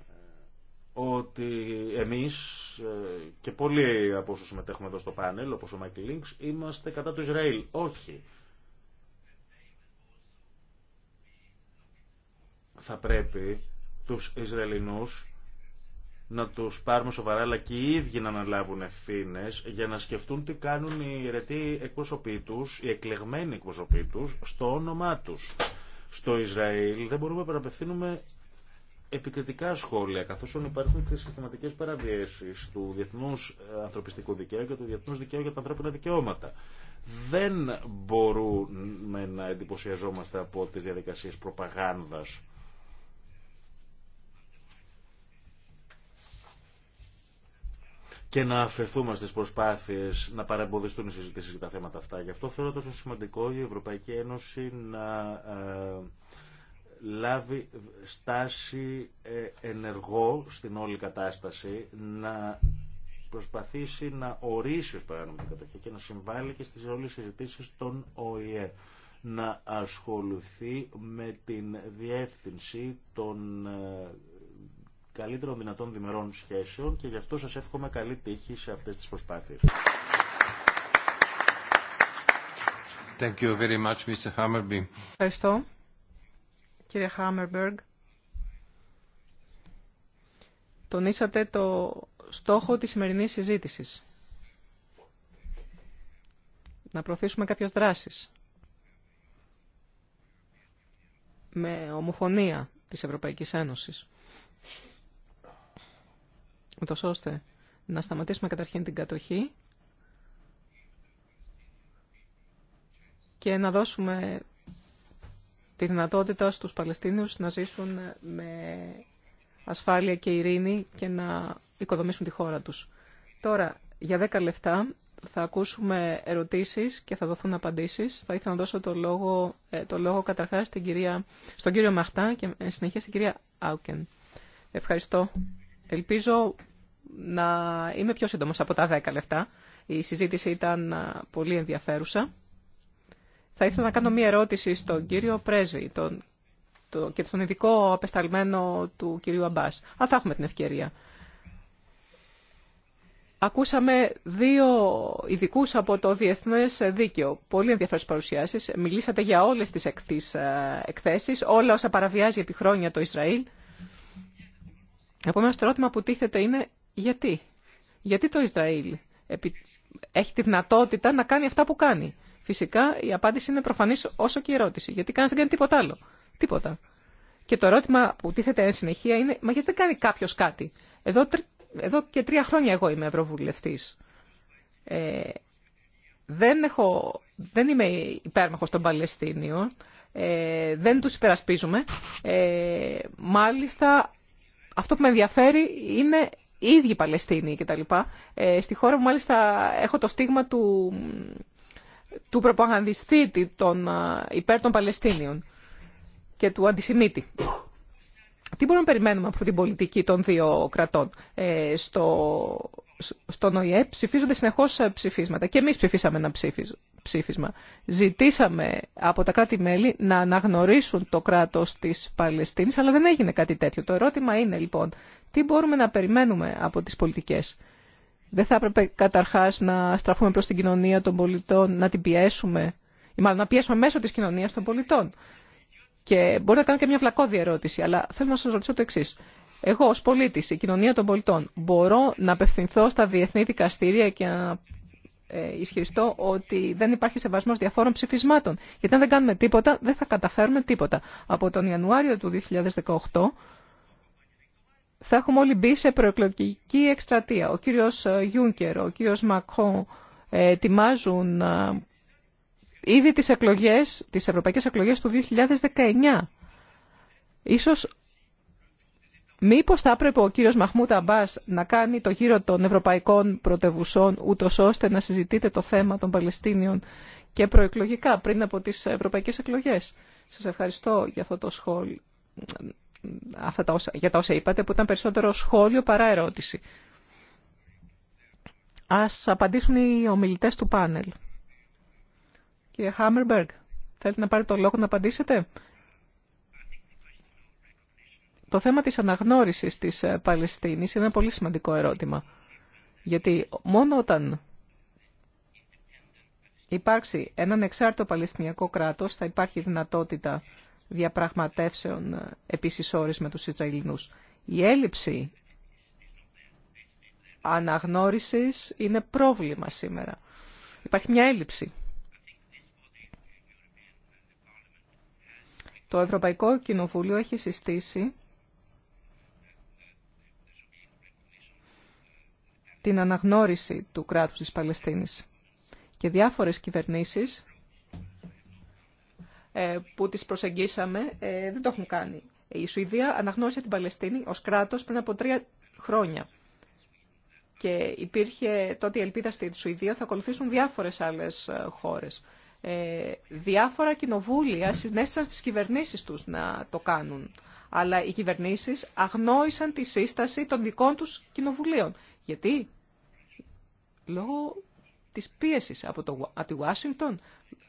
ότι εμείς ε, και πολλοί από όσους συμμετέχουμε εδώ στο πάνελ, όπως ο Μάικλ Λίνξ, είμαστε κατά του Ισραήλ. Όχι. Θα πρέπει τους Ισραηλινούς να του πάρουμε σοβαρά, αλλά και οι ίδιοι να αναλάβουν ευθύνε για να σκεφτούν τι κάνουν οι ρετοί εκπρόσωποι του, οι εκλεγμένοι εκπρόσωποι του, στο όνομά του. Στο Ισραήλ δεν μπορούμε να παραπευθύνουμε επικριτικά σχόλια, καθώ υπάρχουν και συστηματικέ παραβιέσει του διεθνού ε, ανθρωπιστικού δικαίου και του διεθνού δικαίου για τα ανθρώπινα δικαιώματα. Δεν μπορούμε να εντυπωσιαζόμαστε από τι διαδικασίε προπαγάνδας και να αφαιθούμε στις προσπάθειες να παρεμποδιστούν οι συζητήσεις για τα θέματα αυτά. Γι' αυτό θεωρώ τόσο σημαντικό η Ευρωπαϊκή Ένωση να ε, λάβει στάση ε, ενεργό στην όλη κατάσταση, να προσπαθήσει να ορίσει ως παράνομη την κατοχή και να συμβάλλει και στις όλες συζητήσεις των ΟΗΕ να ασχοληθεί με την διεύθυνση των ε, καλύτερων δυνατών διμερών σχέσεων και γι' αυτό σας εύχομαι καλή τύχη σε αυτές τις προσπάθειες. Thank you very much, Mr. Ευχαριστώ, κύριε Χάμερμπεργκ. Τονίσατε το στόχο της σημερινής συζήτησης. Να προωθήσουμε κάποιες δράσεις με ομοφωνία της Ευρωπαϊκής Ένωσης ούτως ώστε να σταματήσουμε καταρχήν την κατοχή και να δώσουμε τη δυνατότητα στους Παλαιστίνιους να ζήσουν με ασφάλεια και ειρήνη και να οικοδομήσουν τη χώρα τους. Τώρα, για 10 λεπτά θα ακούσουμε ερωτήσεις και θα δοθούν απαντήσεις. Θα ήθελα να δώσω το λόγο, ε, το λόγο καταρχάς στην κυρία, στον κύριο Μαχτά και ε, συνεχεία στην κυρία Άουκεν. Ευχαριστώ. Ελπίζω να είμαι πιο σύντομο από τα 10 λεπτά. Η συζήτηση ήταν πολύ ενδιαφέρουσα. Θα ήθελα να κάνω μία ερώτηση στον κύριο Πρέσβη τον, το, και τον ειδικό απεσταλμένο του κυρίου Αμπάς. Αν θα έχουμε την ευκαιρία. Ακούσαμε δύο ειδικού από το Διεθνές Δίκαιο. Πολύ ενδιαφέρουσες παρουσιάσεις. Μιλήσατε για όλες τις εκθέσει, όλα όσα παραβιάζει επί χρόνια το Ισραήλ. Επομένω, το ερώτημα που τίθεται είναι γιατί. Γιατί το Ισραήλ έχει τη δυνατότητα να κάνει αυτά που κάνει. Φυσικά η απάντηση είναι προφανή όσο και η ερώτηση. Γιατί κανεί δεν κάνει τίποτα άλλο. Τίποτα. Και το ερώτημα που τίθεται εν συνεχεία είναι, μα γιατί δεν κάνει κάποιο κάτι. Εδώ, εδώ και τρία χρόνια εγώ είμαι ευρωβουλευτή. Ε, δεν, έχω, δεν είμαι υπέρμαχος των Παλαιστίνιων, ε, δεν τους υπερασπίζουμε. Ε, μάλιστα αυτό που με ενδιαφέρει είναι οι ίδιοι Παλαιστίνοι κτλ. Ε, στη χώρα μου μάλιστα έχω το στίγμα του, του προπαγανδιστή των, υπέρ των Παλαιστίνιων και του αντισημίτη. Τι μπορούμε να περιμένουμε από την πολιτική των δύο κρατών. Ε, στο, στον ΟΗΕ ψηφίζονται συνεχώ ε, ψηφίσματα. Και εμεί ψηφίσαμε ένα ψήφισμα. Ζητήσαμε από τα κράτη-μέλη να αναγνωρίσουν το κράτο τη Παλαιστίνης, αλλά δεν έγινε κάτι τέτοιο. Το ερώτημα είναι λοιπόν, τι μπορούμε να περιμένουμε από τι πολιτικέ. Δεν θα έπρεπε καταρχά να στραφούμε προ την κοινωνία των πολιτών, να την πιέσουμε, ή μάλλον να πιέσουμε μέσω τη κοινωνία των πολιτών. Και μπορεί να κάνω και μια βλακώδη ερώτηση, αλλά θέλω να σα ρωτήσω το εξή. Εγώ ως πολίτης, η κοινωνία των πολιτών, μπορώ να απευθυνθώ στα διεθνή δικαστήρια και να ε, ισχυριστώ ότι δεν υπάρχει σεβασμός διαφόρων ψηφισμάτων. Γιατί αν δεν κάνουμε τίποτα, δεν θα καταφέρουμε τίποτα. Από τον Ιανουάριο του 2018 θα έχουμε όλοι μπει σε προεκλογική εκστρατεία. Ο κύριος ε, Γιούνκερ, ο κύριος Μακχό ε, ετοιμάζουν ήδη τις εκλογές, τις ευρωπαϊκές εκλογές του 2019. Ίσως Μήπως θα έπρεπε ο κύριος Μαχμούτα Αμπάς να κάνει το γύρο των ευρωπαϊκών πρωτευουσών ούτω ώστε να συζητείτε το θέμα των Παλαιστίνιων και προεκλογικά πριν από τις ευρωπαϊκές εκλογές. Σας ευχαριστώ για αυτό το σχόλιο, αυτά τα όσα, για τα όσα είπατε που ήταν περισσότερο σχόλιο παρά ερώτηση. Ας απαντήσουν οι ομιλητές του πάνελ. Κύριε Χάμερμπεργκ, θέλετε να πάρετε το λόγο να απαντήσετε. Το θέμα της αναγνώρισης της ε, Παλαιστίνης είναι ένα πολύ σημαντικό ερώτημα. Γιατί μόνο όταν υπάρξει έναν εξάρτητο Παλαιστινιακό κράτος θα υπάρχει δυνατότητα διαπραγματεύσεων ε, επίσης όρις με τους Ισραηλινούς. Η έλλειψη αναγνώρισης είναι πρόβλημα σήμερα. Υπάρχει μια έλλειψη. Το Ευρωπαϊκό Κοινοβούλιο έχει συστήσει την αναγνώριση του κράτους της Παλαιστίνης. Και διάφορες κυβερνήσεις ε, που τις προσεγγίσαμε ε, δεν το έχουν κάνει. Η Σουηδία αναγνώρισε την Παλαιστίνη ως κράτος πριν από τρία χρόνια. Και υπήρχε τότε η ελπίδα στη Σουηδία θα ακολουθήσουν διάφορες άλλες ε, χώρες. διάφορα κοινοβούλια συνέστησαν στις κυβερνήσεις τους να το κάνουν. Αλλά οι κυβερνήσεις αγνόησαν τη σύσταση των δικών τους κοινοβουλίων. Γιατί? Λόγω της πίεσης από, το, από τη Ουάσιγκτον,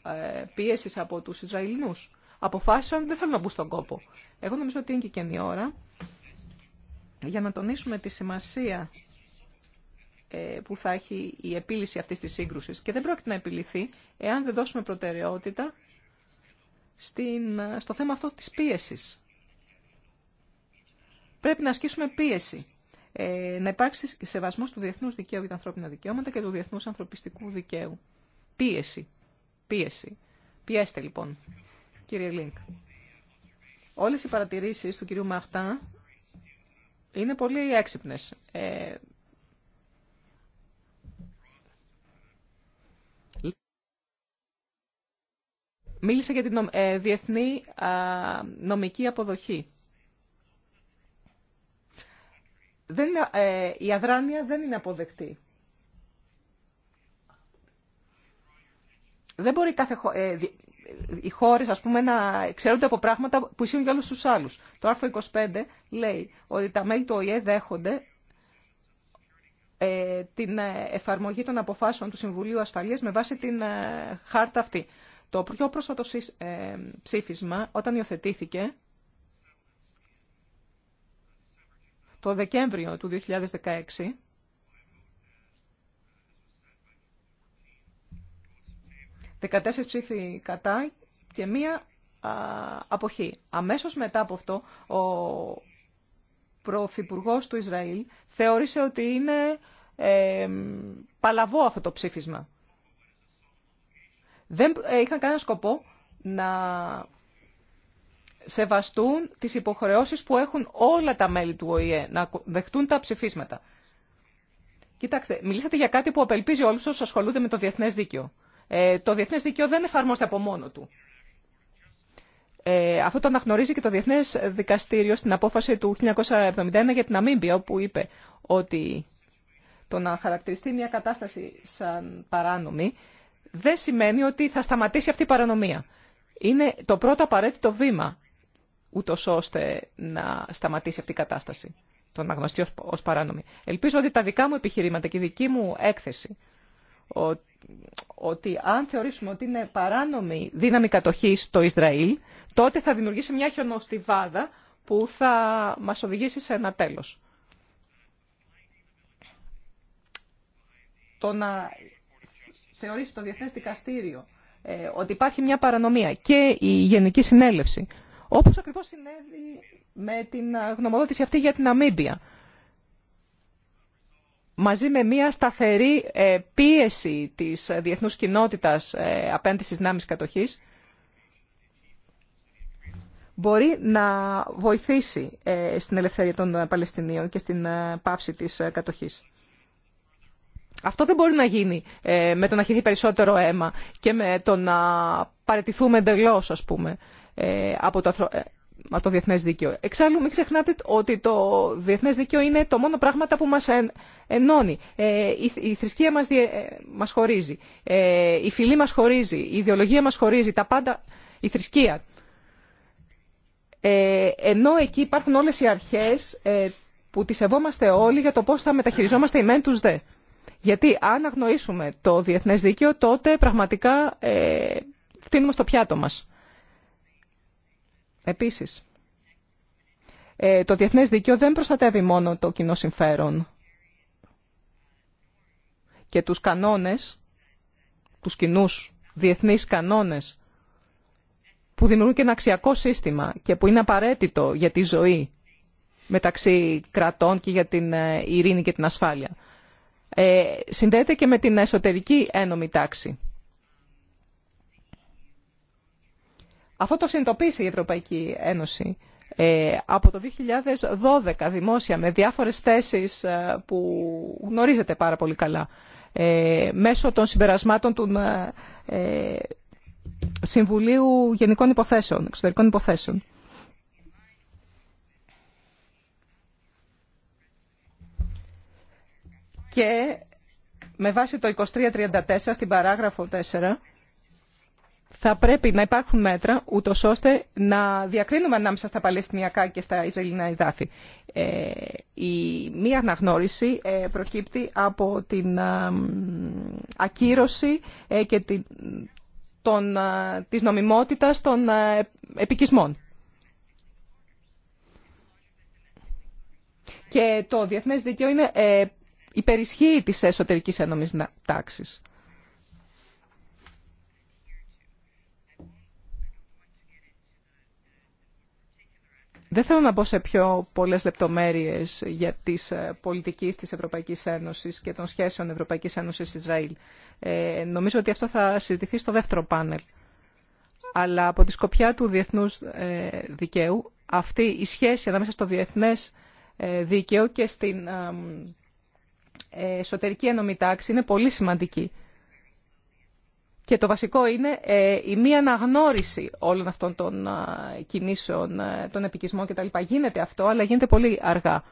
ε, πίεσης από τους Ισραηλινούς. Αποφάσισαν δεν θέλουν να μπουν στον κόπο. Εγώ νομίζω ότι είναι και καινή ώρα για να τονίσουμε τη σημασία ε, που θα έχει η επίλυση αυτής της σύγκρουσης. Και δεν πρόκειται να επιληθεί εάν δεν δώσουμε προτεραιότητα στην, στο θέμα αυτό της πίεσης. Πρέπει να ασκήσουμε πίεση ε, να υπάρξει σεβασμός του διεθνούς δικαίου για τα ανθρώπινα δικαιώματα και του διεθνούς ανθρωπιστικού δικαίου. Πίεση. Πίεση. Πιέστε λοιπόν, κύριε Λίνκ. Όλες οι παρατηρήσεις του κυρίου Μαχτά είναι πολύ έξυπνε. Ε, μίλησε για την ε, διεθνή νομική αποδοχή. δεν ε, η αδράνεια δεν είναι αποδεκτή. Δεν μπορεί κάθε, ε, οι χώρε, πούμε, να ξέρονται από πράγματα που ισχύουν για όλου του άλλου. Το άρθρο 25 λέει ότι τα μέλη του ΟΗΕ δέχονται ε, την ε, εφαρμογή των αποφάσεων του Συμβουλίου Ασφαλείας με βάση την χάρτα αυτή. Το πιο πρόσφατο ψήφισμα, όταν υιοθετήθηκε, το Δεκέμβριο του 2016 14 ψήφοι κατά και μία αποχή. Αμέσως μετά από αυτό ο Πρωθυπουργό του Ισραήλ θεώρησε ότι είναι παλαβό αυτό το ψήφισμα. Δεν ε, είχαν κανένα σκοπό να σεβαστούν τις υποχρεώσεις που έχουν όλα τα μέλη του ΟΗΕ να δεχτούν τα ψηφίσματα. Κοιτάξτε, μιλήσατε για κάτι που απελπίζει όλους όσους ασχολούνται με το διεθνές δίκαιο. Ε, το διεθνές δίκαιο δεν εφαρμόζεται από μόνο του. Ε, αυτό το αναγνωρίζει και το Διεθνές Δικαστήριο στην απόφαση του 1971 για την Αμίμπια, όπου είπε ότι το να χαρακτηριστεί μια κατάσταση σαν παράνομη δεν σημαίνει ότι θα σταματήσει αυτή η παρανομία. Είναι το πρώτο απαραίτητο βήμα ούτω ώστε να σταματήσει αυτή η κατάσταση, το να γνωστεί ω παράνομη. Ελπίζω ότι τα δικά μου επιχειρήματα και η δική μου έκθεση, ότι αν θεωρήσουμε ότι είναι παράνομη δύναμη κατοχή στο Ισραήλ, τότε θα δημιουργήσει μια χιονοστιβάδα που θα μας οδηγήσει σε ένα τέλος. Το να θεωρήσει το Διεθνές Δικαστήριο ε, ότι υπάρχει μια παρανομία και η Γενική Συνέλευση Όπω ακριβώ συνέβη με την γνωμοδότηση αυτή για την Αμίμπια. Μαζί με μια σταθερή ε, πίεση της διεθνούς κοινότητας ε, απέναντι στις δυνάμει κατοχής, μπορεί να βοηθήσει ε, στην ελευθερία των Παλαιστινίων και στην πάυση της κατοχής. Αυτό δεν μπορεί να γίνει με το να χυθεί περισσότερο αίμα και με το να παρετηθούμε εντελώ, ας πούμε, ε, από το, ε, το διεθνές δίκαιο. Εξάλλου μην ξεχνάτε ότι το διεθνές δίκαιο είναι το μόνο πράγμα που μας ενώνει. Ε, η, θρησκεία μας, μας χωρίζει, η φυλή μας χωρίζει, η ιδεολογία μας χωρίζει, τα πάντα, η θρησκεία. ενώ εκεί υπάρχουν όλες οι αρχές που τις σεβόμαστε όλοι για το πώς θα μεταχειριζόμαστε οι τους δε. Γιατί αν αγνοήσουμε το διεθνές δίκαιο τότε πραγματικά φτύνουμε στο πιάτο μας. Επίσης, ε, το διεθνές δίκαιο δεν προστατεύει μόνο το κοινό συμφέρον και τους κανόνες, τους κοινούς διεθνείς κανόνες που δημιουργούν και ένα αξιακό σύστημα και που είναι απαραίτητο για τη ζωή μεταξύ κρατών και για την ε, ειρήνη και την ασφάλεια. Ε, συνδέεται και με την εσωτερική ένωμη τάξη. Αυτό το συνειδητοποίησε η Ευρωπαϊκή Ένωση. Ε, από το 2012 δημόσια με διάφορες θέσεις ε, που γνωρίζετε πάρα πολύ καλά ε, μέσω των συμπερασμάτων του ε, ε Συμβουλίου Γενικών Υποθέσεων, Εξωτερικών Υποθέσεων. Και με βάση το 2334 στην παράγραφο 4 θα πρέπει να υπάρχουν μέτρα ούτω ώστε να διακρίνουμε ανάμεσα στα Παλαιστινιακά και στα Ισραηλινά εδάφη. Ε, η μία αναγνώριση ε, προκύπτει από την ε, ακύρωση και την, τον, της νομιμότητας των επικισμών. Και το διεθνές δίκαιο είναι υπερισχύει της εσωτερικής ένομης τάξης. Δεν θέλω να μπω σε πιο πολλές λεπτομέρειες για τις ε, πολιτικές της Ευρωπαϊκής Ένωσης και των σχέσεων Ευρωπαϊκής Ένωσης-Ισραήλ. Ε, νομίζω ότι αυτό θα συζητηθεί στο δεύτερο πάνελ. Αλλά από τη σκοπιά του διεθνούς ε, δικαίου, αυτή η σχέση ανάμεσα στο διεθνές ε, δίκαιο και στην εσωτερική τάξη είναι πολύ σημαντική. Και το βασικό είναι ε, η μη αναγνώριση όλων αυτών των ε, κινήσεων, ε, των επικισμών κτλ. Γίνεται αυτό, αλλά γίνεται πολύ αργά.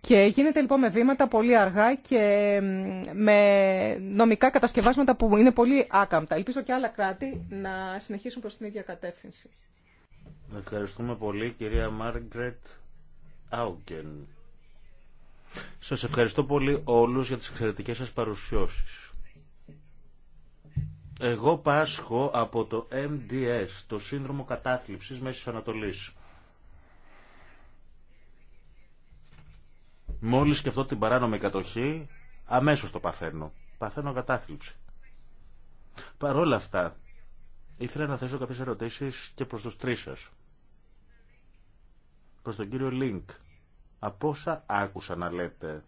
Και γίνεται λοιπόν με βήματα πολύ αργά και με νομικά κατασκευάσματα που είναι πολύ άκαμπτα. Ελπίζω και άλλα κράτη να συνεχίσουν προς την ίδια κατεύθυνση. Ευχαριστούμε πολύ κυρία Μάργκρετ Άουγκεν. Σας ευχαριστώ πολύ όλους για τις εξαιρετικές σας παρουσιώσεις. Εγώ πάσχω από το MDS, το Σύνδρομο Κατάθλιψης Μέσης Ανατολής. Μόλις σκεφτώ την παράνομη κατοχή, αμέσως το παθαίνω. Παθαίνω κατάθλιψη. Παρ' όλα αυτά, ήθελα να θέσω κάποιες ερωτήσεις και προς τους τρεις σας προς τον κύριο Λίνκ. Από όσα άκουσα να λέτε,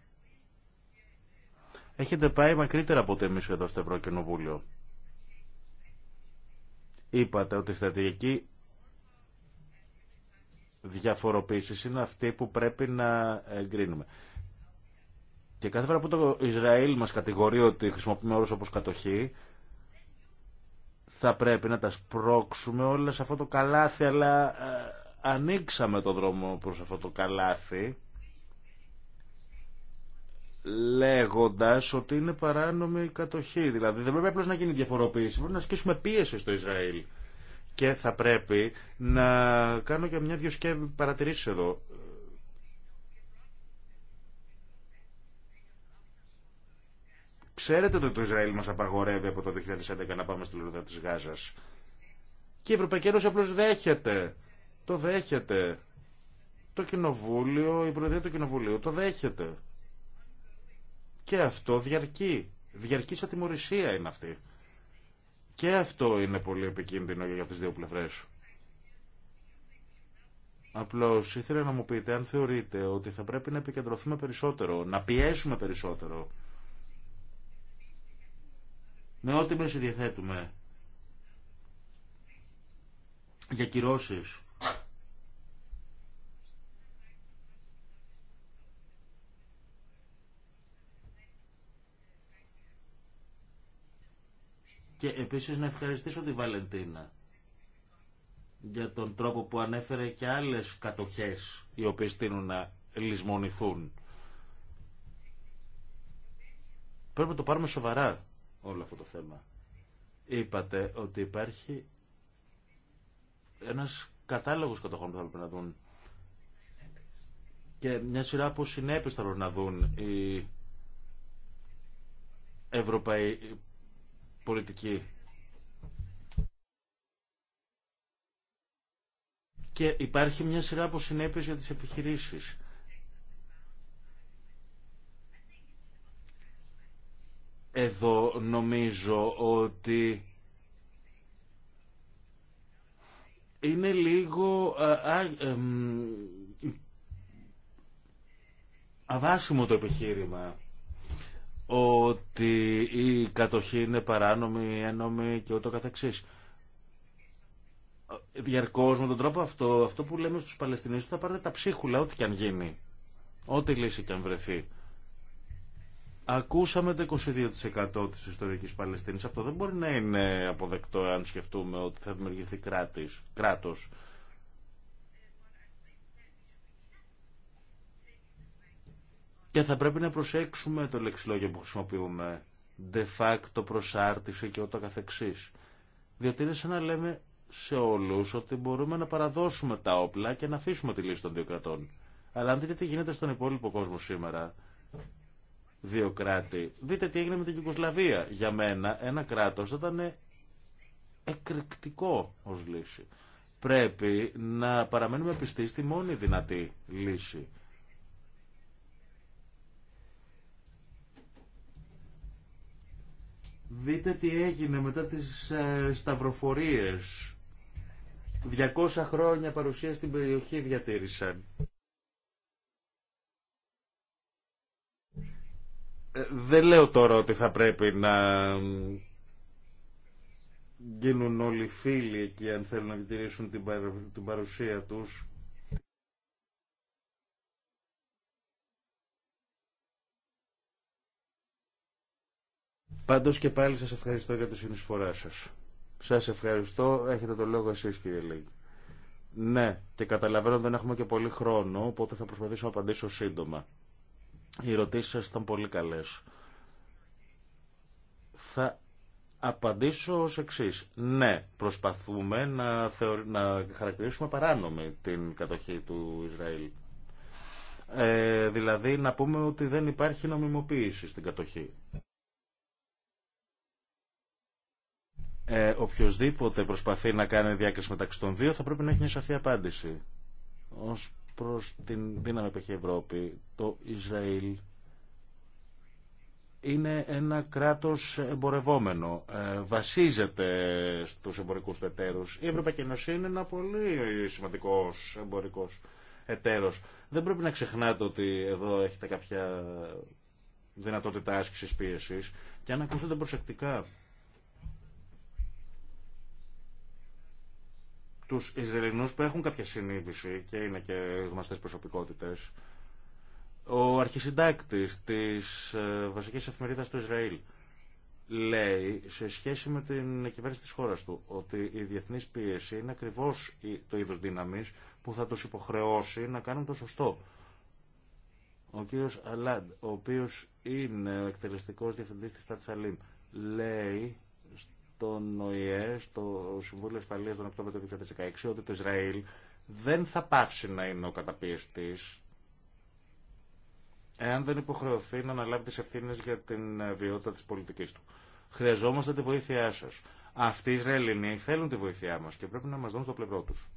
έχετε πάει μακρύτερα από ότι εμείς εδώ στο Ευρωκοινοβούλιο. Είπατε ότι η στρατηγική διαφοροποίηση είναι αυτή που πρέπει να εγκρίνουμε. Και κάθε φορά που το Ισραήλ μας κατηγορεί ότι χρησιμοποιούμε όρους όπως κατοχή, θα πρέπει να τα σπρώξουμε όλα σε αυτό το καλάθι, αλλά ε, ανοίξαμε το δρόμο προς αυτό το καλάθι λέγοντας ότι είναι παράνομη η κατοχή. Δηλαδή δεν πρέπει απλώς να γίνει διαφοροποίηση, πρέπει να ασκήσουμε πίεση στο Ισραήλ. Και θα πρέπει να κάνω και μια-δυο σκέψη παρατηρήσεις εδώ. Ξέρετε ότι το Ισραήλ μας απαγορεύει από το 2011 να πάμε στη Λουρδά της Γάζας. Και η Ευρωπαϊκή Ένωση απλώς δέχεται το δέχεται. Το κοινοβούλιο, η προεδρία του κοινοβουλίου το δέχεται. Και αυτό διαρκεί. Διαρκεί σε τιμωρησία είναι αυτή. Και αυτό είναι πολύ επικίνδυνο για τις δύο πλευρές. Απλώς ήθελα να μου πείτε αν θεωρείτε ότι θα πρέπει να επικεντρωθούμε περισσότερο, να πιέσουμε περισσότερο με ό,τι μεση διαθέτουμε για κυρώσεις Και επίσης να ευχαριστήσω τη Βαλεντίνα για τον τρόπο που ανέφερε και άλλες κατοχές οι οποίες τείνουν να λησμονηθούν. Πρέπει να το πάρουμε σοβαρά όλο αυτό το θέμα. Είπατε ότι υπάρχει ένας κατάλογος κατοχών που θα πρέπει να δουν και μια σειρά από συνέπειες θα πρέπει να δουν οι Ευρωπαίοι πολιτική. Και υπάρχει μια σειρά από συνέπειες για τις επιχειρήσεις. Εδώ νομίζω ότι είναι λίγο αβάσιμο το επιχείρημα ότι η κατοχή είναι παράνομη, ένομη και ούτω καθεξής. Διαρκώς με τον τρόπο αυτό, αυτό που λέμε στους Παλαιστινίους θα πάρετε τα ψίχουλα ό,τι και αν γίνει. Ό,τι λύση και αν βρεθεί. Ακούσαμε το 22% της ιστορικής Παλαιστίνης. Αυτό δεν μπορεί να είναι αποδεκτό αν σκεφτούμε ότι θα δημιουργηθεί κράτης, κράτος. Και θα πρέπει να προσέξουμε το λεξιλόγιο που χρησιμοποιούμε. De facto προσάρτηση και ούτω καθεξής. Διότι είναι σαν να λέμε σε όλους ότι μπορούμε να παραδώσουμε τα όπλα και να αφήσουμε τη λύση των δύο κρατών. Αλλά αν δείτε τι γίνεται στον υπόλοιπο κόσμο σήμερα, δύο κράτη, δείτε τι έγινε με την Ιουγκοσλαβία. Για μένα ένα κράτος ήταν εκρηκτικό ως λύση. Πρέπει να παραμένουμε πιστοί στη μόνη δυνατή λύση Δείτε τι έγινε μετά τις ε, σταυροφορίες. 200 χρόνια παρουσία στην περιοχή διατήρησαν. Ε, δεν λέω τώρα ότι θα πρέπει να γίνουν όλοι φίλοι εκεί αν θέλουν να διατηρήσουν την παρουσία τους. Πάντω και πάλι σας ευχαριστώ για τη συνεισφορά σα. Σας ευχαριστώ. Έχετε το λόγο εσεί κύριε Λίγκ. Ναι, και καταλαβαίνω δεν έχουμε και πολύ χρόνο, οπότε θα προσπαθήσω να απαντήσω σύντομα. Οι ερωτήσει σα ήταν πολύ καλέ. Θα απαντήσω ω εξή. Ναι, προσπαθούμε να, να χαρακτηρίσουμε παράνομη την κατοχή του Ισραήλ. Ε, δηλαδή να πούμε ότι δεν υπάρχει νομιμοποίηση στην κατοχή. ε, οποιοδήποτε προσπαθεί να κάνει διάκριση μεταξύ των δύο θα πρέπει να έχει μια σαφή απάντηση. Ω προ την δύναμη που έχει η Ευρώπη, το Ισραήλ είναι ένα κράτος εμπορευόμενο. Ε, βασίζεται στους εμπορικούς του εταίρους. Η Ευρωπαϊκή Ένωση είναι ένα πολύ σημαντικό εμπορικός εταίρος. Δεν πρέπει να ξεχνάτε ότι εδώ έχετε κάποια δυνατότητα άσκησης πίεσης και αν ακούσετε προσεκτικά Του Ισραηλινούς που έχουν κάποια συνείδηση και είναι και γνωστέ προσωπικότητε. Ο αρχισυντάκτης της ε, βασικής εφημερίδα του Ισραήλ λέει σε σχέση με την κυβέρνηση της χώρα του ότι η διεθνής πίεση είναι ακριβώ το είδο δύναμη που θα τους υποχρεώσει να κάνουν το σωστό. Ο κύριος Αλάντ, ο οποίος είναι ο εκτελεστικός διευθυντής της Τατσαλήμ, λέει τον ΟΗΕ, στο Συμβούλιο Ασφαλείας τον Οκτώβριο του 2016, ότι το Ισραήλ δεν θα πάψει να είναι ο καταπιεστής εάν δεν υποχρεωθεί να αναλάβει τις ευθύνες για την ε, βιότητα της πολιτικής του. Χρειαζόμαστε τη βοήθειά σας. Αυτοί οι Ισραηλινοί θέλουν τη βοήθειά μας και πρέπει να μας δουν στο πλευρό τους.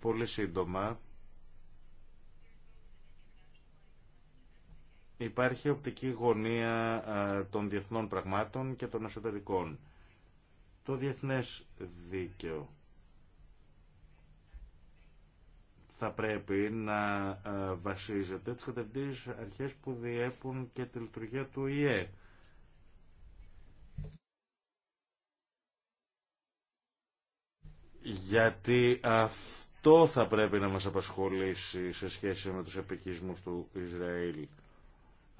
Πολύ σύντομα, Υπάρχει οπτική γωνία των διεθνών πραγμάτων και των εσωτερικών. Το διεθνές δίκαιο θα πρέπει να βασίζεται τις κατευθύνσεις αρχές που διέπουν και τη λειτουργία του ΙΕ. Γιατί αυτό θα πρέπει να μας απασχολήσει σε σχέση με τους επικισμούς του Ισραήλ.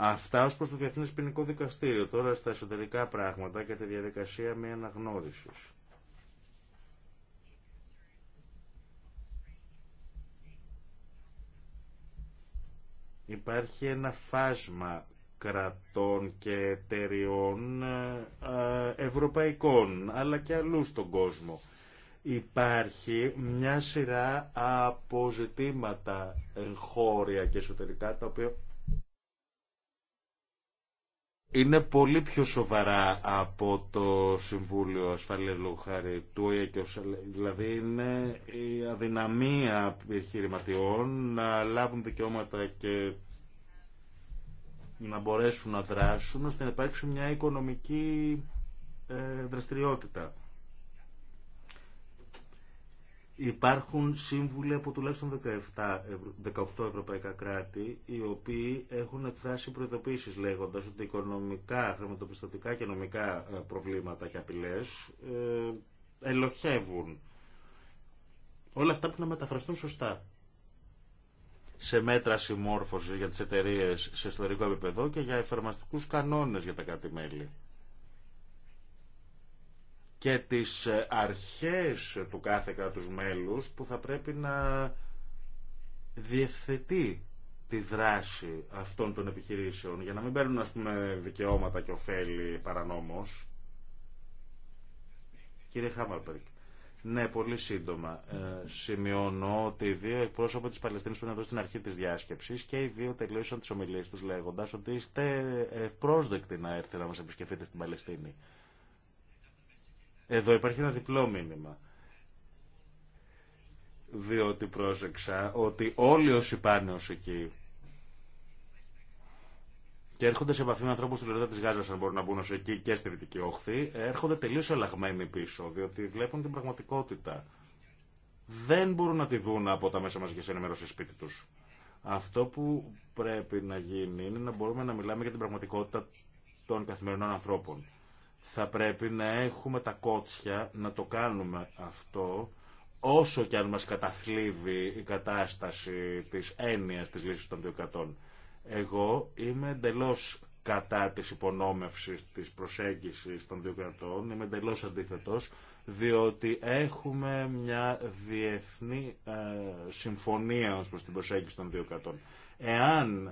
Αυτά ω προ το Διεθνέ Ποινικό Δικαστήριο. Τώρα στα εσωτερικά πράγματα και τη διαδικασία μια αναγνώριση. Υπάρχει ένα φάσμα κρατών και εταιριών ε, ευρωπαϊκών, αλλά και αλλού στον κόσμο. Υπάρχει μια σειρά από ζητήματα εγχώρια και εσωτερικά, τα οποία είναι πολύ πιο σοβαρά από το Συμβούλιο Ασφαλείας Χάρη του δηλαδή είναι η αδυναμία επιχειρηματιών να λάβουν δικαιώματα και να μπορέσουν να δράσουν ώστε να υπάρξει μια οικονομική ε, δραστηριότητα. Υπάρχουν σύμβουλοι από τουλάχιστον 17, 18 ευρωπαϊκά κράτη, οι οποίοι έχουν εκφράσει προειδοποίησεις λέγοντας ότι οικονομικά, χρηματοπιστωτικά και νομικά ε, προβλήματα και απειλές ε, ελοχεύουν. Όλα αυτά που να μεταφραστούν σωστά σε μέτρα συμμόρφωσης για τις εταιρείες σε ιστορικό επίπεδο και για εφαρμαστικούς κανόνες για τα κράτη-μέλη και τις ε, αρχές του κάθε κράτους μέλους που θα πρέπει να διευθετεί τη δράση αυτών των επιχειρήσεων για να μην παίρνουν ας πούμε δικαιώματα και ωφέλη παρανόμως Κύριε Χάμαρπερκ ναι, πολύ σύντομα. Ε, σημειώνω ότι οι δύο εκπρόσωποι της Παλαιστίνης που είναι εδώ στην αρχή της διάσκεψης και οι δύο τελείωσαν τις ομιλίες τους λέγοντας ότι είστε ευπρόσδεκτοι να έρθετε να μα επισκεφτείτε στην Παλαιστίνη. Εδώ υπάρχει ένα διπλό μήνυμα. Διότι πρόσεξα ότι όλοι όσοι πάνε ως εκεί και έρχονται σε επαφή με ανθρώπου στην Ελλάδα τη Γάζα, αν μπορούν να μπουν ω εκεί και στη Δυτική Όχθη, έρχονται τελείω αλλαγμένοι πίσω, διότι βλέπουν την πραγματικότητα. Δεν μπορούν να τη δουν από τα μέσα μαζική ενημέρωση σπίτι του. Αυτό που πρέπει να γίνει είναι να μπορούμε να μιλάμε για την πραγματικότητα των καθημερινών ανθρώπων. Θα πρέπει να έχουμε τα κότσια να το κάνουμε αυτό όσο και αν μας καταθλίβει η κατάσταση της έννοιας της λύσης των δύο Εγώ είμαι εντελώ κατά της υπονόμευσης της προσέγγισης των δύο κρατών, είμαι εντελώ αντίθετος, διότι έχουμε μια διεθνή ε, συμφωνία ως προς την προσέγγιση των δύο κρατών. Εάν ε,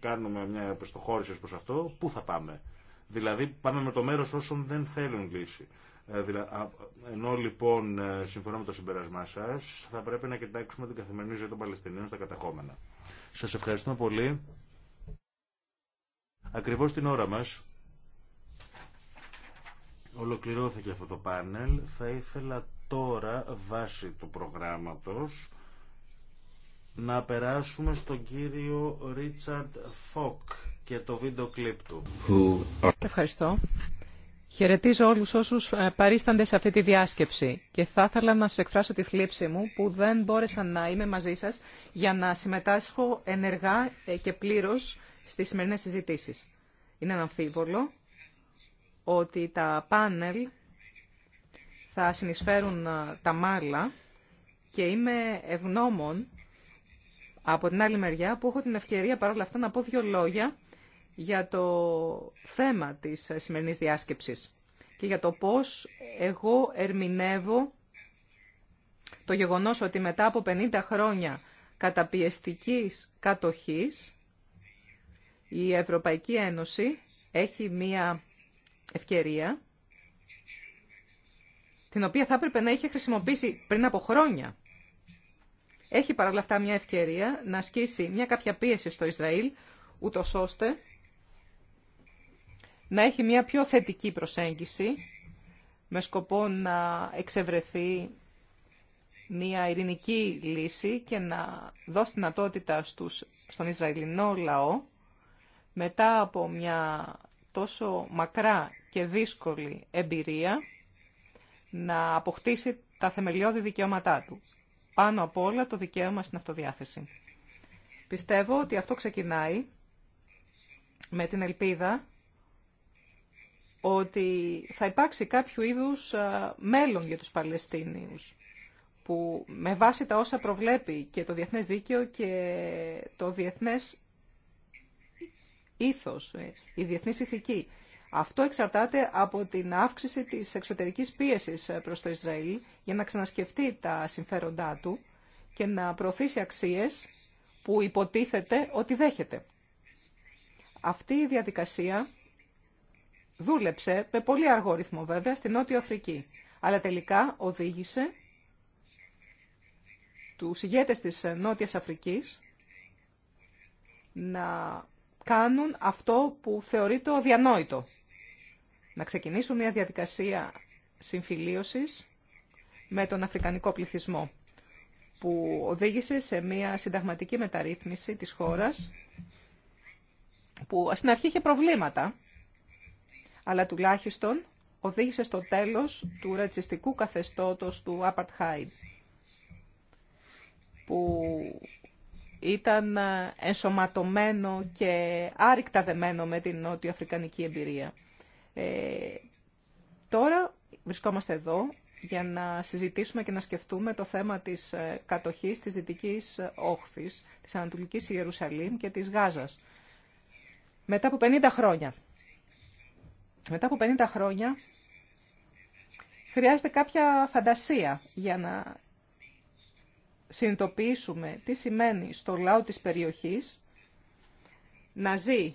κάνουμε μια προστοχώρηση προς αυτό, πού θα πάμε. Δηλαδή πάμε με το μέρος όσων δεν θέλουν λύση. Ε, ενώ λοιπόν ε, συμφωνώ με το συμπέρασμά σα, θα πρέπει να κοιτάξουμε την καθημερινή ζωή των Παλαιστινίων στα καταχώμενα. Σας ευχαριστούμε πολύ. Ακριβώς την ώρα μας ολοκληρώθηκε αυτό το πάνελ. Θα ήθελα τώρα βάσει του προγράμματος να περάσουμε στον κύριο Ρίτσαρντ Φόκ και το βίντεο κλιπ του. Ευχαριστώ. Χαιρετίζω όλους όσους ε, παρίστανται σε αυτή τη διάσκεψη και θα ήθελα να σας εκφράσω τη θλίψη μου που δεν μπόρεσα να είμαι μαζί σας για να συμμετάσχω ενεργά ε, και πλήρως στις σημερινές συζητήσεις. Είναι αναμφίβολο ότι τα πάνελ θα συνεισφέρουν ε, τα μάλλα και είμαι ευγνώμων από την άλλη μεριά που έχω την ευκαιρία παρόλα αυτά να πω δύο λόγια για το θέμα της σημερινής διάσκεψης και για το πώς εγώ ερμηνεύω το γεγονός ότι μετά από 50 χρόνια καταπιεστικής κατοχής η Ευρωπαϊκή Ένωση έχει μία ευκαιρία την οποία θα έπρεπε να είχε χρησιμοποιήσει πριν από χρόνια. Έχει παράλληλα αυτά μια ευκαιρία να ασκήσει μια κάποια πίεση στο Ισραήλ, ούτω ώστε να έχει μια πιο θετική προσέγγιση με σκοπό να εξευρεθεί μια ειρηνική λύση και να δώσει δυνατότητα στους, στον Ισραηλινό λαό μετά από μια τόσο μακρά και δύσκολη εμπειρία να αποκτήσει τα θεμελιώδη δικαιώματά του. Πάνω απ' όλα το δικαίωμα στην αυτοδιάθεση. Πιστεύω ότι αυτό ξεκινάει με την ελπίδα ότι θα υπάρξει κάποιο είδους μέλλον για τους Παλαιστίνιους που με βάση τα όσα προβλέπει και το διεθνές δίκαιο και το διεθνές ήθος, ε, η διεθνής ηθική. Αυτό εξαρτάται από την αύξηση της εξωτερικής πίεσης ε, προς το Ισραήλ για να ξανασκεφτεί τα συμφέροντά του και να προωθήσει αξίες που υποτίθεται ότι δέχεται. Αυτή η διαδικασία Δούλεψε με πολύ αργό ρυθμό βέβαια στην Νότια Αφρική, αλλά τελικά οδήγησε τους ηγέτες της Νότιας Αφρικής να κάνουν αυτό που θεωρείται το Να ξεκινήσουν μια διαδικασία συμφιλίωσης με τον αφρικανικό πληθυσμό, που οδήγησε σε μια συνταγματική μεταρρύθμιση της χώρας, που στην αρχή είχε προβλήματα, αλλά τουλάχιστον οδήγησε στο τέλος του ρατσιστικού καθεστώτος του Απαρτχάιντ, που ήταν ενσωματωμένο και άρρηκτα δεμένο με την νότιο αφρικανική εμπειρία. Ε, τώρα βρισκόμαστε εδώ για να συζητήσουμε και να σκεφτούμε το θέμα της ε, κατοχής της Δυτικής Όχθης, της Ανατολικής Ιερουσαλήμ και της Γάζας. Μετά από 50 χρόνια μετά από 50 χρόνια χρειάζεται κάποια φαντασία για να συνειδητοποιήσουμε τι σημαίνει στο λαό της περιοχής να ζει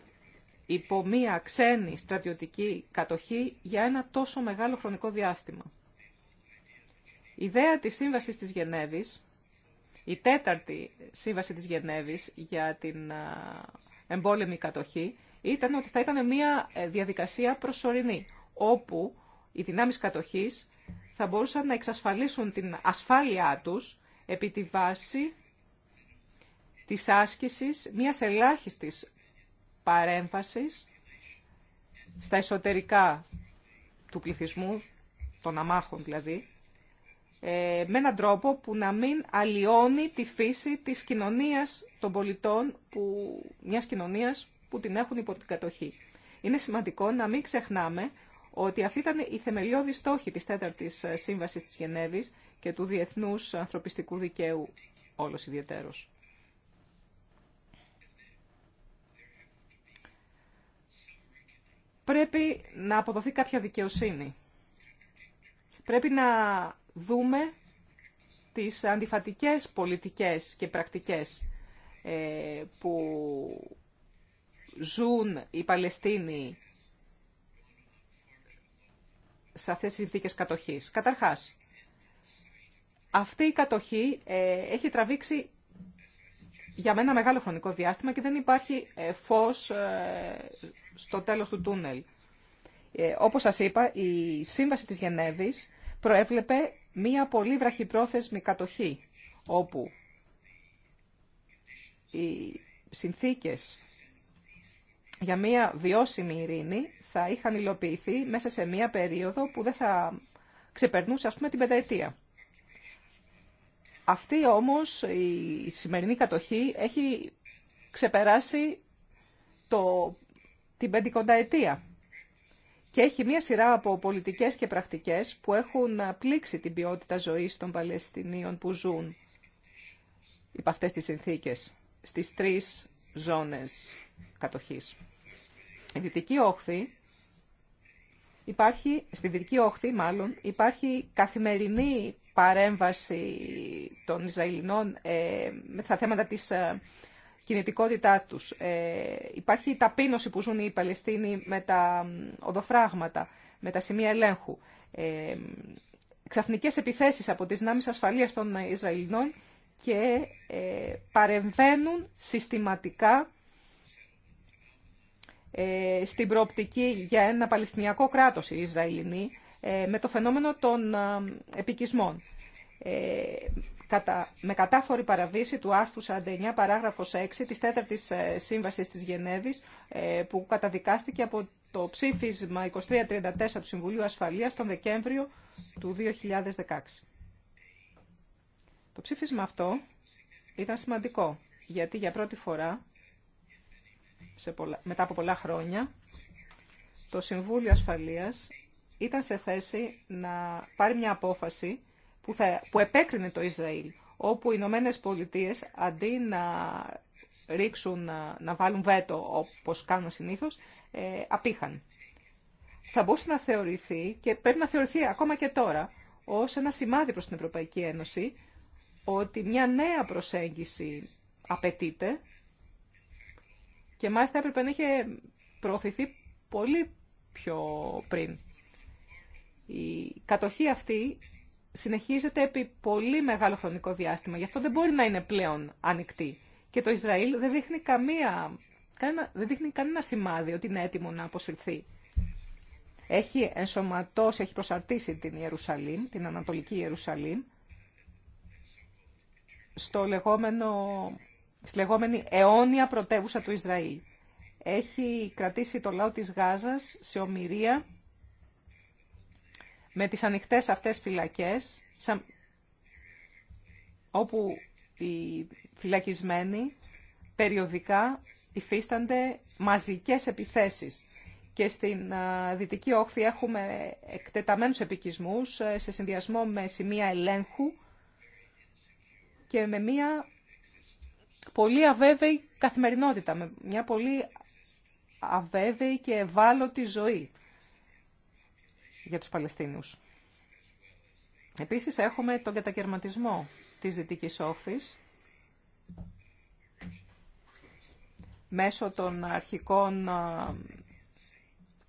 υπό μία ξένη στρατιωτική κατοχή για ένα τόσο μεγάλο χρονικό διάστημα. Η ιδέα της Σύμβασης της Γενέβης, η τέταρτη Σύμβαση της Γενέβης για την εμπόλεμη κατοχή, ήταν ότι θα ήταν μια ε, διαδικασία προσωρινή, όπου οι δυνάμεις κατοχής θα μπορούσαν να εξασφαλίσουν την ασφάλειά τους επί τη βάση της άσκησης μιας ελάχιστης παρέμφασης στα εσωτερικά του πληθυσμού, των αμάχων δηλαδή, ε, με έναν τρόπο που να μην αλλοιώνει τη φύση της κοινωνίας των πολιτών, που, μιας κοινωνίας που την έχουν υπό την κατοχή. Είναι σημαντικό να μην ξεχνάμε ότι αυτή ήταν η θεμελιώδη στόχη της τέταρτης ε, σύμβασης της Γενέβης και του διεθνούς ανθρωπιστικού δικαίου όλος ιδιαίτερος. Πρέπει να αποδοθεί κάποια δικαιοσύνη. Πρέπει να δούμε τις αντιφατικές πολιτικές και πρακτικές ε, που ζουν οι Παλαιστίνοι σε αυτές τις συνθήκες κατοχής. Καταρχάς, αυτή η κατοχή ε, έχει τραβήξει για μένα μεγάλο χρονικό διάστημα και δεν υπάρχει ε, φως ε, στο τέλος του τούνελ. Όπως σας είπα, η Σύμβαση της Γενέβης προέβλεπε μία πολύ βραχυπρόθεσμη κατοχή, όπου οι συνθήκες για μια βιώσιμη ειρήνη θα είχαν υλοποιηθεί μέσα σε μια περίοδο που δεν θα ξεπερνούσε ας πούμε την πενταετία. Αυτή όμως η σημερινή κατοχή έχει ξεπεράσει το, την πεντηκονταετία και έχει μία σειρά από πολιτικές και πρακτικές που έχουν πλήξει την ποιότητα ζωής των Παλαιστινίων που ζουν υπ' αυτές τις συνθήκες στις τρεις ζώνες κατοχής. Η δυτική όχθη υπάρχει, στη δυτική όχθη μάλλον, υπάρχει καθημερινή παρέμβαση των Ισραηλινών με τα θέματα της ε, κινητικότητά τους. Ε, υπάρχει η ταπείνωση που ζουν οι Παλαιστίνοι με τα οδοφράγματα, με τα σημεία ελέγχου. Ε, ξαφνικές επιθέσεις από τις δυνάμεις ασφαλείας των Ισραηλινών και ε, παρεμβαίνουν συστηματικά ε, στην προοπτική για ένα Παλαιστινιακό κράτος η Ισραηλινή ε, με το φαινόμενο των ε, επικισμών. με κατάφορη παραβίαση του άρθρου 49 παράγραφος 6 της 4ης Σύμβασης της Γενέβης που καταδικάστηκε από το ψήφισμα 2334 του Συμβουλίου Ασφαλείας τον Δεκέμβριο του 2016. Το ψήφισμα αυτό ήταν σημαντικό γιατί για πρώτη φορά μετά από πολλά χρόνια, το Συμβούλιο Ασφαλείας ήταν σε θέση να πάρει μια απόφαση που, θα, που επέκρινε το Ισραήλ, όπου οι Ηνωμένε Πολιτείες αντί να ρίξουν, να, βάλουν βέτο όπως κάνουν συνήθως, ε, απήχαν. Θα μπορούσε να θεωρηθεί και πρέπει να θεωρηθεί ακόμα και τώρα ως ένα σημάδι προς την Ευρωπαϊκή Ένωση ότι μια νέα προσέγγιση απαιτείται και μάλιστα έπρεπε να είχε προωθηθεί πολύ πιο πριν. Η κατοχή αυτή συνεχίζεται επί πολύ μεγάλο χρονικό διάστημα. Γι' αυτό δεν μπορεί να είναι πλέον ανοιχτή. Και το Ισραήλ δεν δείχνει, καμία, κανένα, δεν δείχνει κανένα σημάδι ότι είναι έτοιμο να αποσυρθεί. Έχει ενσωματώσει, έχει προσαρτήσει την Ιερουσαλήμ, την Ανατολική Ιερουσαλήμ, στο λεγόμενο στη λεγόμενη αιώνια πρωτεύουσα του Ισραήλ. Έχει κρατήσει το λαό της Γάζας σε ομοιρία με τις ανοιχτές αυτές φυλακές, όπου οι φυλακισμένοι περιοδικά υφίστανται μαζικές επιθέσεις. Και στην Δυτική Όχθη έχουμε εκτεταμένους επικισμούς ε, σε συνδυασμό με σημεία ελέγχου και με μία πολύ αβέβαιη καθημερινότητα, με μια πολύ αβέβαιη και ευάλωτη ζωή για τους Παλαιστίνους. Επίσης έχουμε τον κατακαιρματισμό της Δυτικής όφης μέσω των αρχικών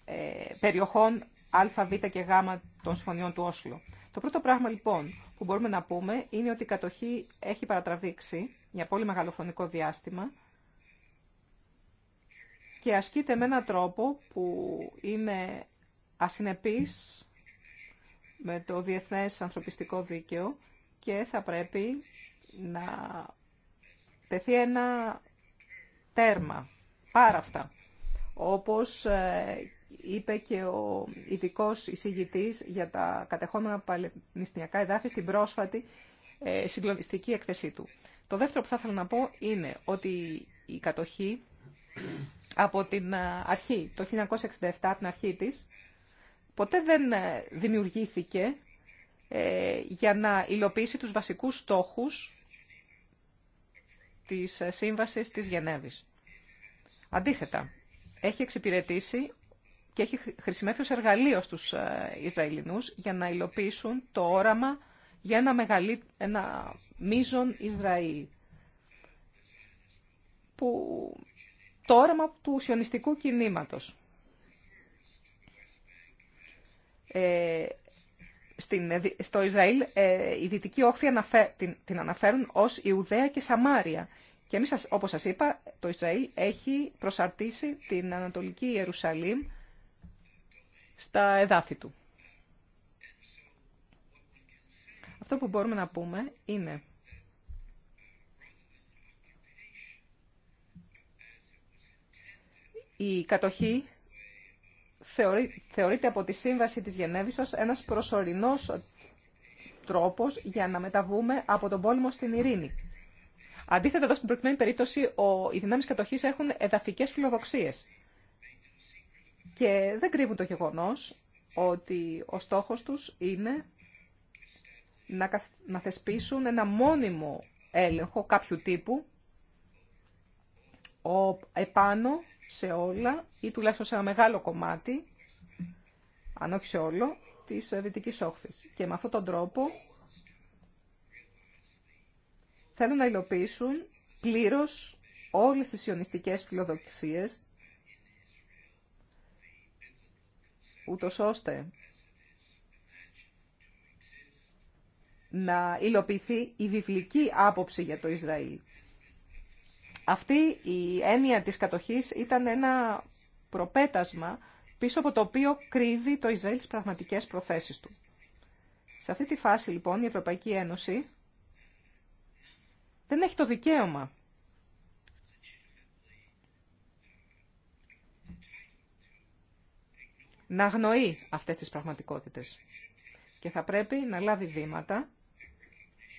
ε, περιοχών Α, Β και Γ των συμφωνιών του Όσλο. Το πρώτο πράγμα λοιπόν που μπορούμε να πούμε είναι ότι η κατοχή έχει παρατραβήξει για πολύ μεγάλο χρονικό διάστημα και ασκείται με έναν τρόπο που είναι ασυνεπής με το διεθνές ανθρωπιστικό δίκαιο και θα πρέπει να τεθεί ένα τέρμα πάρα αυτά. Όπως ε, είπε και ο ειδικό εισηγητής για τα κατεχόμενα παλαιστινιακά εδάφη στην πρόσφατη ε, συγκλονιστική έκθεσή του. Το δεύτερο που θα ήθελα να πω είναι ότι η κατοχή από την ε, αρχή, το 1967, από την αρχή της, ποτέ δεν ε, δημιουργήθηκε ε, για να υλοποιήσει τους βασικούς στόχους της Σύμβασης της Γενέβης. Αντίθετα, έχει εξυπηρετήσει και έχει χρησιμεύει ως εργαλείο στους Ισραηλινούς για να υλοποιήσουν το όραμα για ένα, μεγαλύ... ένα Μίζων Ισραήλ, που το όραμα του σιωνιστικού κινήματος. Ε, στην, στο Ισραήλ ε, οι δυτικοί όχθη αναφέ, την, την, αναφέρουν ως Ιουδαία και Σαμάρια. Και εμείς, όπως σας είπα, το Ισραήλ έχει προσαρτήσει την Ανατολική Ιερουσαλήμ στα εδάφη του. Αυτό που μπορούμε να πούμε είναι Η κατοχή θεωρείται από τη Σύμβαση της Γενέβης ως ένας προσωρινός τρόπος για να μεταβούμε από τον πόλεμο στην ειρήνη. Αντίθετα, εδώ στην προκειμένη περίπτωση, οι δυνάμεις κατοχής έχουν εδαφικές φιλοδοξίες. Και δεν κρύβουν το γεγονός ότι ο στόχος τους είναι να, να θεσπίσουν ένα μόνιμο έλεγχο κάποιου τύπου ο, επάνω σε όλα ή τουλάχιστον σε ένα μεγάλο κομμάτι, αν όχι σε όλο, της Δυτικής Όχθης. Και με αυτόν τον τρόπο θέλουν να υλοποιήσουν πλήρως όλες τις ιονιστικές φιλοδοξίες, ούτως ώστε να υλοποιηθεί η βιβλική άποψη για το Ισραήλ. Αυτή η έννοια της κατοχής ήταν ένα προπέτασμα πίσω από το οποίο κρύβει το Ισραήλ τις πραγματικές προθέσεις του. Σε αυτή τη φάση λοιπόν η Ευρωπαϊκή Ένωση δεν έχει το δικαίωμα να αγνοεί αυτές τις πραγματικότητες και θα πρέπει να λάβει βήματα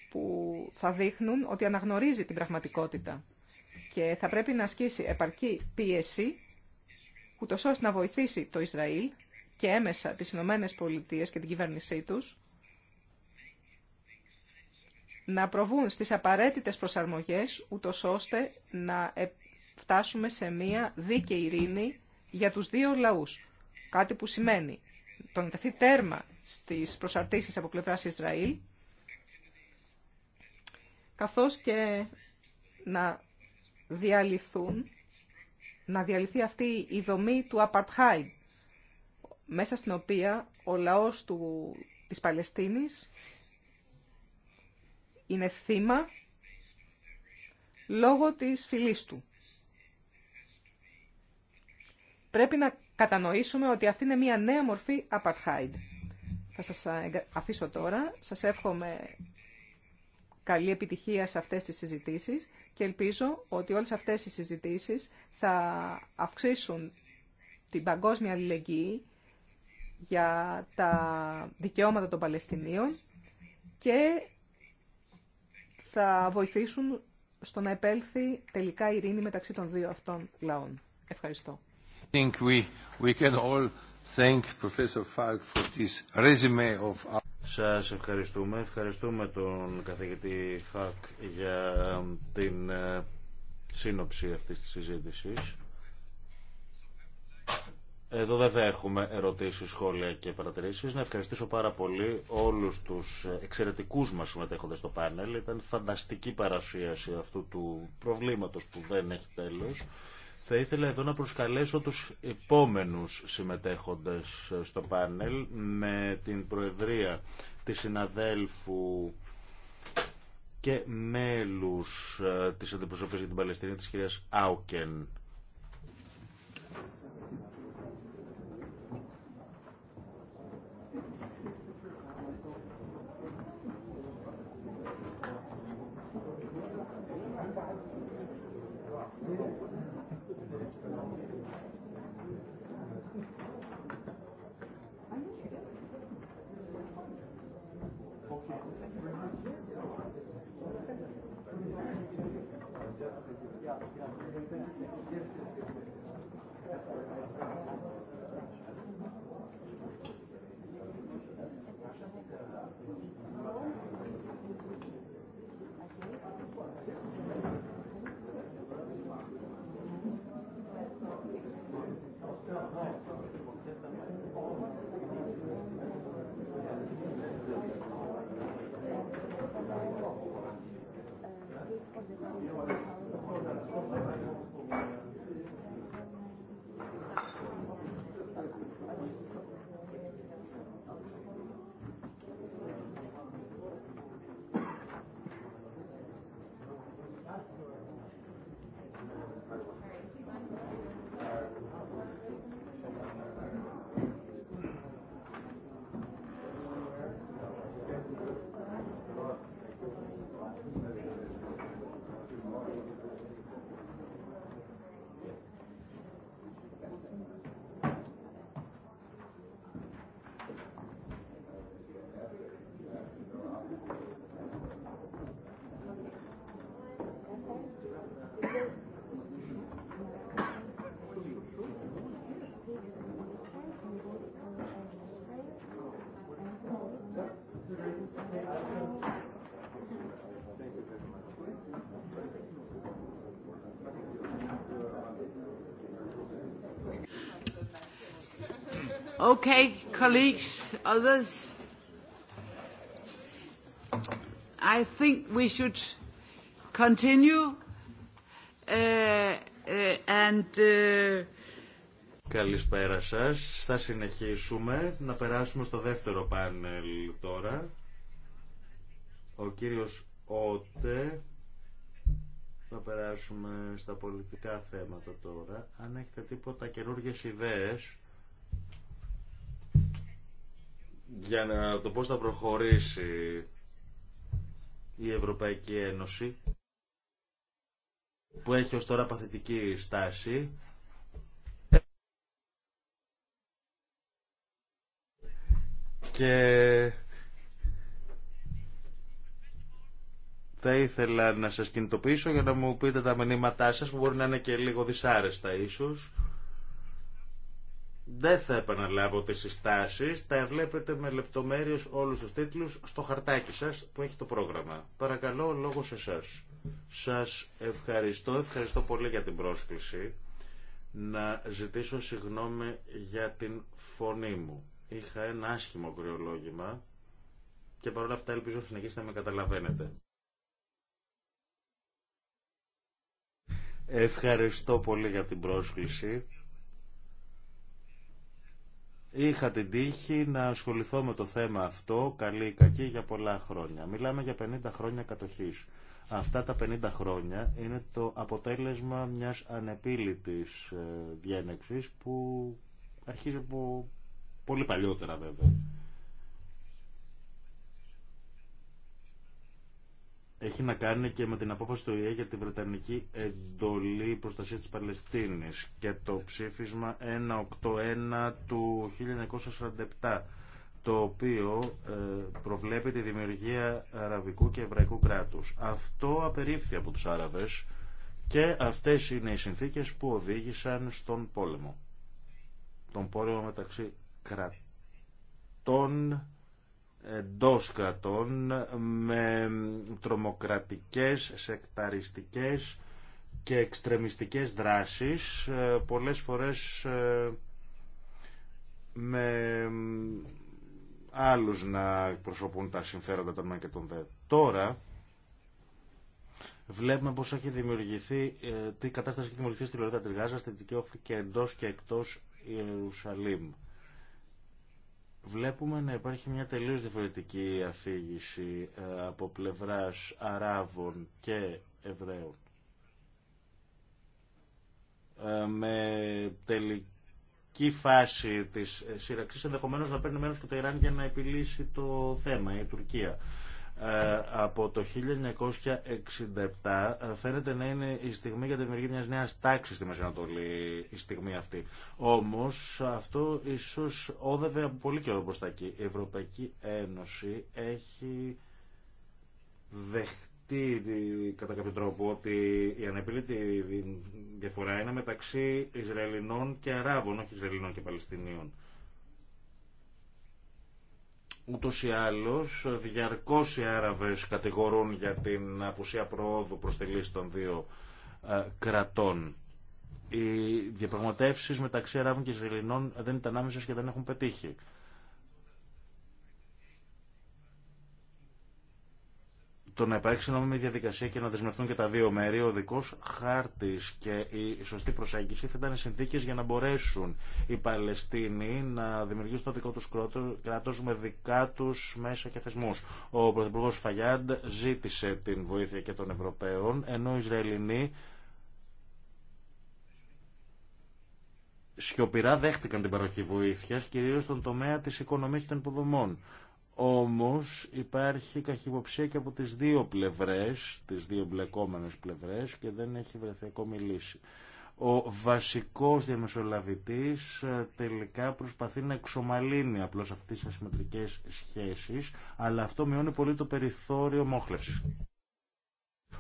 που θα δείχνουν ότι αναγνωρίζει την πραγματικότητα και θα πρέπει να ασκήσει επαρκή πίεση, ούτω ώστε να βοηθήσει το Ισραήλ και έμεσα τις Ηνωμένε Πολιτείες και την κυβέρνησή τους να προβούν στις απαραίτητες προσαρμογές, ούτω ώστε να ε, φτάσουμε σε μία δίκαιη ειρήνη για τους δύο λαούς. Κάτι που σημαίνει το να τεθεί τέρμα στις προσαρτήσεις από πλευράς Ισραήλ, καθώς και να διαλυθούν, να διαλυθεί αυτή η δομή του apartheid, μέσα στην οποία ο λαός του, της Παλαιστίνης είναι θύμα λόγω της φυλής του. Πρέπει να κατανοήσουμε ότι αυτή είναι μια νέα μορφή apartheid. Θα σας ε, αφήσω τώρα. Σας εύχομαι καλή επιτυχία σε αυτές τις συζητήσεις και ελπίζω ότι όλες αυτές οι συζητήσεις θα αυξήσουν την παγκόσμια αλληλεγγύη για τα δικαιώματα των Παλαιστινίων και θα βοηθήσουν στο να επέλθει τελικά η ειρήνη μεταξύ των δύο αυτών λαών. Ευχαριστώ. Σας ευχαριστούμε. Ευχαριστούμε τον καθηγητή Φακ για την ε, σύνοψη αυτής της συζήτησης. Εδώ δεν θα έχουμε ερωτήσεις, σχόλια και παρατηρήσεις. Να ευχαριστήσω πάρα πολύ όλους τους εξαιρετικούς μας συμμετέχοντες στο πάνελ. Ήταν φανταστική παρασίαση αυτού του προβλήματος που δεν έχει τέλος. Θα ήθελα εδώ να προσκαλέσω τους επόμενους συμμετέχοντες στο πάνελ με την Προεδρία της συναδέλφου και μέλους ε, της Αντιπροσωπής για την Παλαιστινή της κυρίας Άουκεν Καλησπέρα σας. Θα συνεχίσουμε να περάσουμε στο δεύτερο πάνελ τώρα. Ο κύριος Ότε. Θα περάσουμε στα πολιτικά θέματα τώρα. Αν έχετε τίποτα καινούργιες ιδέες για να το πώς θα προχωρήσει η Ευρωπαϊκή Ένωση που έχει ως τώρα παθητική στάση και θα ήθελα να σας κινητοποιήσω για να μου πείτε τα μηνύματά σας που μπορεί να είναι και λίγο δυσάρεστα ίσως δεν θα επαναλάβω τις συστάσεις, τα βλέπετε με λεπτομέρειες όλους τους τίτλους στο χαρτάκι σας που έχει το πρόγραμμα. Παρακαλώ, λόγο σε εσάς. Σας ευχαριστώ, ευχαριστώ πολύ για την πρόσκληση. Να ζητήσω συγγνώμη για την φωνή μου. Είχα ένα άσχημο κρυολόγημα και παρόλα αυτά ελπίζω συνεχίσετε να με καταλαβαίνετε. Ευχαριστώ πολύ για την πρόσκληση. Είχα την τύχη να ασχοληθώ με το θέμα αυτό, καλή ή κακή, για πολλά χρόνια. Μιλάμε για 50 χρόνια κατοχής. Αυτά τα 50 χρόνια είναι το αποτέλεσμα μιας ανεπίλητης ε, διένεξης που αρχίζει από πολύ παλιότερα βέβαια. έχει να κάνει και με την απόφαση του ΙΕ για τη Βρετανική εντολή προστασία της Παλαιστίνης και το ψήφισμα 181 του 1947 το οποίο ε, προβλέπει τη δημιουργία αραβικού και εβραϊκού κράτους. Αυτό απερίφθη από τους Άραβες και αυτές είναι οι συνθήκες που οδήγησαν στον πόλεμο. Τον πόλεμο μεταξύ κρατών Εντό κρατών με τρομοκρατικές, σεκταριστικές και εξτρεμιστικές δράσεις ε, πολλές φορές ε, με άλλους να εκπροσωπούν τα συμφέροντα των και των δε. Τώρα βλέπουμε πως έχει δημιουργηθεί, ε, τι κατάσταση έχει δημιουργηθεί στη Λωρίδα Τριγάζα, στη δικαιώθηκε και εντός και εκτός Ιερουσαλήμ βλέπουμε να υπάρχει μια τελείως διαφορετική αφήγηση ε, από πλευράς Αράβων και Εβραίων. Ε, με τελική φάση της ε, σύραξης ενδεχομένως να παίρνει μέρος και το Ιράν για να επιλύσει το θέμα, η Τουρκία. Ε, από το 1967 ε, φαίνεται να είναι η στιγμή για τη δημιουργία μιας νέας τάξης στη Μέση η στιγμή αυτή. Όμως αυτό ίσως όδευε από πολύ καιρό προς εκεί. Η Ευρωπαϊκή Ένωση έχει δεχτεί κατά κάποιο τρόπο ότι η ανεπίλητη διαφορά είναι μεταξύ Ισραηλινών και Αράβων, όχι Ισραηλινών και Παλαιστινίων. Ούτως ή άλλως, διαρκώς οι Άραβες κατηγορούν για την απουσία προόδου προς τη λύση των δύο ε, κρατών. Οι διαπραγματεύσεις μεταξύ Άραβων και Ισραηλινών δεν ήταν άμεσες και δεν έχουν πετύχει. το να υπάρξει νόμιμη διαδικασία και να δεσμευτούν και τα δύο μέρη, ο δικό χάρτη και η σωστή προσέγγιση θα ήταν συνθήκε για να μπορέσουν οι Παλαιστίνοι να δημιουργήσουν το δικό του κράτο με δικά του μέσα και θεσμού. Ο Πρωθυπουργό Φαγιάντ ζήτησε την βοήθεια και των Ευρωπαίων, ενώ οι Ισραηλινοί σιωπηρά δέχτηκαν την παροχή βοήθεια, κυρίω στον τομέα τη οικονομία και των υποδομών. Όμως υπάρχει καχυποψία και από τις δύο πλευρές, τις δύο μπλεκόμενες πλευρές και δεν έχει βρεθεί ακόμη λύση. Ο βασικός διαμεσολαβητής ε, τελικά προσπαθεί να εξομαλύνει απλώς αυτές τις ασυμμετρικές σχέσεις, αλλά αυτό μειώνει πολύ το περιθώριο μόχλευσης.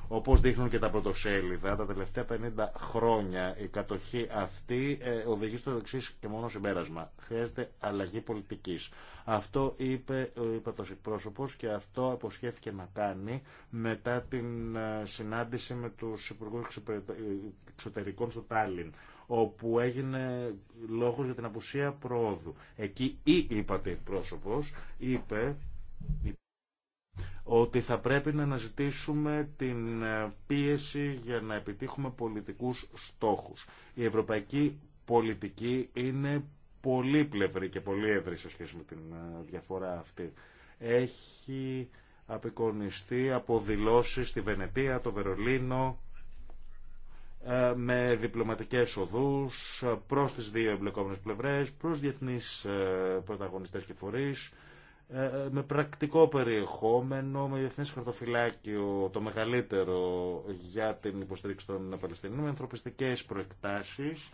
Όπως δείχνουν και τα πρωτοσέλιδα, τα τελευταία 50 χρόνια η κατοχή αυτή ε, οδηγεί στο εξή και μόνο συμπέρασμα. Χρειάζεται αλλαγή πολιτικής. Αυτό είπε ο υπατός και αυτό αποσχέθηκε να κάνει μετά την ε, συνάντηση με τους υπουργούς εξωτερικών στο Τάλιν όπου έγινε λόγος για την απουσία προόδου. Εκεί η είπατε πρόσωπος είπε ότι θα πρέπει να αναζητήσουμε την ε, πίεση για να επιτύχουμε πολιτικούς στόχους. Η ευρωπαϊκή πολιτική είναι πολύ πολύπλευρη και έδρη σε σχέση με την ε, διαφορά αυτή. Έχει απεικονιστεί από δηλώσεις στη Βενετία, το Βερολίνο, ε, με διπλωματικές οδούς προς τις δύο εμπλεκόμενες πλευρές, προς διεθνείς πρωταγωνιστές και φορείς, ε, ε, με πρακτικό περιεχόμενο, με διεθνές χαρτοφυλάκιο το μεγαλύτερο για την υποστήριξη των Παλαιστινίων, με ανθρωπιστικές προεκτάσεις,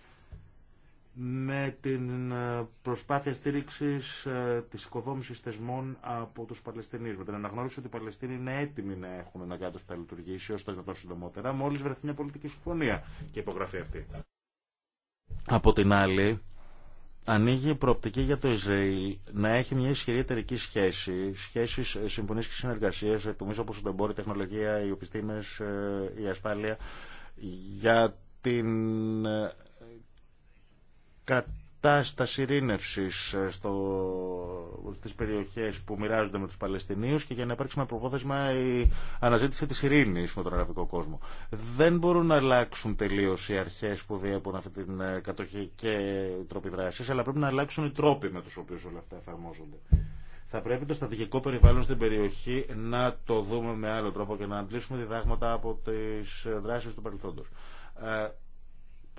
με την ε, προσπάθεια στήριξης της οικοδόμησης θεσμών από τους Παλαιστινίους, με την αναγνώριση ότι οι Παλαιστίνοι είναι έτοιμοι να έχουν ένα κάτω που θα λειτουργήσει όσο το δυνατόν συντομότερα, μόλις βρεθεί μια πολιτική συμφωνία και υπογραφή αυτή. Από την άλλη, ανοίγει η προοπτική για το Ισραήλ να έχει μια ισχυρή εταιρική σχέση, σχέσει ε, συμφωνίε και συνεργασία σε τομεί όπω το εμπόριο, η τεχνολογία, οι επιστήμε, ε, η ασφάλεια, για την ε, τάση ειρήνευσης ε, στο, στις περιοχές που μοιράζονται με τους Παλαιστινίου και για να υπάρξει με προπόθεσμα η αναζήτηση της ειρήνης με τον αραβικό κόσμο. Δεν μπορούν να αλλάξουν τελείως οι αρχές που διέπουν αυτή την ε, κατοχή και τρόποι δράση, αλλά πρέπει να αλλάξουν οι τρόποι με τους οποίους όλα αυτά εφαρμόζονται. Θα πρέπει το στρατηγικό περιβάλλον στην περιοχή να το δούμε με άλλο τρόπο και να αντλήσουμε διδάγματα από τις ε, δράσεις του παρελθόντος.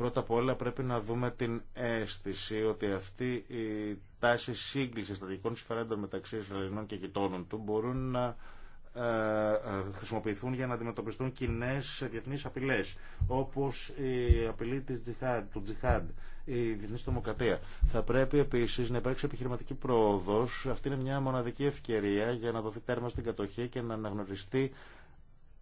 Πρώτα απ' όλα πρέπει να δούμε την αίσθηση ότι αυτή η τάση σύγκληση στατικών συμφερόντων μεταξύ Ισραηλινών και γειτόνων του μπορούν να ε, ε, χρησιμοποιηθούν για να αντιμετωπιστούν κοινέ διεθνεί απειλέ, όπω η απειλή της του τζιχάντ, η διεθνή τρομοκρατία. Θα πρέπει επίση να υπάρξει επιχειρηματική πρόοδο. Αυτή είναι μια μοναδική ευκαιρία για να δοθεί τέρμα στην κατοχή και να αναγνωριστεί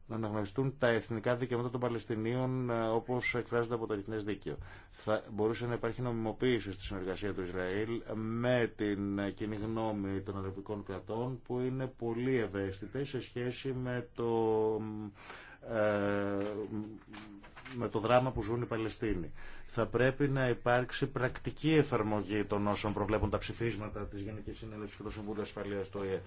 να αναγνωριστούν τα εθνικά δικαιώματα των Παλαιστινίων ε, όπω εκφράζονται από το Διεθνέ Δίκαιο. Θα μπορούσε να υπάρχει νομιμοποίηση στη συνεργασία του Ισραήλ με την κοινή γνώμη των αραβικών κρατών που είναι πολύ ευαίσθητε σε σχέση με το με το δράμα που ζουν οι Παλαιστίνοι. Θα πρέπει να υπάρξει πρακτική εφαρμογή των όσων προβλέπουν τα ψηφίσματα τη Γενική Συνέλευση και του Συμβούλου Ασφαλεία του ΟΗΕ.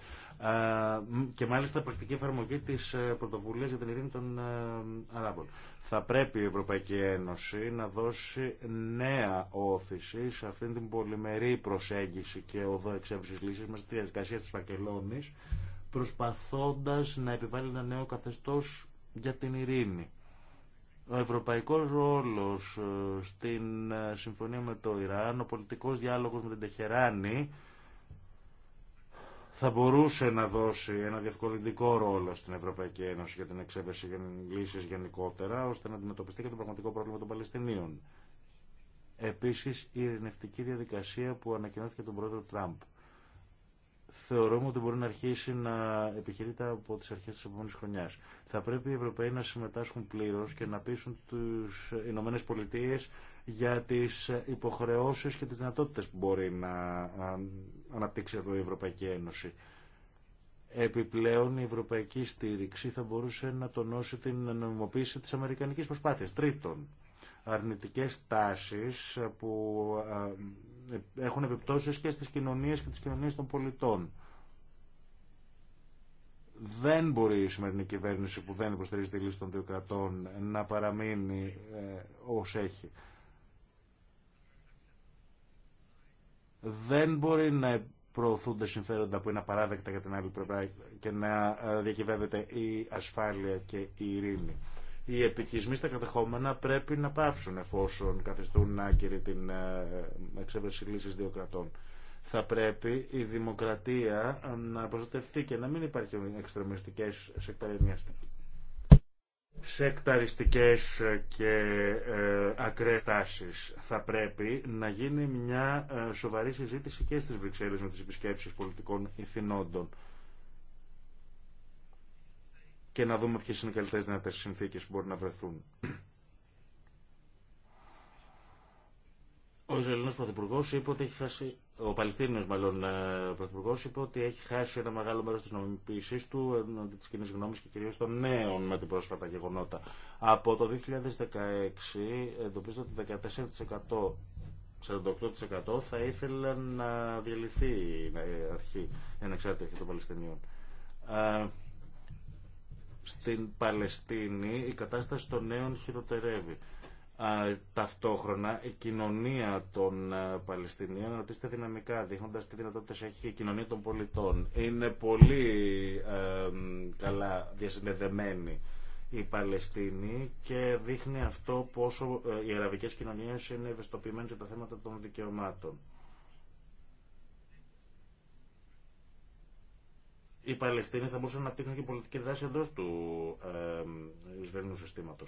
Και μάλιστα πρακτική εφαρμογή τη ε, πρωτοβουλία για την ειρήνη των ε, Αράβων. Θα πρέπει η Ευρωπαϊκή Ένωση να δώσει νέα όθηση σε αυτήν την πολυμερή προσέγγιση και οδό εξέβριση λύση μα στη διαδικασία τη Βακελόνη, προσπαθώντα να επιβάλλει ένα νέο καθεστώ για την ειρήνη. Ο ευρωπαϊκός ρόλος ε, στην ε, συμφωνία με το Ιράν, ο πολιτικός διάλογος με την Τεχεράνη θα μπορούσε να δώσει ένα διευκολυντικό ρόλο στην Ευρωπαϊκή Ένωση για την εξέβεση λύσης γενικότερα, ώστε να αντιμετωπιστεί και το πραγματικό πρόβλημα των Παλαιστινίων. Επίσης, η ειρηνευτική διαδικασία που ανακοινώθηκε τον πρόεδρο Τραμπ θεωρούμε ότι μπορεί να αρχίσει να επιχειρείται από τις αρχές της επόμενης χρονιάς. Θα πρέπει οι Ευρωπαίοι να συμμετάσχουν πλήρως και να πείσουν τους Ηνωμένε Πολιτείε για τις υποχρεώσεις και τις δυνατότητες που μπορεί να αναπτύξει εδώ η Ευρωπαϊκή Ένωση. Επιπλέον η ευρωπαϊκή στήριξη θα μπορούσε να τονώσει την νομιμοποίηση της αμερικανικής προσπάθειας. Τρίτον, αρνητικές τάσεις που έχουν επιπτώσεις και στις κοινωνίες και τις κοινωνίες των πολιτών. Δεν μπορεί η σημερινή κυβέρνηση που δεν υποστηρίζει τη λύση των δύο κρατών να παραμείνει ε, έχει. Δεν μπορεί να προωθούνται συμφέροντα που είναι απαράδεκτα για την άλλη πλευρά και να ε, διακυβεύεται η ασφάλεια και η ειρήνη οι επικισμοί στα κατεχόμενα πρέπει να πάυσουν εφόσον καθιστούν άκυρη την ε, εξέβρεση λύσης δύο κρατών. Θα πρέπει η δημοκρατία ε, να προστατευτεί και να μην υπάρχουν εξτρεμιστικές σεκταριστικές ε, και ε, Θα πρέπει να γίνει μια σοβαρή συζήτηση και στις Βρυξέλλες με τις επισκέψεις πολιτικών ηθινόντων και να δούμε ποιες είναι οι καλύτερες δυνατές συνθήκες που μπορεί να βρεθούν. Ο Ισραηλινός πρωθυπουργό είπε ότι έχει χάσει... Ο Παλαιστίνιος μάλλον ε, Πρωθυπουργός είπε ότι έχει χάσει ένα μεγάλο μέρος της νομιμοποίησής του εναντί της κοινής γνώμης και κυρίως των νέων με την πρόσφατα γεγονότα. Από το 2016 εντοπίζεται ότι 14%, 48% θα ήθελε να διαλυθεί η αρχή, η ανεξάρτητη αρχή των Παλαιστινίων. Ε, στην Παλαιστίνη η κατάσταση των νέων χειροτερεύει. Ταυτόχρονα η κοινωνία των ε, Παλαιστινίων ρωτήστε δυναμικά, δείχνοντα τι δυνατότητε έχει η κοινωνία των πολιτών. Είναι πολύ ε, καλά διασυνδεδεμένη η Παλαιστίνη και δείχνει αυτό πόσο ε, οι αραβικές κοινωνίες είναι ευαισθητοποιημένε για τα θέματα των δικαιωμάτων. οι Παλαιστίνοι θα μπορούσαν να αναπτύξουν και πολιτική δράση εντό του ε, Ισραηλινού συστήματο.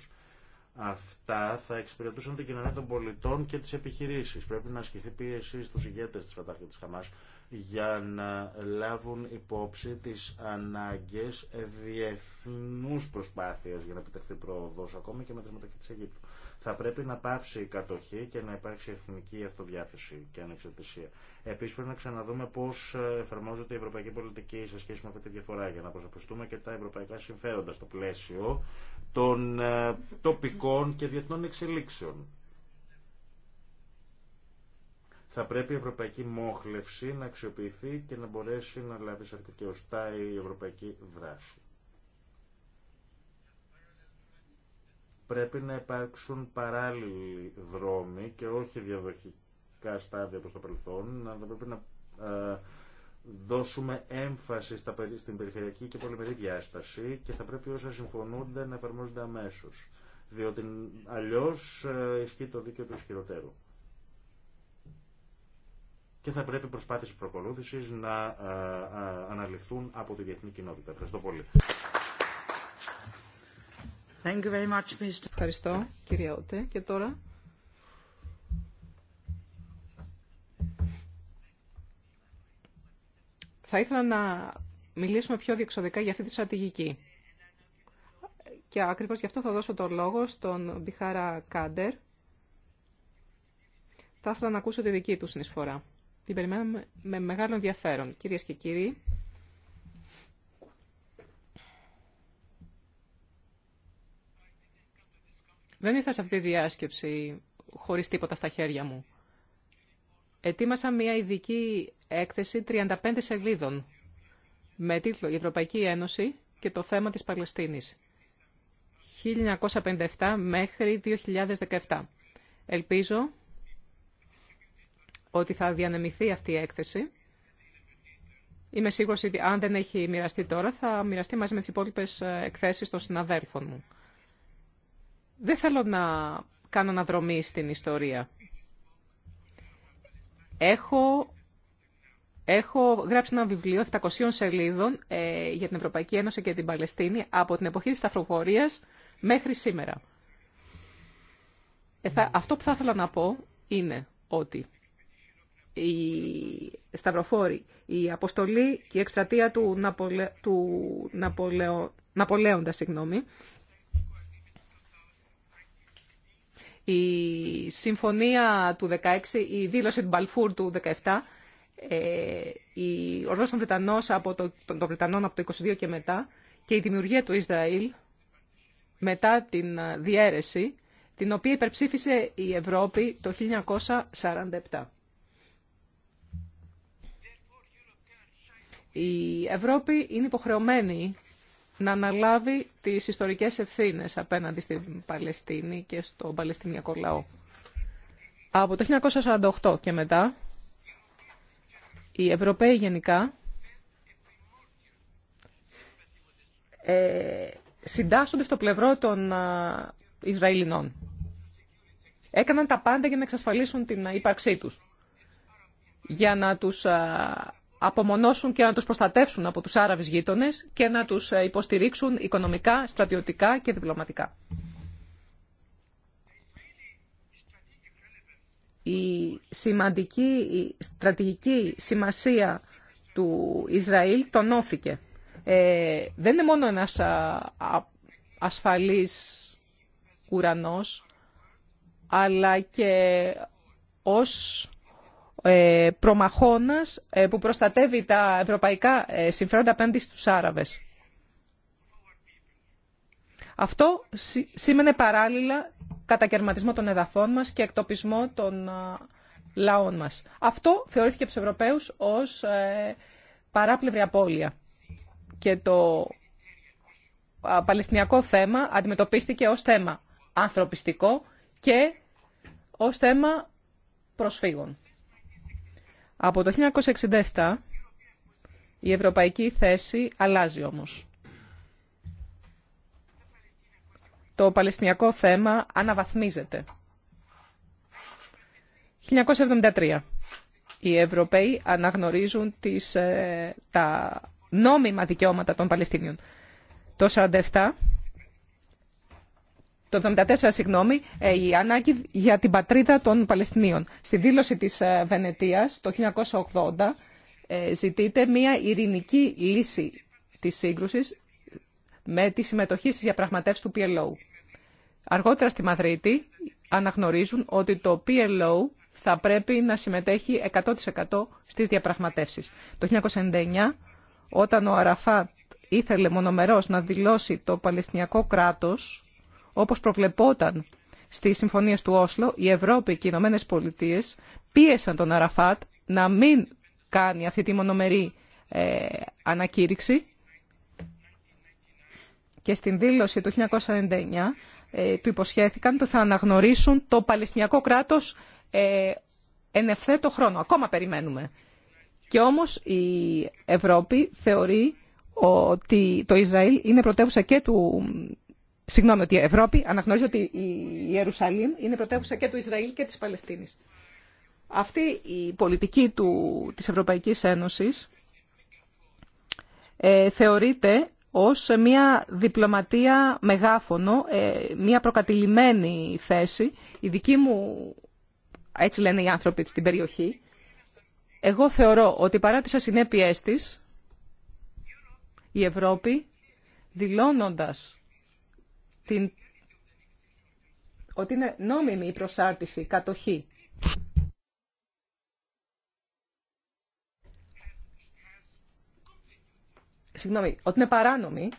Αυτά θα εξυπηρετούσαν την κοινωνία των πολιτών και τι επιχειρήσει. Πρέπει να ασκηθεί πίεση στου ηγέτε τη Φατάχ και τη Χαμά για να λάβουν υπόψη τι ανάγκε διεθνού προσπάθεια για να επιτευχθεί πρόοδο, ακόμη και με τη τη Αιγύπτου. Θα πρέπει να πάψει η κατοχή και να υπάρξει εθνική αυτοδιάθεση και ανεξαρτησία. Επίση, πρέπει να ξαναδούμε πώ ε, εφαρμόζεται η ευρωπαϊκή πολιτική σε σχέση με αυτή τη διαφορά για να προσαρμοστούμε και τα ευρωπαϊκά συμφέροντα στο πλαίσιο των ε, τοπικών και διεθνών εξελίξεων. Θα πρέπει η ευρωπαϊκή μόχλευση να αξιοποιηθεί και να μπορέσει να λάβει σε η ευρωπαϊκή δράση. πρέπει να υπάρξουν παράλληλοι δρόμοι και όχι διαδοχικά στάδια προς το παρελθόν, αλλά πρέπει να δώσουμε έμφαση στα, στην περιφερειακή και πολυμερή διάσταση και θα πρέπει όσα συμφωνούνται να εφαρμόζονται αμέσω. Διότι αλλιώ ε, ισχύει το δίκαιο του ισχυροτέρου. Και θα πρέπει προσπάθειες προκολούθησης να αναλυθούν από τη διεθνή κοινότητα. Ευχαριστώ πολύ. Ευχαριστώ, κύριε Οτέ. Και τώρα... Θα ήθελα να μιλήσουμε πιο διεξοδικά για αυτή τη στρατηγική. Και ακριβώς γι' αυτό θα δώσω το λόγο στον Μπιχάρα Κάντερ. Θα ήθελα να ακούσω τη δική του συνεισφορά. Την περιμένουμε με μεγάλο ενδιαφέρον. Κυρίες και κύριοι, Δεν ήρθα σε αυτή τη διάσκεψη χωρίς τίποτα στα χέρια μου. Ετοίμασα μια ειδική έκθεση 35 σελίδων με τίτλο «Η Ευρωπαϊκή Ένωση και το θέμα της Παλαιστίνης 1957 μέχρι 2017». Ελπίζω ότι θα διανεμηθεί αυτή η έκθεση. Είμαι σίγουρη ότι αν δεν έχει μοιραστεί τώρα, θα μοιραστεί μαζί με τις υπόλοιπες ε, εκθέσεις των συναδέλφων μου. Δεν θέλω να κάνω αναδρομή στην ιστορία. Έχω, έχω γράψει ένα βιβλίο 700 σελίδων ε, για την Ευρωπαϊκή Ένωση και την Παλαιστίνη από την εποχή της Σταυροφορίας μέχρι σήμερα. Ε, αυτό που θα ήθελα να πω είναι ότι η Σταυροφόροι, η αποστολή και η εκστρατεία του, Ναπολε... του Ναπολέοντα συγγνώμη, Η συμφωνία του 16, η δήλωση του Μπαλφούρ του 17, ε, η οργάνωση των Βρετανών από το, των Βρετανών από το 22 και μετά και η δημιουργία του Ισραήλ μετά την ε, διέρεση, την οποία υπερψήφισε η Ευρώπη το 1947. Η Ευρώπη είναι υποχρεωμένη να αναλάβει τις ιστορικές ευθύνες απέναντι στην Παλαιστίνη και στον Παλαιστινιακό λαό. Από το 1948 και μετά, οι Ευρωπαίοι γενικά ε, συντάσσονται στο πλευρό των ε, Ισραηλινών. Έκαναν τα πάντα για να εξασφαλίσουν την ύπαρξή τους. Για να τους ε, απομονώσουν και να τους προστατεύσουν από τους Άραβες γείτονες και να τους ε, υποστηρίξουν οικονομικά, στρατιωτικά και διπλωματικά. Η σημαντική, η στρατηγική σημασία του Ισραήλ τονώθηκε. Ε, δεν είναι μόνο ένας ασφαλής ουρανός, αλλά και ως ε, προμαχώνας ε, που προστατεύει τα ευρωπαϊκά ε, συμφέροντα απέναντι στους Άραβες. Αυτό σήμαινε παράλληλα κατακαιρματισμό των εδαφών μας και εκτοπισμό των λαών μας. Αυτό θεωρήθηκε από τους Ευρωπαίους ως παράπλευρη απώλεια. Και το παλαιστινιακό θέμα αντιμετωπίστηκε ως θέμα ανθρωπιστικό και ως θέμα προσφύγων. Από το 1967 η ευρωπαϊκή θέση αλλάζει όμως. Το παλαιστινιακό θέμα αναβαθμίζεται. 1973. Οι Ευρωπαίοι αναγνωρίζουν τις, ε, τα νόμιμα δικαιώματα των Παλαιστινίων. Το 1947 το 1974, συγγνώμη, ε, η ανάγκη για την πατρίδα των Παλαιστινίων. Στη δήλωση της ε, Βενετίας το 1980 ε, ζητείται μια ειρηνική λύση της σύγκρουσης με τη συμμετοχή στις διαπραγματεύσεις του PLO. Αργότερα στη Μαδρίτη αναγνωρίζουν ότι το PLO θα πρέπει να συμμετέχει 100% στις διαπραγματεύσεις. Το 1999, όταν ο Αραφάτ ήθελε μονομερός να δηλώσει το Παλαιστινιακό κράτος όπως προβλεπόταν στι συμφωνίες του Όσλο, η Ευρώπη και οι Ηνωμένε Πολιτείε πίεσαν τον Αραφάτ να μην κάνει αυτή τη μονομερή ε, ανακήρυξη και στην δήλωση του 1999 ε, του υποσχέθηκαν ότι θα αναγνωρίσουν το Παλαιστινιακό κράτος ε, εν ευθέτω χρόνο. Ακόμα περιμένουμε. Και όμως η Ευρώπη θεωρεί ότι το Ισραήλ είναι πρωτεύουσα και του Συγγνώμη ότι η Ευρώπη αναγνωρίζει ότι η Ιερουσαλήμ είναι πρωτεύουσα και του Ισραήλ και της Παλαιστίνης. Αυτή η πολιτική του, της Ευρωπαϊκής Ένωσης ε, θεωρείται ως μια διπλωματία μεγάφωνο, ε, μια προκατηλημένη θέση. Η δική μου, έτσι λένε οι άνθρωποι στην περιοχή, εγώ θεωρώ ότι παρά τις ασυνέπειές της, η Ευρώπη, δηλώνοντας την, ότι είναι νόμιμη η προσάρτηση, κατοχή. Συγγνώμη, ότι είναι παράνομη,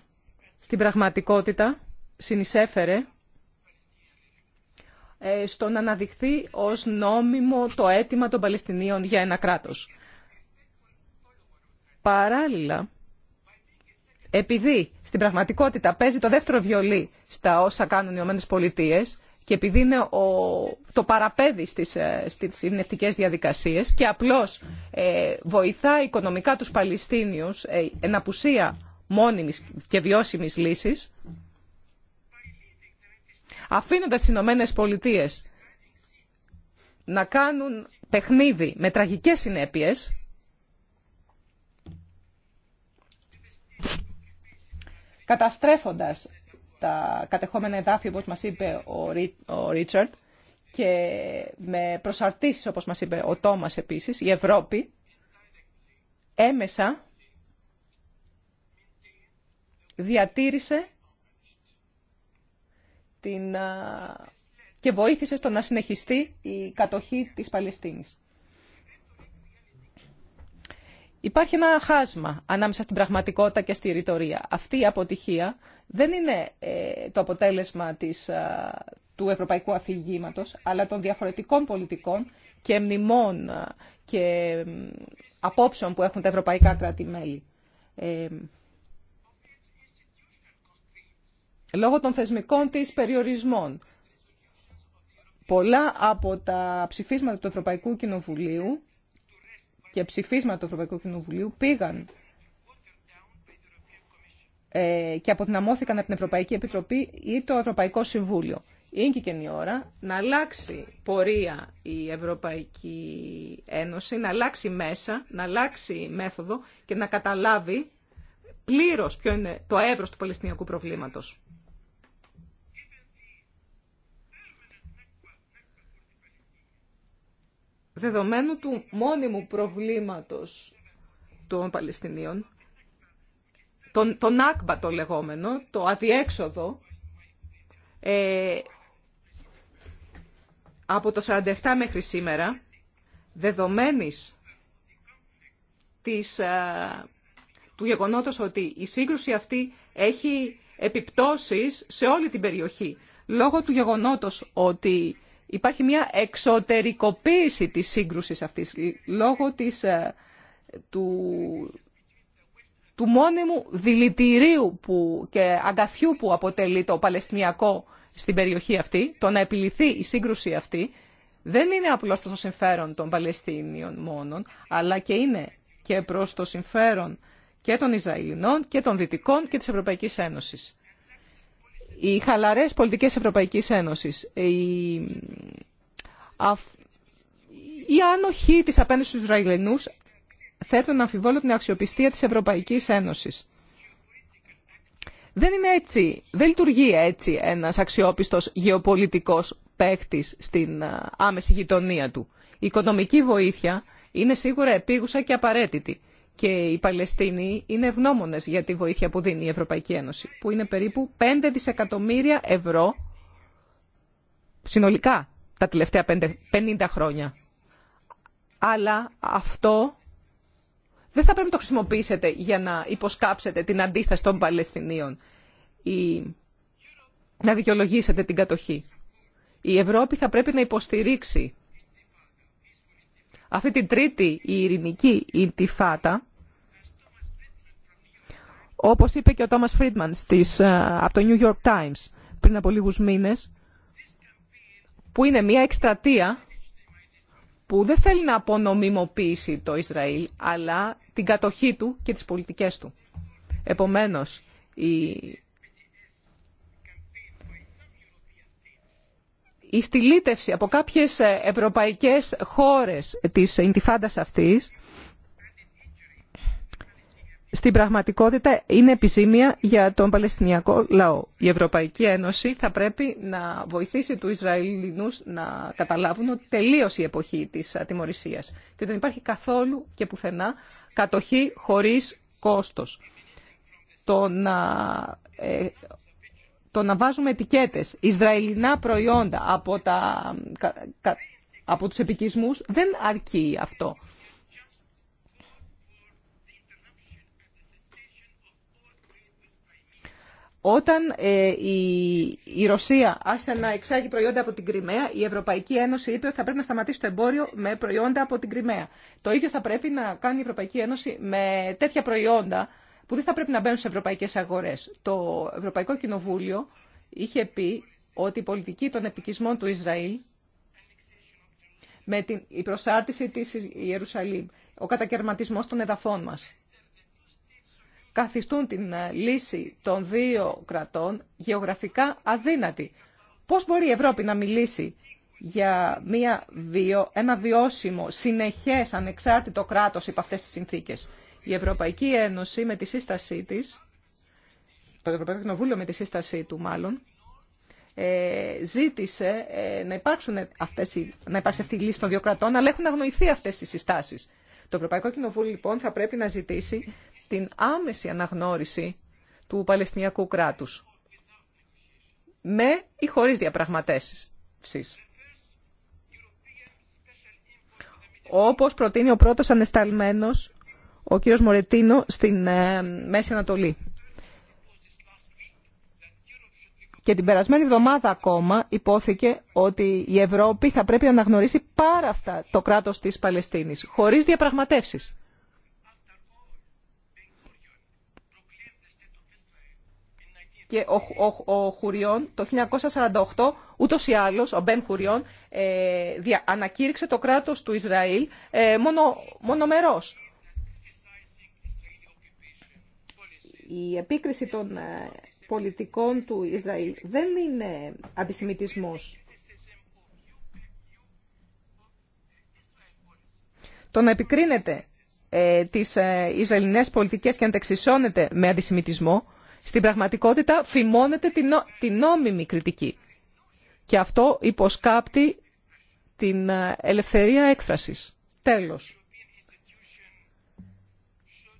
στην πραγματικότητα συνεισέφερε ε, στο να αναδειχθεί ως νόμιμο το αίτημα των Παλαιστινίων για ένα κράτος. Παράλληλα, επειδή στην πραγματικότητα παίζει το δεύτερο βιολί στα όσα κάνουν οι ΗΠΑ... και επειδή είναι το παραπέδι στις, ε, στις διαδικασίε, διαδικασίες και απλώς ε, βοηθά οικονομικά τους Παλαιστίνιους ε, εν μόνιμης και βιώσιμης λύσης, αφήνοντας τις Ηνωμένε πολιτείες να κάνουν παιχνίδι με τραγικές συνέπειες, καταστρέφοντας τα κατεχόμενα εδάφη, όπως μας είπε ο, Ρίτσαρντ και με προσαρτήσεις, όπως μας είπε ο Τόμας επίσης, η Ευρώπη έμεσα διατήρησε την, και βοήθησε στο να συνεχιστεί η κατοχή της Παλαιστίνης. Υπάρχει ένα χάσμα ανάμεσα στην πραγματικότητα και στη ρητορία. Αυτή η αποτυχία δεν είναι ε, το αποτέλεσμα της, του ευρωπαϊκού αφηγήματο, αλλά των διαφορετικών πολιτικών και μνημών και απόψεων που έχουν τα ευρωπαϊκά κράτη-μέλη. Ε, λόγω των θεσμικών της περιορισμών. Πολλά από τα ψηφίσματα του Ευρωπαϊκού Κοινοβουλίου και ψηφίσματα του Ευρωπαϊκού Κοινοβουλίου πήγαν ε, και αποδυναμώθηκαν από την Ευρωπαϊκή Επιτροπή ή το Ευρωπαϊκό Συμβούλιο. Είναι και η ώρα να αλλάξει πορεία η Ευρωπαϊκή Ένωση, να αλλάξει μέσα, να αλλάξει μέθοδο και να καταλάβει πλήρως ποιο είναι το εύρος του Παλαιστινιακού προβλήματος. δεδομένου του μόνιμου προβλήματος των Παλαιστινίων, τον, τον άκμπα το λεγόμενο, το αδιέξοδο, ε, από το 47 μέχρι σήμερα, δεδομένης της, ε, του γεγονότος ότι η σύγκρουση αυτή έχει επιπτώσεις σε όλη την περιοχή, λόγω του γεγονότος ότι Υπάρχει μια εξωτερικοποίηση της σύγκρουσης αυτής λόγω της, ε, του, του μόνιμου δηλητηρίου που, και αγκαθιού που αποτελεί το Παλαιστινιακό στην περιοχή αυτή, το να επιληθεί η σύγκρουση αυτή, δεν είναι απλώς προς το συμφέρον των Παλαιστινίων μόνον, αλλά και είναι και προς το συμφέρον και των Ισραηλινών και των Δυτικών και της Ευρωπαϊκής Ένωσης οι χαλαρές πολιτικές Ευρωπαϊκής Ένωσης, ε, η, η άνοχή της απέναντι στους Ισραηλινούς θέτουν να την αξιοπιστία της Ευρωπαϊκής Ένωσης. Δεν είναι έτσι, δεν λειτουργεί έτσι ένας αξιόπιστος γεωπολιτικός παίχτης στην ε, άμεση γειτονία του. Η οικονομική βοήθεια είναι σίγουρα επίγουσα και απαραίτητη και οι Παλαιστίνοι είναι ευγνώμονε για τη βοήθεια που δίνει η Ευρωπαϊκή Ένωση, που είναι περίπου 5 δισεκατομμύρια ευρώ συνολικά τα τελευταία 50 χρόνια. Αλλά αυτό δεν θα πρέπει να το χρησιμοποιήσετε για να υποσκάψετε την αντίσταση των Παλαιστινίων ή να δικαιολογήσετε την κατοχή. Η Ευρώπη θα πρέπει να υποστηρίξει αυτή την τρίτη η ειρηνική Ιντιφάτα, όπως είπε και ο Τόμας Φρίντμαν ε, από το New York Times πριν από λίγους μήνες, που είναι μια εκστρατεία που δεν θέλει να απονομιμοποιήσει το Ισραήλ, αλλά την κατοχή του και τις πολιτικές του. Επομένως, η η στυλίτευση από κάποιες ε, ευρωπαϊκές χώρες της Ιντιφάντας αυτής στην πραγματικότητα είναι επιζήμια για τον Παλαιστινιακό λαό. Η Ευρωπαϊκή Ένωση θα πρέπει να βοηθήσει του Ισραηλινούς να καταλάβουν ότι τελείωσε η εποχή της ατιμορρησίας ε, και δεν υπάρχει καθόλου και πουθενά κατοχή χωρίς κόστος. Το να ε, το να βάζουμε ετικέτες, Ισραηλινά προϊόντα από, τα, από τους επικισμούς, δεν αρκεί αυτό. Όταν ε, η, η Ρωσία άρχισε να εξάγει προϊόντα από την Κρυμαία, η Ευρωπαϊκή Ένωση είπε ότι θα πρέπει να σταματήσει το εμπόριο με προϊόντα από την Κρυμαία. Το ίδιο θα πρέπει να κάνει η Ευρωπαϊκή Ένωση με τέτοια προϊόντα που δεν θα πρέπει να μπαίνουν σε ευρωπαϊκές αγορές. Το Ευρωπαϊκό Κοινοβούλιο είχε πει ότι η πολιτική των επικισμών του Ισραήλ με την, η προσάρτηση της Ιερουσαλήμ, ο κατακαιρματισμός των εδαφών μας, καθιστούν την ε, λύση των δύο κρατών γεωγραφικά αδύνατη. Πώς μπορεί η Ευρώπη να μιλήσει για μια βιο, ένα βιώσιμο, συνεχές, ανεξάρτητο κράτος υπ' αυτές τις συνθήκες. Η Ευρωπαϊκή Ένωση με τη σύστασή της, το Ευρωπαϊκό Κοινοβούλιο με τη σύστασή του μάλλον, ε, ζήτησε ε, να, υπάρξουν αυτές, να υπάρξει αυτή η λύση των δύο κρατών, αλλά έχουν αγνοηθεί αυτές οι συστάσεις. Το Ευρωπαϊκό Κοινοβούλιο λοιπόν θα πρέπει να ζητήσει την άμεση αναγνώριση του Παλαιστινιακού κράτους με ή χωρίς διαπραγματεύσεις. Όπως προτείνει ο πρώτος ανεσταλμένος ο κύριος Μορετίνο στην ε, Μέση Ανατολή. Και την περασμένη εβδομάδα ακόμα υπόθηκε ότι η Ευρώπη θα πρέπει να αναγνωρίσει πάρα αυτά το κράτος της Παλαιστίνης, χωρίς διαπραγματεύσεις. Και ο, ο, Χουριών το 1948, ούτως ή άλλως, ο Μπεν Χουριών, ε, δια, ανακήρυξε το κράτος του Ισραήλ ε, μόνο, μονομερός. η επίκριση των ε, πολιτικών του Ισραήλ δεν είναι αντισημιτισμός. Το να επικρίνεται ε, τις ε, Ισραηλινές πολιτικές και να με αντισημιτισμό, στην πραγματικότητα φημώνεται την, την νόμιμη κριτική. Και αυτό υποσκάπτει την ε, ελευθερία έκφρασης. Τέλος.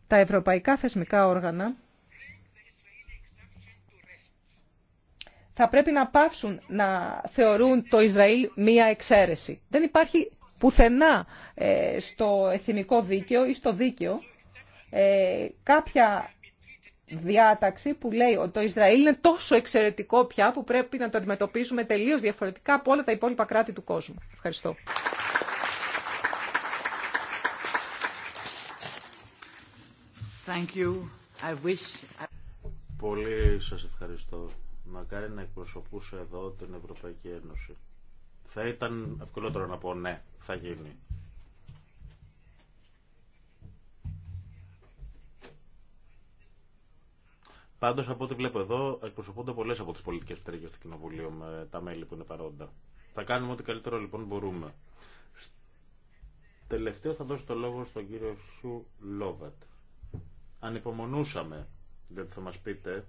Τα ευρωπαϊκά θεσμικά όργανα θα πρέπει να πάψουν να θεωρούν το Ισραήλ μία εξαίρεση. Δεν υπάρχει πουθενά ε, στο εθνικό δίκαιο ή στο δίκαιο ε, κάποια διάταξη που λέει ότι το Ισραήλ είναι τόσο εξαιρετικό πια που πρέπει να το αντιμετωπίσουμε τελείως διαφορετικά από όλα τα υπόλοιπα κράτη του κόσμου. Ευχαριστώ. Thank you. I wish... Πολύ σας ευχαριστώ. Μακάρι να εκπροσωπούσε εδώ την Ευρωπαϊκή Ένωση. Θα ήταν ευκολότερο να πω ναι, θα γίνει. Πάντω, από ό,τι βλέπω εδώ, εκπροσωπούνται πολλέ από τι πολιτικέ πτέρυγε του Κοινοβουλίου με τα μέλη που είναι παρόντα. Θα κάνουμε ό,τι καλύτερο λοιπόν μπορούμε. Τελευταίο θα δώσω το λόγο στον κύριο Χιου Λόβατ. Ανυπομονούσαμε, γιατί θα μα πείτε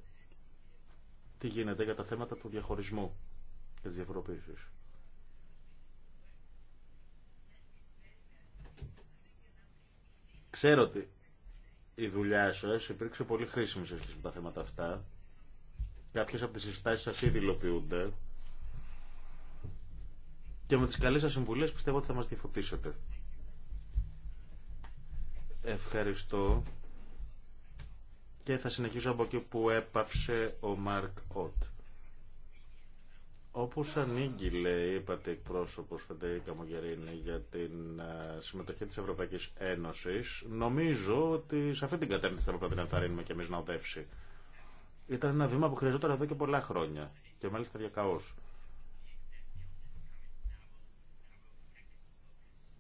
γίνεται για τα θέματα του διαχωρισμού και της διαφοροποίησης. Ξέρω ότι η δουλειά σας υπήρξε πολύ χρήσιμη σε σχέση με τα θέματα αυτά. Κάποιες από τις συστάσεις σας ήδη υλοποιούνται. Και με τις καλές σας συμβουλές πιστεύω ότι θα μας διαφωτίσετε. Ευχαριστώ και θα συνεχίσω από εκεί που έπαυσε ο Μάρκ Ότ. Όπως λέει, είπατε εκπρόσωπος Φεντερίκα Μογερίνη για την ε, συμμετοχή της Ευρωπαϊκής Ένωσης, νομίζω ότι σε αυτή την κατεύθυνση θα πρέπει να ενθαρρύνουμε και εμεί να οδεύσει. Ήταν ένα βήμα που χρειαζόταν εδώ και πολλά χρόνια και μάλιστα διακαώς.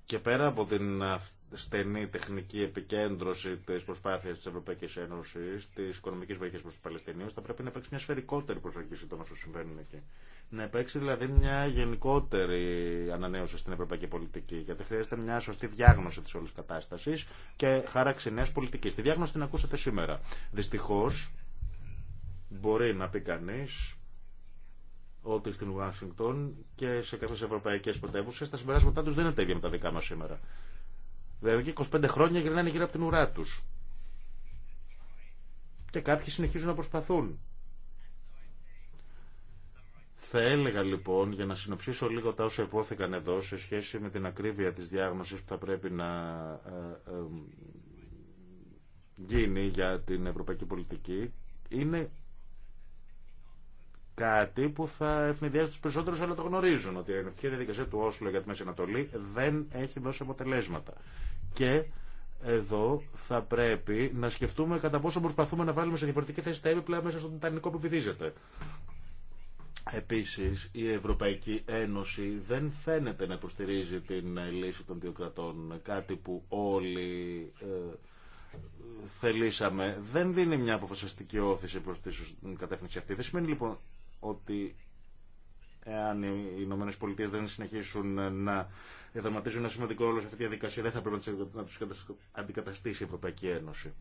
Και πέρα από την ε, στενή τεχνική επικέντρωση τη προσπάθεια τη Ευρωπαϊκή Ένωση, τη οικονομική βοήθεια προ του Παλαιστινίου, θα πρέπει να υπάρξει μια σφαιρικότερη προσέγγιση των όσο συμβαίνουν εκεί. Να υπάρξει δηλαδή μια γενικότερη ανανέωση στην ευρωπαϊκή πολιτική, γιατί χρειάζεται μια σωστή διάγνωση τη όλη κατάσταση και χάραξη νέα πολιτική. Τη διάγνωση την ακούσατε σήμερα. Δυστυχώ, μπορεί να πει κανεί ότι στην Ουάσιγκτον και σε κάποιες ευρωπαϊκές πρωτεύουσες τα συμπεράσματά τους δεν είναι τα με τα δικά μα σήμερα. Δηλαδή και 25 χρόνια γυρνάνε γύρω από την ουρά τους. Και κάποιοι συνεχίζουν να προσπαθούν. Θα έλεγα λοιπόν, για να συνοψίσω λίγο τα όσα υπόθηκαν εδώ σε σχέση με την ακρίβεια της διάγνωσης που θα πρέπει να ε, ε, γίνει για την ευρωπαϊκή πολιτική, είναι κάτι που θα ευνηδιάζει του περισσότερου, αλλά το γνωρίζουν ότι η ενεργειακή διαδικασία του Όσλο για τη Μέση Ανατολή δεν έχει δώσει αποτελέσματα. Και εδώ θα πρέπει να σκεφτούμε κατά πόσο προσπαθούμε να βάλουμε σε διαφορετική θέση τα έπιπλα μέσα στον τιτανικό που βυθίζεται. Επίση, η Ευρωπαϊκή Ένωση δεν φαίνεται να υποστηρίζει την λύση των δύο κρατών, κάτι που όλοι ε, θελήσαμε. Δεν δίνει μια αποφασιστική όθηση προ την κατεύθυνση αυτή. Δεν σημαίνει λοιπόν ότι εάν οι Ηνωμένε Πολιτείε δεν συνεχίσουν να διαδραματίζουν ένα σημαντικό ρόλο σε αυτή τη διαδικασία, δεν θα πρέπει να του αντικαταστήσει η Ευρωπαϊκή Ένωση.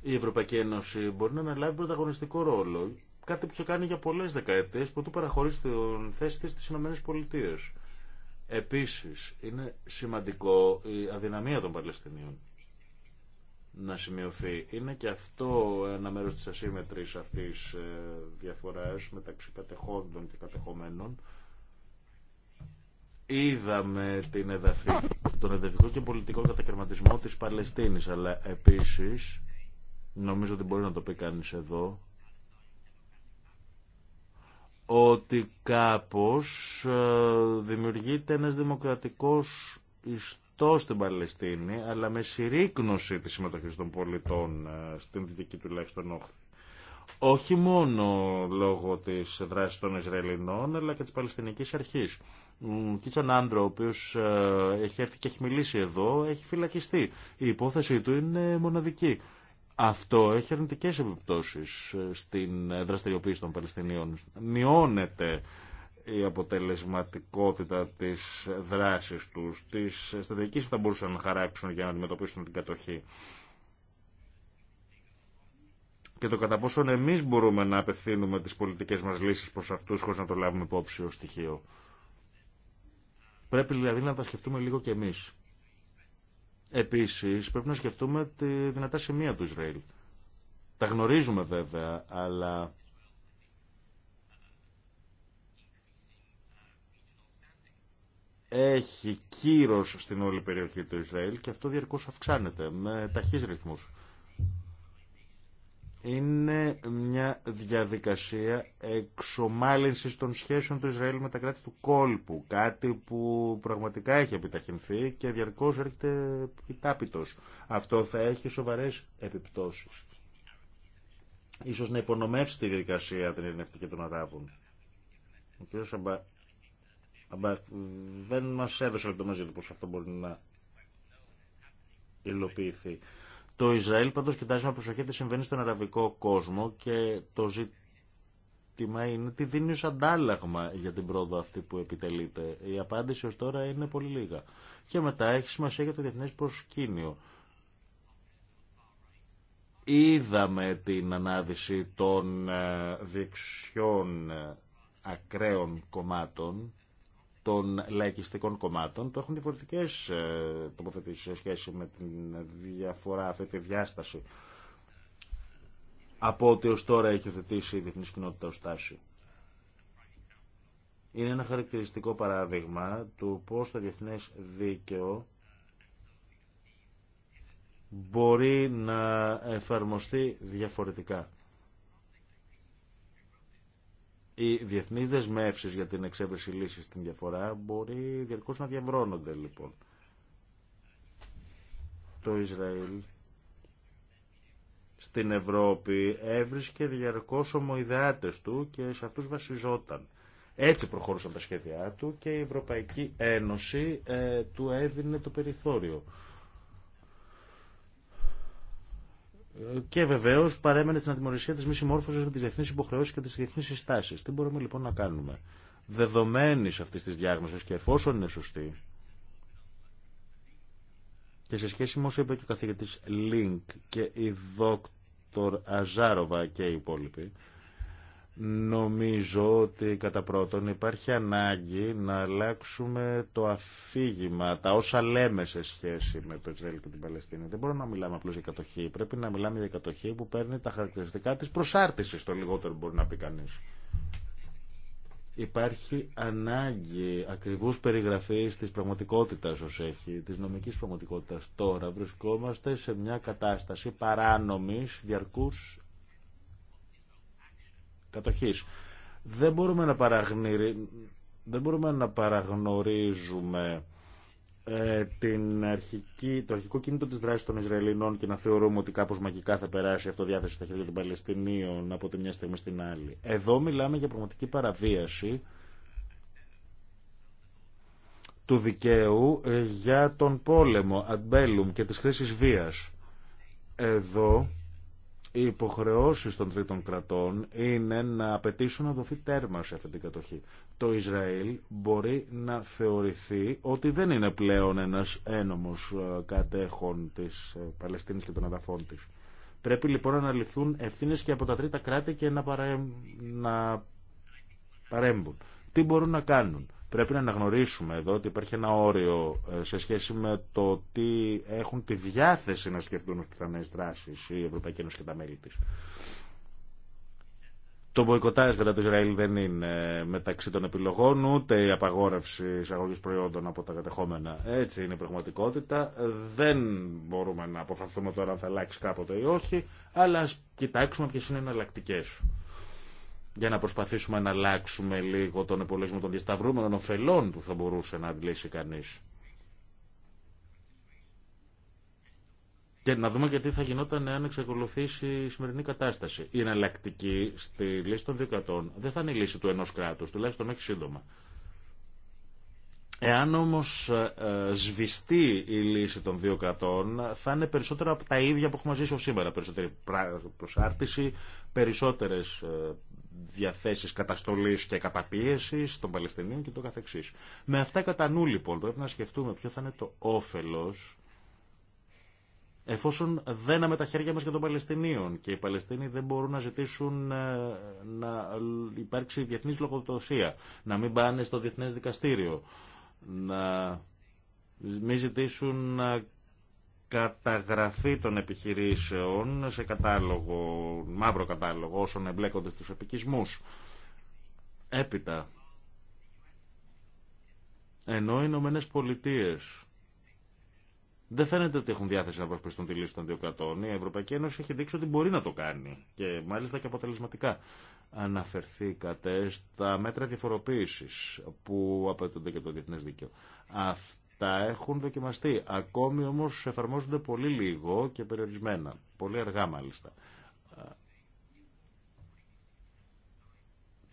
Η Ευρωπαϊκή Ένωση μπορεί να αναλάβει πρωταγωνιστικό ρόλο. Κάτι που είχε κάνει για πολλέ δεκαετίε, του παραχωρήσει την θέση τη στι Ηνωμένε Πολιτείε. Επίση, είναι σημαντικό η αδυναμία των Παλαιστινίων να σημειωθεί. Είναι και αυτό ένα μέρος της ασύμετρης αυτής ε, διαφοράς μεταξύ κατεχόντων και κατεχομένων. Είδαμε την εδαφή, τον εδαφικό και πολιτικό κατακαιρματισμό της Παλαιστίνης, αλλά επίσης, νομίζω ότι μπορεί να το πει κανείς εδώ, ότι κάπως ε, δημιουργείται ένας δημοκρατικός αυτό στην Παλαιστίνη, αλλά με συρρήκνωση τη συμμετοχή των πολιτών ε, στην δυτική τουλάχιστον όχθη. Όχι μόνο λόγω τη δράση των Ισραηλινών, αλλά και τη Παλαιστινική αρχή. Ο Κίτσαν Άντρο, ο οποίο ε, έχει έρθει και έχει μιλήσει εδώ, έχει φυλακιστεί. Η υπόθεσή του είναι μοναδική. Αυτό έχει αρνητικέ επιπτώσει ε, στην δραστηριοποίηση των Παλαιστινίων. Μειώνεται η αποτελεσματικότητα της δράσης τους, της στρατηγικής που θα μπορούσαν να χαράξουν για να αντιμετωπίσουν την κατοχή. Και το κατά πόσον εμείς μπορούμε να απευθύνουμε τις πολιτικές μας λύσεις προς αυτούς χωρίς να το λάβουμε υπόψη ως στοιχείο. Πρέπει δηλαδή να τα σκεφτούμε λίγο κι εμείς. Επίσης πρέπει να σκεφτούμε τη δυνατά σημεία του Ισραήλ. Τα γνωρίζουμε βέβαια, αλλά έχει κύρος στην όλη περιοχή του Ισραήλ και αυτό διαρκώς αυξάνεται με ταχύς ρυθμούς. Είναι μια διαδικασία εξομάλυνσης των σχέσεων του Ισραήλ με τα κράτη του κόλπου, κάτι που πραγματικά έχει επιταχυνθεί και διαρκώς έρχεται επιτάπητος. Αυτό θα έχει σοβαρές επιπτώσεις. Ίσως να υπονομεύσει τη διαδικασία την ειρηνευτική των Αράβων. Ο αλλά Δεν μα έδωσε του πώ αυτό μπορεί να υλοποιηθεί. Το Ισραήλ πάντως κοιτάζει με προσοχή τι συμβαίνει στον αραβικό κόσμο και το ζήτημα είναι τι δίνει ω αντάλλαγμα για την πρόοδο αυτή που επιτελείται. Η απάντηση ω τώρα είναι πολύ λίγα. Και μετά έχει σημασία για το διεθνέ προσκήνιο. Είδαμε την ανάδυση των ε, δεξιών ε, ακραίων κομμάτων των λαϊκιστικών κομμάτων που έχουν διαφορετικές ε, τοποθετήσεις σε σχέση με την διαφορά αυτή τη διάσταση από ό,τι ως τώρα έχει θετήσει η διεθνής κοινότητα ω τάση. Είναι ένα χαρακτηριστικό παράδειγμα του πώς το διεθνές δίκαιο μπορεί να εφαρμοστεί διαφορετικά. Οι διεθνεί δεσμεύσει για την εξέβρεση λύση στην διαφορά μπορεί διαρκώ να διαβρώνονται λοιπόν. Το Ισραήλ στην Ευρώπη έβρισκε διαρκώς ομοειδεάτε του και σε αυτούς βασιζόταν. Έτσι προχώρησαν τα σχέδιά του και η Ευρωπαϊκή Ένωση ε, του έδινε το περιθώριο. και βεβαίω παρέμενε στην ατιμορρησία τη μη συμμόρφωση με τι διεθνεί υποχρεώσει και τι διεθνεί συστάσει. Τι μπορούμε λοιπόν να κάνουμε. Δεδομένη αυτή τη διάγνωση και εφόσον είναι σωστή, και σε σχέση με όσο είπε και ο καθηγητή Λίνκ και η δόκτωρ Αζάροβα και οι υπόλοιποι, Νομίζω ότι κατά πρώτον υπάρχει ανάγκη να αλλάξουμε το αφήγημα, τα όσα λέμε σε σχέση με το Ισραήλ και την Παλαιστίνη. Δεν μπορούμε να μιλάμε απλώ για κατοχή. Πρέπει να μιλάμε για κατοχή που παίρνει τα χαρακτηριστικά τη προσάρτηση, το λιγότερο που μπορεί να πει κανεί. Υπάρχει ανάγκη ακριβού περιγραφή τη πραγματικότητα ω έχει, τη νομική πραγματικότητα. Τώρα βρισκόμαστε σε μια κατάσταση παράνομη διαρκού κατοχής. Δεν μπορούμε να, δεν μπορούμε να παραγνωρίζουμε ε, την αρχική, το αρχικό κίνητο της δράσης των Ισραηλινών και να θεωρούμε ότι κάπως μαγικά θα περάσει αυτό διάθεση στα χέρια των Παλαιστινίων από τη μια στιγμή στην άλλη. Εδώ μιλάμε για πραγματική παραβίαση του δικαίου ε, για τον πόλεμο, bellum, και της χρήσης βίας. Εδώ οι υποχρεώσει των τρίτων κρατών είναι να απαιτήσουν να δοθεί τέρμα σε αυτή την κατοχή. Το Ισραήλ μπορεί να θεωρηθεί ότι δεν είναι πλέον ένας ένομο ε, κατέχων τη ε, Παλαιστίνη και των αδαφών τη. Πρέπει λοιπόν να αναλυθούν ευθύνε και από τα τρίτα κράτη και να παρέμβουν. Τι μπορούν να κάνουν. Πρέπει να αναγνωρίσουμε εδώ ότι υπάρχει ένα όριο ε, σε σχέση με το ότι έχουν τη διάθεση να σκεφτούν ως πιθανές δράσεις η Ευρωπαϊκή Ένωση και τα μέλη της. Το μποϊκοτάζ κατά το Ισραήλ δεν είναι μεταξύ των επιλογών, ούτε η απαγόρευση εισαγωγή προϊόντων από τα κατεχόμενα. Έτσι είναι η πραγματικότητα. Δεν μπορούμε να αποφανθούμε τώρα αν θα αλλάξει κάποτε ή όχι, αλλά ας κοιτάξουμε ποιε είναι εναλλακτικέ για να προσπαθήσουμε να αλλάξουμε λίγο τον υπολογισμό των διασταυρούμενων ωφελών που θα μπορούσε να αντλήσει κανείς. Και να δούμε γιατί θα γινόταν αν εξακολουθήσει η σημερινή κατάσταση. Η εναλλακτική στη λύση των δύο δεν θα είναι η λύση του ενός κράτους, τουλάχιστον όχι σύντομα. Εάν όμως ε, ε, σβηστεί η λύση των δύο κρατών, θα είναι περισσότερο από τα ίδια που έχουμε ζήσει ως σήμερα. Περισσότερη προσάρτηση, περισσότερες ε, διαθέσεις καταστολής και καταπίεσης των Παλαιστινίων και το καθεξής. Με αυτά κατά νου λοιπόν πρέπει να σκεφτούμε ποιο θα είναι το όφελος εφόσον δέναμε τα χέρια μας για των Παλαιστινίων και οι Παλαιστίνοι δεν μπορούν να ζητήσουν ε, να υπάρξει διεθνής λογοδοσία, να μην πάνε στο διεθνές δικαστήριο, να μην ζητήσουν να καταγραφή των επιχειρήσεων σε κατάλογο, μαύρο κατάλογο όσων εμπλέκονται στους επικισμούς. Έπειτα, ενώ οι Ηνωμένε Πολιτείε δεν φαίνεται ότι έχουν διάθεση να προσπιστούν τη λύση των δύο κρατών, η Ευρωπαϊκή Ένωση έχει δείξει ότι μπορεί να το κάνει και μάλιστα και αποτελεσματικά. Αναφερθήκατε στα μέτρα διαφοροποίηση που απαιτούνται και το διεθνέ δίκαιο τα έχουν δοκιμαστεί. Ακόμη όμως εφαρμόζονται πολύ λίγο και περιορισμένα. Πολύ αργά μάλιστα.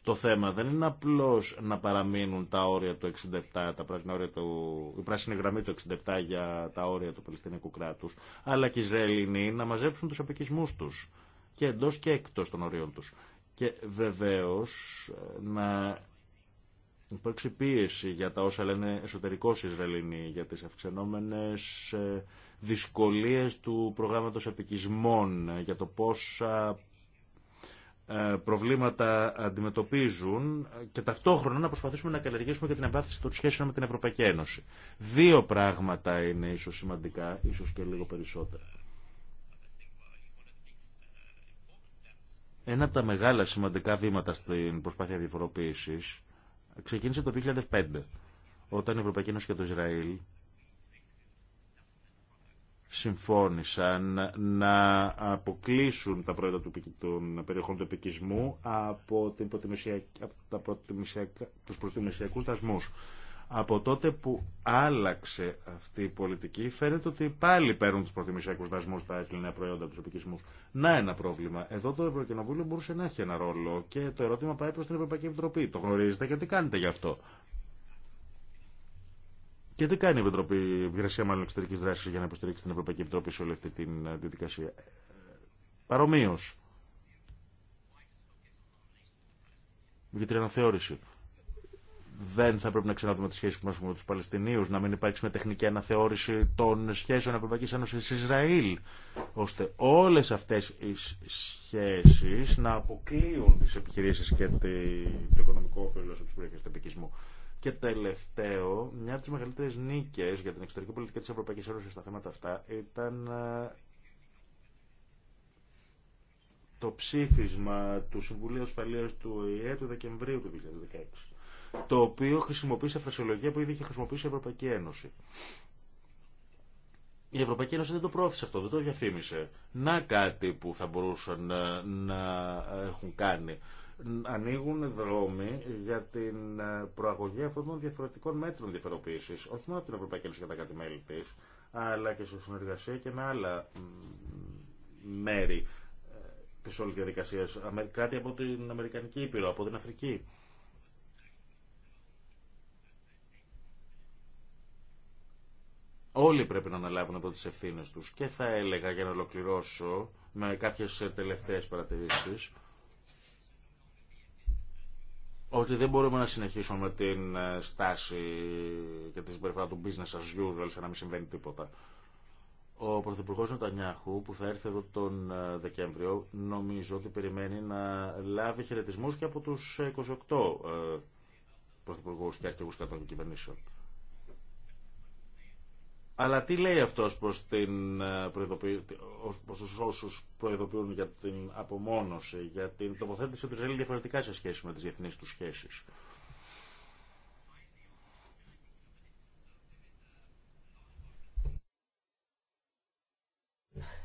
Το θέμα δεν είναι απλώς να παραμείνουν τα όρια του 67, τα πράσινα όρια του, η πράσινη γραμμή του 67 για τα όρια του Παλαιστινικού κράτους, αλλά και οι Ισραηλινοί να μαζέψουν τους επικισμούς τους και εντός και εκτός των ορίων τους. Και βεβαίως ε, να υπάρξει πίεση για τα όσα λένε εσωτερικός Ισραηλινοί για τις αυξανόμενες ε, δυσκολίες του προγράμματος επικισμών ε, για το πόσα ε, προβλήματα αντιμετωπίζουν και ταυτόχρονα να προσπαθήσουμε να καλλιεργήσουμε και την εμπάθηση των σχέσεων με την Ευρωπαϊκή Ένωση. Δύο πράγματα είναι ίσως σημαντικά, ίσως και λίγο περισσότερα. Ένα από τα μεγάλα σημαντικά βήματα στην προσπάθεια διαφοροποίησης ξεκίνησε το 2005, όταν η Ευρωπαϊκή Ένωση και το Ισραήλ συμφώνησαν να αποκλείσουν τα προϊόντα των περιοχών του επικισμού από, την από τα τους προτιμησιακούς δασμούς. Από τότε που άλλαξε αυτή η πολιτική, φαίνεται ότι πάλι παίρνουν του προτιμησιακού δασμού τα ελληνικά προϊόντα του επικισμού. Να ένα πρόβλημα. Εδώ το Ευρωκοινοβούλιο μπορούσε να έχει ένα ρόλο και το ερώτημα πάει προ την Ευρωπαϊκή Επιτροπή. Το γνωρίζετε και τι κάνετε γι' αυτό. Και τι κάνει η Επιτροπή Μάλλον Εξωτερική Δράση για να υποστηρίξει την Ευρωπαϊκή Επιτροπή σε όλη αυτή τη ε, διαδικασία. Ε, Παρομοίω. Για την αναθεώρηση δεν θα πρέπει να ξαναδούμε τι σχέσει που μα με του Παλαιστινίου, να μην υπάρξει μια τεχνική αναθεώρηση των σχέσεων Ευρωπαϊκή Ένωση Ισραήλ, ώστε όλε αυτέ οι σχέσει να αποκλείουν τι επιχειρήσει και το οικονομικό όφελο τη περιοχέ του επικισμού. Και τελευταίο, μια από τι μεγαλύτερε νίκε για την εξωτερική πολιτική τη Ευρωπαϊκή Ένωση στα θέματα αυτά ήταν ε, το ψήφισμα του Συμβουλίου Ασφαλείας του ΟΗΕ του Δεκεμβρίου του 2016 το οποίο χρησιμοποίησε φρασιολογία που ήδη είχε χρησιμοποιήσει η Ευρωπαϊκή Ένωση. Η Ευρωπαϊκή Ένωση δεν το πρόθεσε αυτό, δεν το διαφήμισε. Να κάτι που θα μπορούσαν ε, να έχουν κάνει. Ανοίγουν δρόμοι για την ε, προαγωγή αυτών των διαφορετικών μέτρων διαφοροποίηση, όχι μόνο από την Ευρωπαϊκή Ένωση για τα κάτι μέλη τη, αλλά και σε συνεργασία και με άλλα μέρη ε, τη όλη διαδικασία. Κάτι από την Αμερικανική Ήπειρο, από την Αφρική. Όλοι πρέπει να αναλάβουν εδώ τις ευθύνες τους και θα έλεγα για να ολοκληρώσω με κάποιες ε, τελευταίες παρατηρήσεις ότι δεν μπορούμε να συνεχίσουμε με την ε, στάση και τη συμπεριφορά του business as usual σαν να μην συμβαίνει τίποτα. Ο Πρωθυπουργός Νοτανιάχου που θα έρθει εδώ τον ε, Δεκέμβριο νομίζω ότι περιμένει να λάβει χαιρετισμού και από τους 28 πρωθυπουργούς και αρχηγούς κατών κυβερνήσεων. Αλλά τι λέει αυτός προς, την, ε, προς όσους προειδοποιούν για την απομόνωση, για την τοποθέτηση του Ισραήλ διαφορετικά σε σχέση με τις διεθνείς του σχέσεις.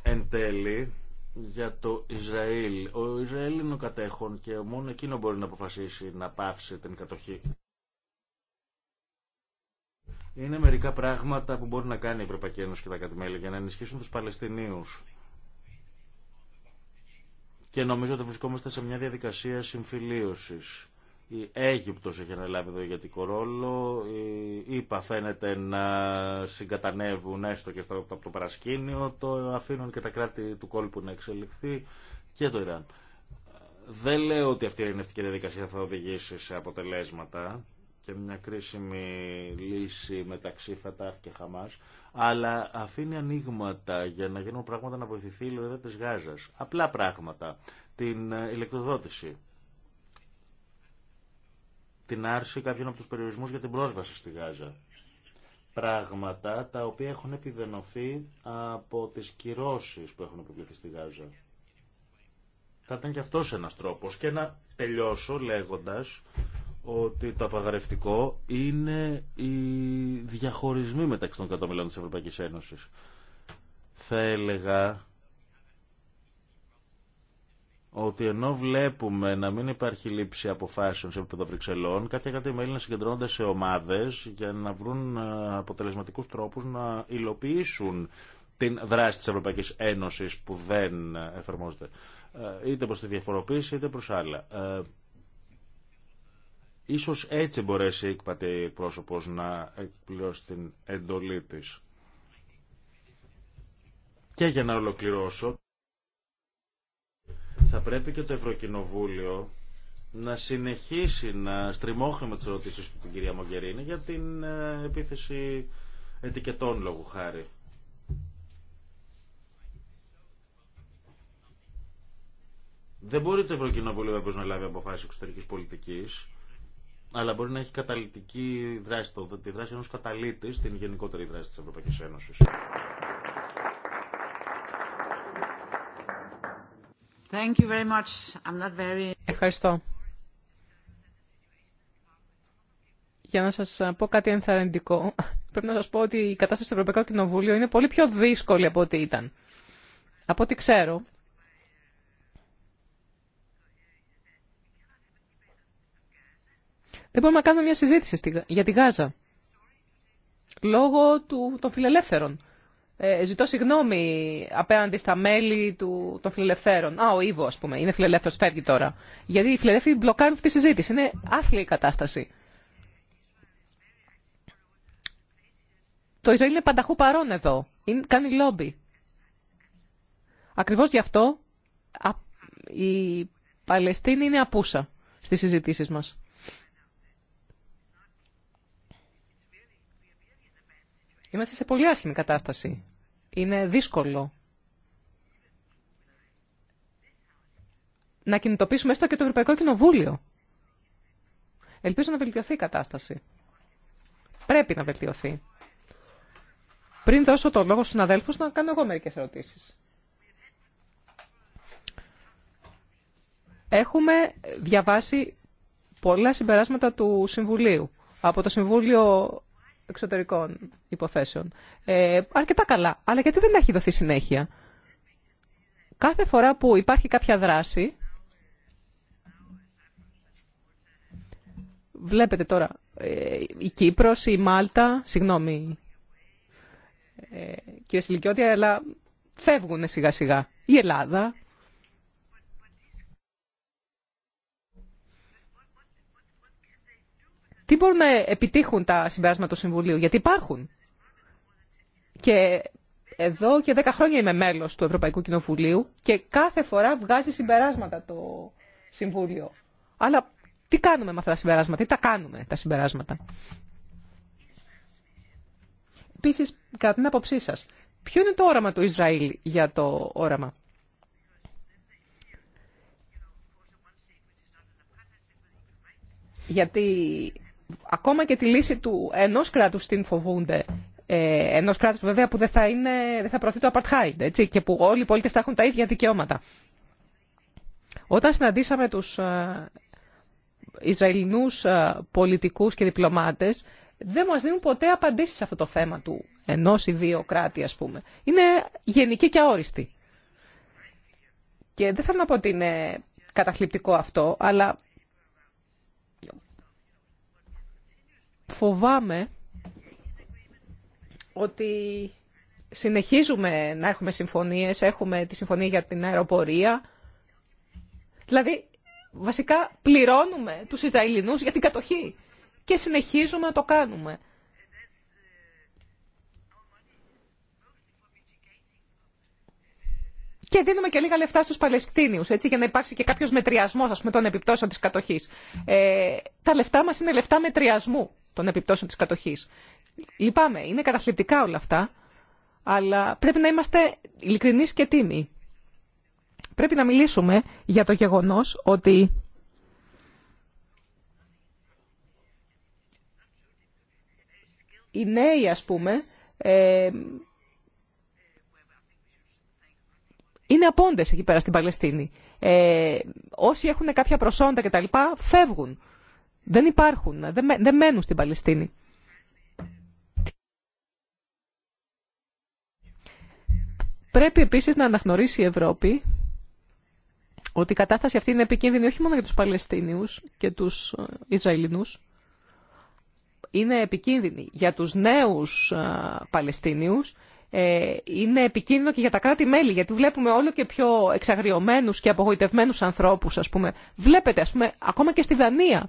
Εν τέλει, για το Ισραήλ. Ο Ισραήλ είναι ο κατέχον και μόνο εκείνο μπορεί να αποφασίσει να πάυσει την κατοχή. Είναι μερικά πράγματα που μπορεί να κάνει η Ευρωπαϊκή Ένωση και τα κατημέλη για να ενισχύσουν τους Παλαιστινίους. Και νομίζω ότι βρισκόμαστε σε μια διαδικασία συμφιλίωσης. Η Αίγυπτος έχει αναλάβει εδώ ηγετικό ρόλο, η ΙΠΑ φαίνεται να συγκατανεύουν έστω και από το παρασκήνιο, το αφήνουν και τα κράτη του κόλπου να εξελιχθεί και το Ιράν. Δεν λέω ότι αυτή η ειρηνευτική διαδικασία θα οδηγήσει σε αποτελέσματα, και μια κρίσιμη λύση μεταξύ ΦΑΤΑΡ και Χαμάς, αλλά αφήνει ανοίγματα για να γίνουν πράγματα να βοηθηθεί η λωρίδα της Γάζας. Απλά πράγματα. Την ε, ηλεκτροδότηση. Την άρση κάποιων από τους περιορισμούς για την πρόσβαση στη Γάζα. Πράγματα τα οποία έχουν επιδενωθεί από τις κυρώσεις που έχουν επιβληθεί στη Γάζα. Θα ήταν και αυτός ένας τρόπος. Και να τελειώσω λέγοντας ότι το απαγορευτικό είναι οι διαχωρισμοί μεταξύ των κατομελών της Ευρωπαϊκής Ένωσης. Θα έλεγα ότι ενώ βλέπουμε να μην υπάρχει λήψη αποφάσεων σε επίπεδο Βρυξελών, κάποια κάτι μέλη να συγκεντρώνονται σε ομάδες για να βρουν ε, αποτελεσματικούς τρόπους να υλοποιήσουν την δράση της Ευρωπαϊκής Ένωσης που δεν ε, εφαρμόζεται. Ε, είτε προς τη διαφοροποίηση είτε προς άλλα. Ίσως έτσι μπορέσει η ΕΚΠΑΤΗ πρόσωπος να εκπληρώσει την εντολή της. Και για να ολοκληρώσω, θα πρέπει και το Ευρωκοινοβούλιο να συνεχίσει να με τις ερωτήσεις του την κυρία Μογκερίνη για την ε, επίθεση ετικετών λόγου χάρη. Δεν μπορεί το Ευρωκοινοβούλιο να λάβει αποφάσεις εξωτερικής πολιτικής αλλά μπορεί να έχει καταλητική δράση, το, τη δράση ενός καταλήτη στην γενικότερη δράση της Ευρωπαϊκής Ένωσης. Ευχαριστώ. Για να σας πω κάτι ενθαρρυντικό, πρέπει να σας πω ότι η κατάσταση στο Ευρωπαϊκό Κοινοβούλιο είναι πολύ πιο δύσκολη από ό,τι ήταν. Από ό,τι ξέρω, Δεν μπορούμε να κάνουμε μια συζήτηση για τη Γάζα. Λόγω του, των φιλελεύθερων. Ε, ζητώ συγγνώμη απέναντι στα μέλη του, των φιλελευθέρων. Α, ο Ήβο, α πούμε, είναι φιλελεύθερο, φεύγει τώρα. Γιατί οι φιλελεύθεροι μπλοκάρουν αυτή τη συζήτηση. Είναι άθλια η κατάσταση. Το Ισραήλ είναι πανταχού παρόν εδώ. Είναι, κάνει λόμπι. Ακριβώ γι' αυτό η Παλαιστίνη είναι απούσα στι συζητήσει μα. Είμαστε σε πολύ άσχημη κατάσταση. Είναι δύσκολο να κινητοποιήσουμε έστω και το Ευρωπαϊκό Κοινοβούλιο. Ελπίζω να βελτιωθεί η κατάσταση. Πρέπει να βελτιωθεί. Πριν δώσω το λόγο στους συναδέλφους, να κάνω εγώ μερικές ερωτήσεις. Έχουμε διαβάσει πολλά συμπεράσματα του Συμβουλίου. Από το Συμβούλιο εξωτερικών υποθέσεων. Ε, αρκετά καλά. Αλλά γιατί δεν έχει δοθεί συνέχεια. Κάθε φορά που υπάρχει κάποια δράση, βλέπετε τώρα, ε, η Κύπρος, η Μάλτα, συγγνώμη, ε, κύριε Σιλικιώτη, αλλά φεύγουν σιγά σιγά. Η Ελλάδα, τι μπορούν να επιτύχουν τα συμπεράσματα του Συμβουλίου, γιατί υπάρχουν. Και εδώ και 10 χρόνια είμαι μέλος του Ευρωπαϊκού Κοινοβουλίου και κάθε φορά βγάζει συμπεράσματα το Συμβούλιο. Αλλά τι κάνουμε με αυτά τα συμπεράσματα, τι τα κάνουμε τα συμπεράσματα. Επίση, κατά την άποψή σα, ποιο είναι το όραμα του Ισραήλ για το όραμα. Γιατί ακόμα και τη λύση του ενός κράτους την φοβούνται. Ε, Ενό κράτου βέβαια που δεν θα, είναι, δεν θα προωθεί το apartheid έτσι, και που όλοι οι πολίτες θα έχουν τα ίδια δικαιώματα. Όταν συναντήσαμε τους ε, Ισραηλινούς ε, πολιτικούς και διπλωμάτες, δεν μα δίνουν ποτέ απαντήσει σε αυτό το θέμα του ενός ή δύο κράτη, α πούμε. Είναι γενική και αόριστη. Και δεν θέλω να πω ότι είναι καταθλιπτικό αυτό, αλλά φοβάμαι ότι συνεχίζουμε να έχουμε συμφωνίες, έχουμε τη συμφωνία για την αεροπορία. Δηλαδή, βασικά πληρώνουμε τους Ισραηλινούς για την κατοχή και συνεχίζουμε να το κάνουμε. Και δίνουμε και λίγα λεφτά στους Παλαιστίνιους, έτσι, για να υπάρξει και κάποιος μετριασμός, ας πούμε, των επιπτώσεων της κατοχής. Ε, τα λεφτά μας είναι λεφτά μετριασμού των επιπτώσεων τη κατοχή. Λυπάμαι, είναι καταθλιπτικά όλα αυτά, αλλά πρέπει να είμαστε ειλικρινεί και τίμοι. Πρέπει να μιλήσουμε για το γεγονός ότι οι νέοι, ας πούμε, ε, είναι απόντες εκεί πέρα στην Παλαιστίνη. Ε, όσοι έχουν κάποια προσόντα λοιπά, φεύγουν. Δεν υπάρχουν, δεν μένουν στην Παλαιστίνη. Πρέπει επίσης να αναγνωρίσει η Ευρώπη ότι η κατάσταση αυτή είναι επικίνδυνη όχι μόνο για τους Παλαιστίνιους και τους ε, Ισραηλινούς, είναι επικίνδυνη για τους νέους ε, Παλαιστίνιους, ε, είναι επικίνδυνο και για τα κράτη-μέλη, γιατί βλέπουμε όλο και πιο εξαγριωμένους και απογοητευμένους ανθρώπους, ας πούμε. Βλέπετε, ας πούμε, ακόμα και στη Δανία,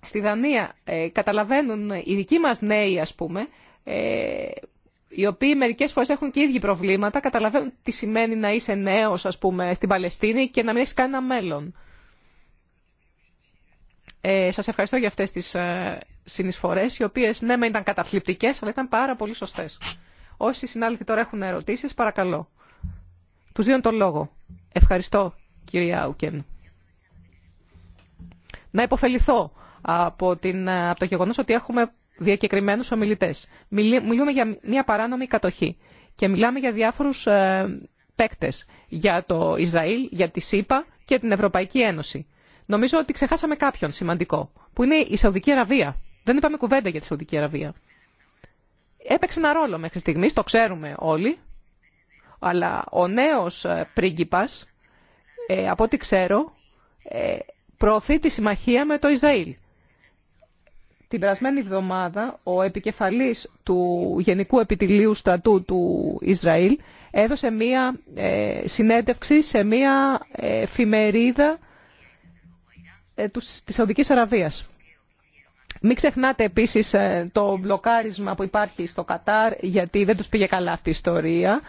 στη Δανία ε, καταλαβαίνουν οι δικοί μας νέοι, ας πούμε, ε, οι οποίοι μερικές φορές έχουν και ίδιοι προβλήματα, καταλαβαίνουν τι σημαίνει να είσαι νέος, ας πούμε, στην Παλαιστίνη και να μην έχεις κανένα μέλλον. Ε, σας ευχαριστώ για αυτές τις ε, συνεισφορές, οι οποίες ναι, με ήταν καταθλιπτικές, αλλά ήταν πάρα πολύ σωστές. Όσοι συνάδελφοι τώρα έχουν ερωτήσεις, παρακαλώ. Τους δίνω τον λόγο. Ευχαριστώ, κυρία Ουκέν. Να υποφεληθώ από, την, από το γεγονός ότι έχουμε διακεκριμένους ομιλητές. Μιλούμε για μια παράνομη κατοχή και μιλάμε για διάφορους ε, παίκτες, για το Ισραήλ, για τη ΣΥΠΑ και την Ευρωπαϊκή Ένωση. Νομίζω ότι ξεχάσαμε κάποιον σημαντικό, που είναι η Σαουδική Αραβία. Δεν είπαμε κουβέντα για τη Σαουδική Αραβία. Έπαιξε ένα ρόλο μέχρι στιγμή, το ξέρουμε όλοι, αλλά ο νέος ε, πρίγκιπας, ε, από ό,τι ξέρω, προωθεί τη συμμαχία με το Ισραήλ. Την περασμένη εβδομάδα ο επικεφαλής του Γενικού Επιτηλίου Στρατού του Ισραήλ έδωσε μία ε, συνέντευξη σε μία ε, εφημερίδα ε, της Σαουδικής Αραβίας. Μην ξεχνάτε επίσης ε, το μπλοκάρισμα που υπάρχει στο Κατάρ γιατί δεν τους πήγε καλά αυτή η ιστορία.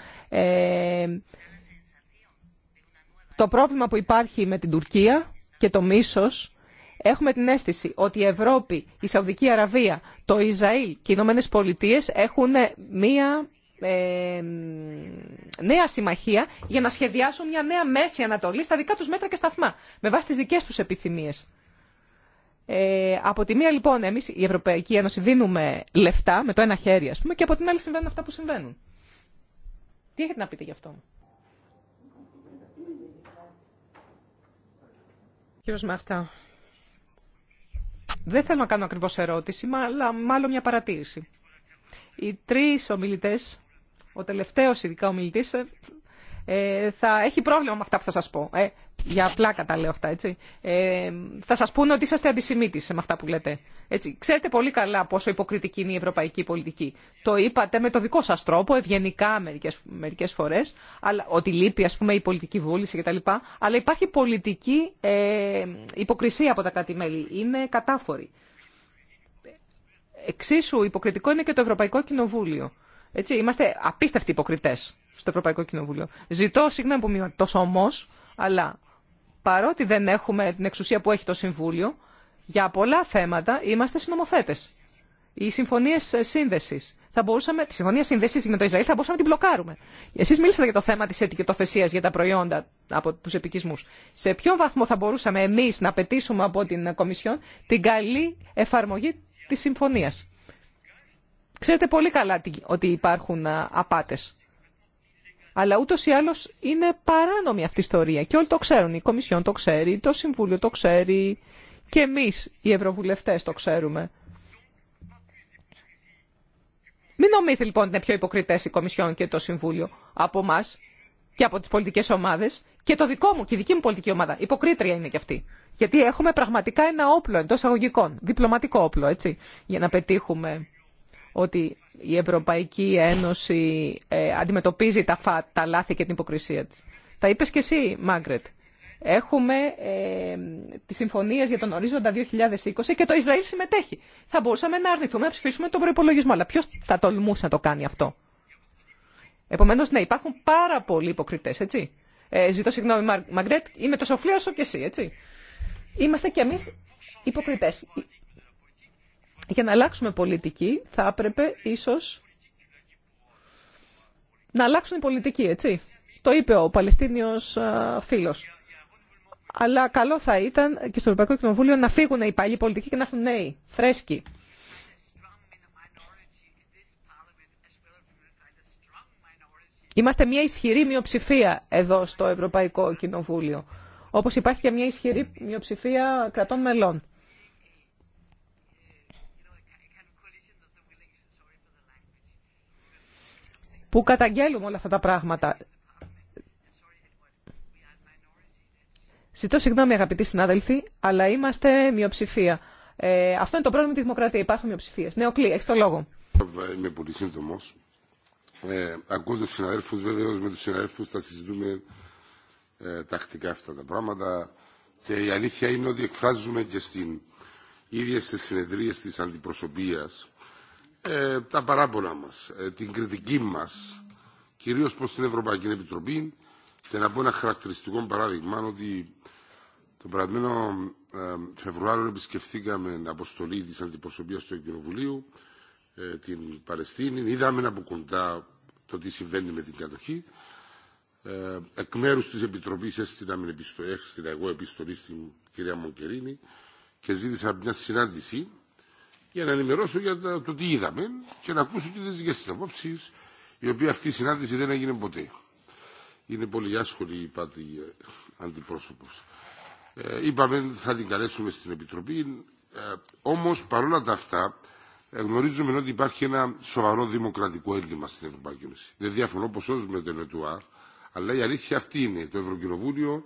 το πρόβλημα που υπάρχει με την Τουρκία και το μίσος Έχουμε την αίσθηση ότι η Ευρώπη, η Σαουδική Αραβία, το Ισραήλ και οι Ηνωμένε Πολιτείε έχουν μία ε, νέα συμμαχία για να σχεδιάσουν μια νέα μέση Ανατολή στα δικά τους μέτρα και σταθμά, με βάση τις δικέ τους επιθυμίες. Ε, από τη μία λοιπόν εμείς η Ευρωπαϊκή Ένωση δίνουμε λεφτά με το ένα χέρι ας πούμε και από την άλλη συμβαίνουν αυτά που συμβαίνουν. Τι έχετε να πείτε γι' αυτό. Κύριος μαχτά. Δεν θέλω να κάνω ακριβώς ερώτηση, αλλά μάλλον μια παρατήρηση. Οι τρεις ομιλητές, ο τελευταίος ειδικά ομιλητής, ε, ε, θα έχει πρόβλημα με αυτά που θα σας πω. Ε, για απλά λέω αυτά, έτσι. Ε, θα σας πούνε ότι είσαστε αντισημίτης με αυτά που λέτε. Έτσι. Ξέρετε πολύ καλά πόσο υποκριτική είναι η ευρωπαϊκή πολιτική. Το είπατε με το δικό σας τρόπο, ευγενικά μερικές, φορέ, φορές, ότι λείπει ας πούμε η πολιτική βούληση κτλ. Αλλά υπάρχει πολιτική ε, υποκρισία από τα κράτη-μέλη. Είναι κατάφορη. Εξίσου υποκριτικό είναι και το Ευρωπαϊκό Κοινοβούλιο. Έτσι, είμαστε απίστευτοι υποκριτές στο Ευρωπαϊκό Κοινοβούλιο. Ζητώ συγγνώμη που είμαι τόσο όμω, αλλά παρότι δεν έχουμε την εξουσία που έχει το Συμβούλιο, για πολλά θέματα είμαστε συνομοθέτε. Οι συμφωνίε σύνδεση. Θα μπορούσαμε, τη συμφωνία σύνδεση με το Ισραήλ θα μπορούσαμε να την μπλοκάρουμε. Εσεί μίλησατε για το θέμα τη ετικετοθεσία για τα προϊόντα από του επικισμού. Σε ποιον βαθμό θα μπορούσαμε εμεί να απαιτήσουμε από την Κομισιόν την καλή εφαρμογή τη συμφωνία. Ξέρετε πολύ καλά ότι υπάρχουν απάτες. Αλλά ούτω ή άλλω είναι παράνομη αυτή η ιστορία και όλοι το ξέρουν. Η Κομισιόν το ξέρει, το Συμβούλιο το ξέρει και εμεί οι Ευρωβουλευτέ το ξέρουμε. Μην νομίζετε λοιπόν ότι είναι πιο υποκριτέ η Κομισιόν και το Συμβούλιο από εμά και από τι πολιτικέ ομάδε και το δικό μου και η δική μου πολιτική ομάδα. Υποκρίτρια είναι κι αυτή. Γιατί έχουμε πραγματικά ένα όπλο εντό αγωγικών, διπλωματικό όπλο, έτσι, για να πετύχουμε ότι η Ευρωπαϊκή Ένωση ε, αντιμετωπίζει τα, φα, λάθη και την υποκρισία της. Τα είπες και εσύ, Μάγκρετ. Έχουμε ε, τις συμφωνίες για τον ορίζοντα 2020 και το Ισραήλ συμμετέχει. Θα μπορούσαμε να αρνηθούμε να ψηφίσουμε τον προπολογισμό, αλλά ποιος θα τολμούσε να το κάνει αυτό. Επομένως, ναι, υπάρχουν πάρα πολλοί υποκριτές, έτσι. Ε, ζητώ συγγνώμη, Μαγκρέτ, είμαι τόσο φλή και εσύ, έτσι. Είμαστε κι εμείς υποκριτές για να αλλάξουμε πολιτική θα έπρεπε ίσως να αλλάξουν οι πολιτικοί, έτσι. Το είπε ο Παλαιστίνιος φίλος. Αλλά καλό θα ήταν και στο Ευρωπαϊκό Κοινοβούλιο να φύγουν οι παλιοί πολιτικοί και να έχουν νέοι, φρέσκοι. Είμαστε μια ισχυρή μειοψηφία εδώ στο Ευρωπαϊκό Κοινοβούλιο. Όπως υπάρχει και μια ισχυρή μειοψηφία κρατών μελών. που καταγγέλουμε όλα αυτά τα πράγματα. Ζητώ συγγνώμη αγαπητοί συνάδελφοι, αλλά είμαστε μειοψηφία. Ε, αυτό είναι το πρόβλημα με τη δημοκρατία. Υπάρχουν μειοψηφίε. Ναι, Κλή, έχει το λόγο. Είμαι πολύ σύντομο. Ε, ακούω του συναδέλφου, βεβαίω με του συναδέλφου θα συζητούμε ε, τακτικά αυτά τα πράγματα. Και η αλήθεια είναι ότι εκφράζουμε και στην ίδια στι συνεδρίε τη αντιπροσωπείας ε, τα παράπονα μας, ε, την κριτική μας, κυρίως προς την Ευρωπαϊκή Επιτροπή και να πω ένα χαρακτηριστικό παράδειγμα ότι το περασμένο ε, Φεβρουάριο επισκεφθήκαμε αποστολή της αντιπροσωπείας του Κοινοβουλίου ε, την Παλαιστίνη, είδαμε από κοντά το τι συμβαίνει με την κατοχή. Ε, εκ μέρου τη Επιτροπή έστειλα εγώ επιστολή στην κυρία Μονκερίνη και ζήτησα μια συνάντηση για να ενημερώσω για το τι είδαμε και να ακούσω και τι δικέ τη απόψει, η οποία αυτή η συνάντηση δεν έγινε ποτέ. Είναι πολύ άσχολη η πάτη ε, αντιπρόσωπο. Ε, είπαμε θα την καλέσουμε στην Επιτροπή. Ε, Όμω παρόλα τα αυτά ε, γνωρίζουμε ότι υπάρχει ένα σοβαρό δημοκρατικό έλλειμμα στην Ευρωπαϊκή Ένωση. Δεν διαφωνώ ποσό με τον ΕΤΟΑ, αλλά η αλήθεια αυτή είναι. Το Ευρωκοινοβούλιο,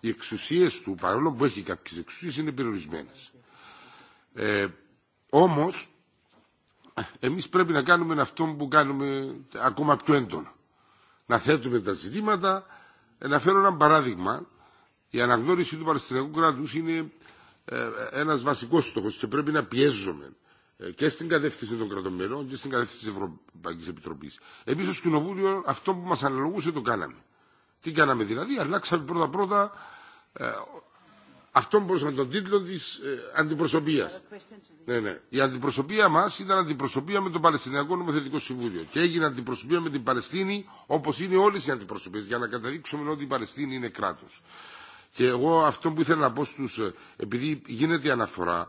οι εξουσίε του, παρόλο που έχει κάποιε εξουσίε, είναι περιορισμένε. Ε, όμως, εμείς πρέπει να κάνουμε αυτό που κάνουμε ακόμα πιο έντονα. Να θέτουμε τα ζητήματα. Να φέρω ένα παράδειγμα. Η αναγνώριση του Παλαιστινιακού κράτους είναι ε, ένας βασικός στόχος και πρέπει να πιέζουμε και στην κατεύθυνση των κρατών και στην κατεύθυνση της Ευρωπαϊκής Επιτροπής. Εμείς ως Κοινοβούλιο αυτό που μας αναλογούσε το κάναμε. Τι κάναμε δηλαδή, αλλάξαμε πρώτα-πρώτα ε, αυτό μπορούσαμε... τον τίτλο τη ε, αντιπροσωπεία. Ναι, ναι. Η αντιπροσωπεία μα ήταν αντιπροσωπεία με το Παλαιστινιακό Νομοθετικό Συμβούλιο. Και έγινε αντιπροσωπεία με την Παλαιστίνη, όπω είναι όλε οι αντιπροσωπείε, για να καταδείξουμε ότι η Παλαιστίνη είναι κράτο. Και εγώ αυτό που ήθελα να πω στου. Ε, επειδή γίνεται αναφορά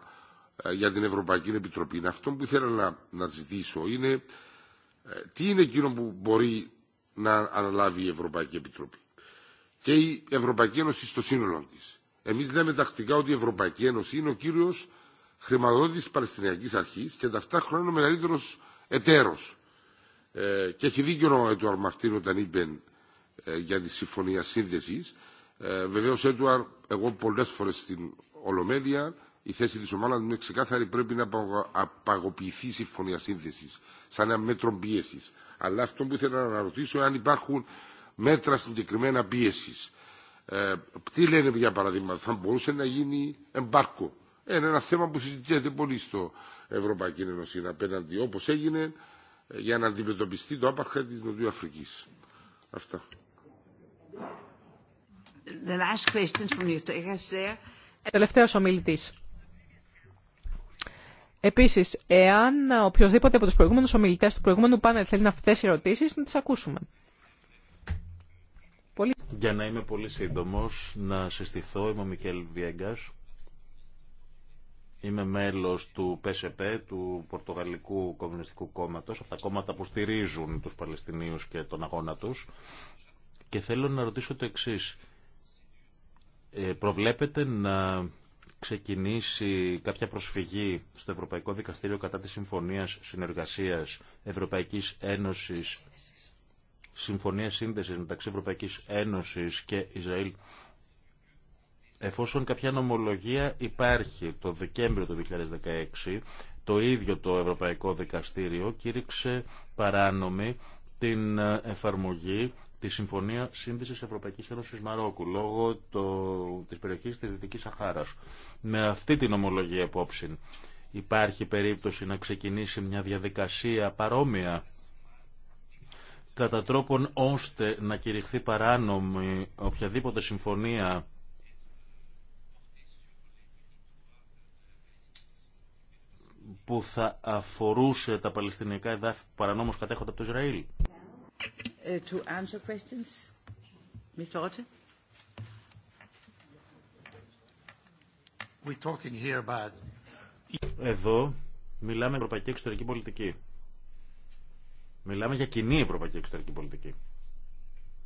ε, για την Ευρωπαϊκή Επιτροπή, αυτό που ήθελα να, να ζητήσω είναι ε, τι είναι εκείνο που μπορεί να αναλάβει η Ευρωπαϊκή Επιτροπή. Και η Ευρωπαϊκή Ένωση στο σύνολό τη Εμεί λέμε τακτικά ότι η Ευρωπαϊκή Ένωση είναι ο κύριο χρηματοδότη τη Παλαιστινιακή Αρχή και ταυτόχρονα ο μεγαλύτερο εταίρο. Ε, και έχει δίκιο ο Έντουαρ Μαρτίν όταν είπε ε, για τη συμφωνία σύνδεση. Ε, Βεβαίω, Έντουαρ, εγώ πολλέ φορέ στην Ολομέλεια η θέση τη ομάδα μου είναι ξεκάθαρη. Πρέπει να απαγοποιηθεί η συμφωνία σύνδεση σαν ένα μέτρο πίεση. Αλλά αυτό που ήθελα να ρωτήσω, αν υπάρχουν μέτρα συγκεκριμένα πίεση ε, τι λένε για παράδειγμα, θα μπορούσε να γίνει εμπάρκο. Ε, είναι ένα θέμα που συζητιέται πολύ στο Ευρωπαϊκή Ένωση απέναντι όπω έγινε ε, για να αντιμετωπιστεί το άπαρχα τη Νοτιού Αφρική. Αυτά. Τελευταίος ομιλητής. Επίσης, εάν οποιοδήποτε από του προηγούμενου ομιλητέ, του προηγούμενου πάνελ θέλει να αυτές ερωτήσει, να τι ακούσουμε. Για να είμαι πολύ σύντομος, να συστηθώ, είμαι ο Μικέλ Βιέγκας. Είμαι μέλος του ΠΣΠ, του Πορτογαλικού Κομμουνιστικού Κόμματος, από τα κόμματα που στηρίζουν τους Παλαιστινίους και τον αγώνα τους. Και θέλω να ρωτήσω το εξής. Ε, προβλέπετε να ξεκινήσει κάποια προσφυγή στο Ευρωπαϊκό Δικαστήριο κατά της Συμφωνία Συνεργασίας Ευρωπαϊκής Ένωσης συμφωνία σύνδεσης μεταξύ Ευρωπαϊκής Ένωσης και Ισραήλ εφόσον κάποια νομολογία υπάρχει το Δεκέμβριο του 2016 το ίδιο το Ευρωπαϊκό Δικαστήριο κήρυξε παράνομη την ε, εφαρμογή τη Συμφωνία Σύνδεσης Ευρωπαϊκή Ένωση Μαρόκου λόγω της περιοχή της Δυτική Σαχάρα. Με αυτή την ομολογία υπόψη, υπάρχει περίπτωση να ξεκινήσει μια διαδικασία παρόμοια κατά τρόπον ώστε να κηρυχθεί παράνομη οποιαδήποτε συμφωνία που θα αφορούσε τα παλαιστινιακά εδάφη που παρανόμως κατέχονται από το Ισραήλ. Ε, to We're talking here about... Εδώ μιλάμε ευρωπαϊκή εξωτερική πολιτική. Μιλάμε για κοινή ευρωπαϊκή εξωτερική πολιτική.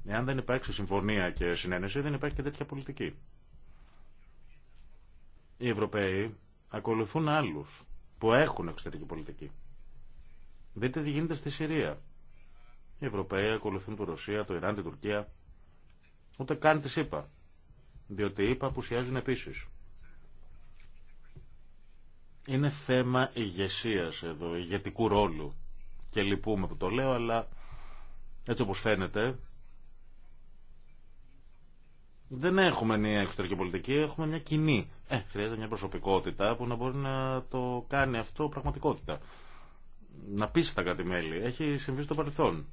Εάν δεν υπάρξει συμφωνία και συνένεση, δεν υπάρχει και τέτοια πολιτική. Οι Ευρωπαίοι ακολουθούν άλλου που έχουν εξωτερική πολιτική. Δείτε τι γίνεται στη Συρία. Οι Ευρωπαίοι ακολουθούν τη Ρωσία, το Ιράν, την Τουρκία. Ούτε καν τι είπα, Διότι είπα που απουσιάζουν επίση. Είναι θέμα ηγεσία εδώ, ηγετικού ρόλου και λυπούμε που το λέω, αλλά έτσι όπως φαίνεται, δεν έχουμε μια εξωτερική πολιτική, έχουμε μια κοινή. Ε, χρειάζεται μια προσωπικότητα που να μπορεί να το κάνει αυτό πραγματικότητα. Να πείσει τα κάτι μελη Έχει συμβεί στο παρελθόν.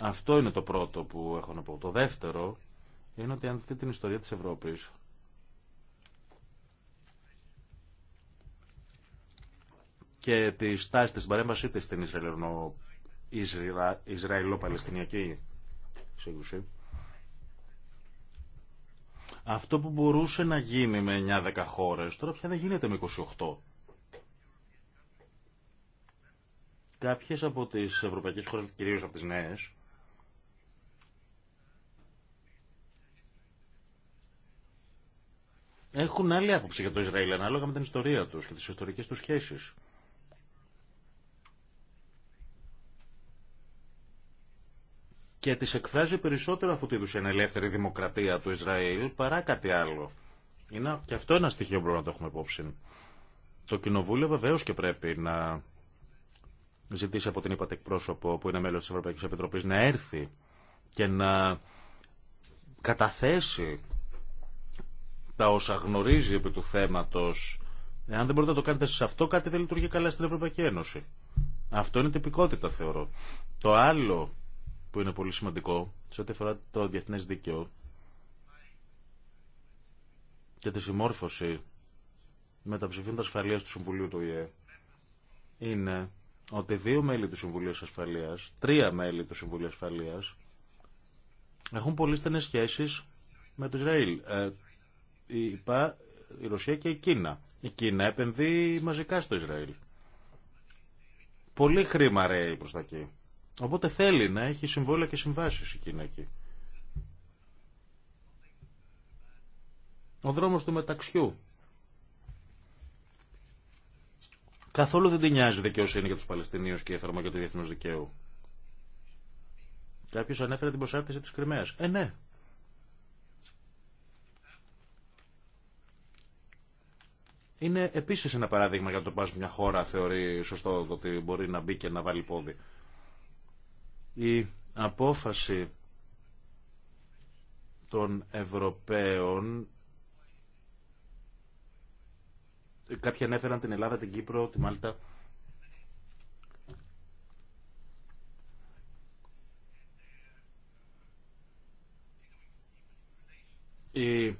Αυτό είναι το πρώτο που έχω να πω. Το δεύτερο είναι ότι αν δείτε την ιστορία της Ευρώπης, και τη στάση τη παρέμβασή στην Ισραηλο-Παλαιστινιακή σύγκρουση. Αυτό που μπορούσε να γίνει με 9-10 χώρες, τώρα πια δεν γίνεται με 28. Κάποιες από τις ευρωπαϊκές χώρες, κυρίω από τι νέε. έχουν άλλη άποψη για το Ισραήλ ανάλογα με την ιστορία τους και τις ιστορικές τους σχέσεις. και τις εκφράζει περισσότερο τη του είναι ελεύθερη δημοκρατία του Ισραήλ παρά κάτι άλλο. Είναι και αυτό ένα στοιχείο που μπορούμε να το έχουμε υπόψη. Το Κοινοβούλιο βεβαίω και πρέπει να ζητήσει από την είπατε εκπρόσωπο που είναι μέλος της Ευρωπαϊκής Επιτροπής να έρθει και να καταθέσει τα όσα γνωρίζει επί του θέματος. Εάν δεν μπορείτε να το κάνετε σε αυτό, κάτι δεν λειτουργεί καλά στην Ευρωπαϊκή Ένωση. Αυτό είναι τυπικότητα, θεωρώ. Το άλλο που είναι πολύ σημαντικό σε ό,τι αφορά το διεθνές δίκαιο και τη συμμόρφωση με τα ψηφίματα ασφαλείας του Συμβουλίου του ΙΕ είναι ότι δύο μέλη του Συμβουλίου Ασφαλείας, τρία μέλη του Συμβουλίου Ασφαλείας έχουν πολύ στενές σχέσεις με το Ισραήλ. Ε, η η Ρωσία και η Κίνα. Η Κίνα επενδύει μαζικά στο Ισραήλ. Πολύ χρήμα ρέει προς τα εκεί. Οπότε θέλει να έχει συμβόλαια και συμβάσει η Κίνα εκεί. Ο δρόμος του μεταξιού. Καθόλου δεν την νοιάζει δικαιοσύνη για τους Παλαιστινίους και η εφαρμογή του διεθνούς δικαίου. Κάποιος ανέφερε την προσάρτηση της Κρυμαίας. Ε, ναι. Είναι επίσης ένα παράδειγμα για το πας μια χώρα θεωρεί σωστό ότι μπορεί να μπει και να βάλει πόδι. Η απόφαση των Ευρωπαίων κάποιοι ανέφεραν την Ελλάδα, την Κύπρο, τη Μάλτα η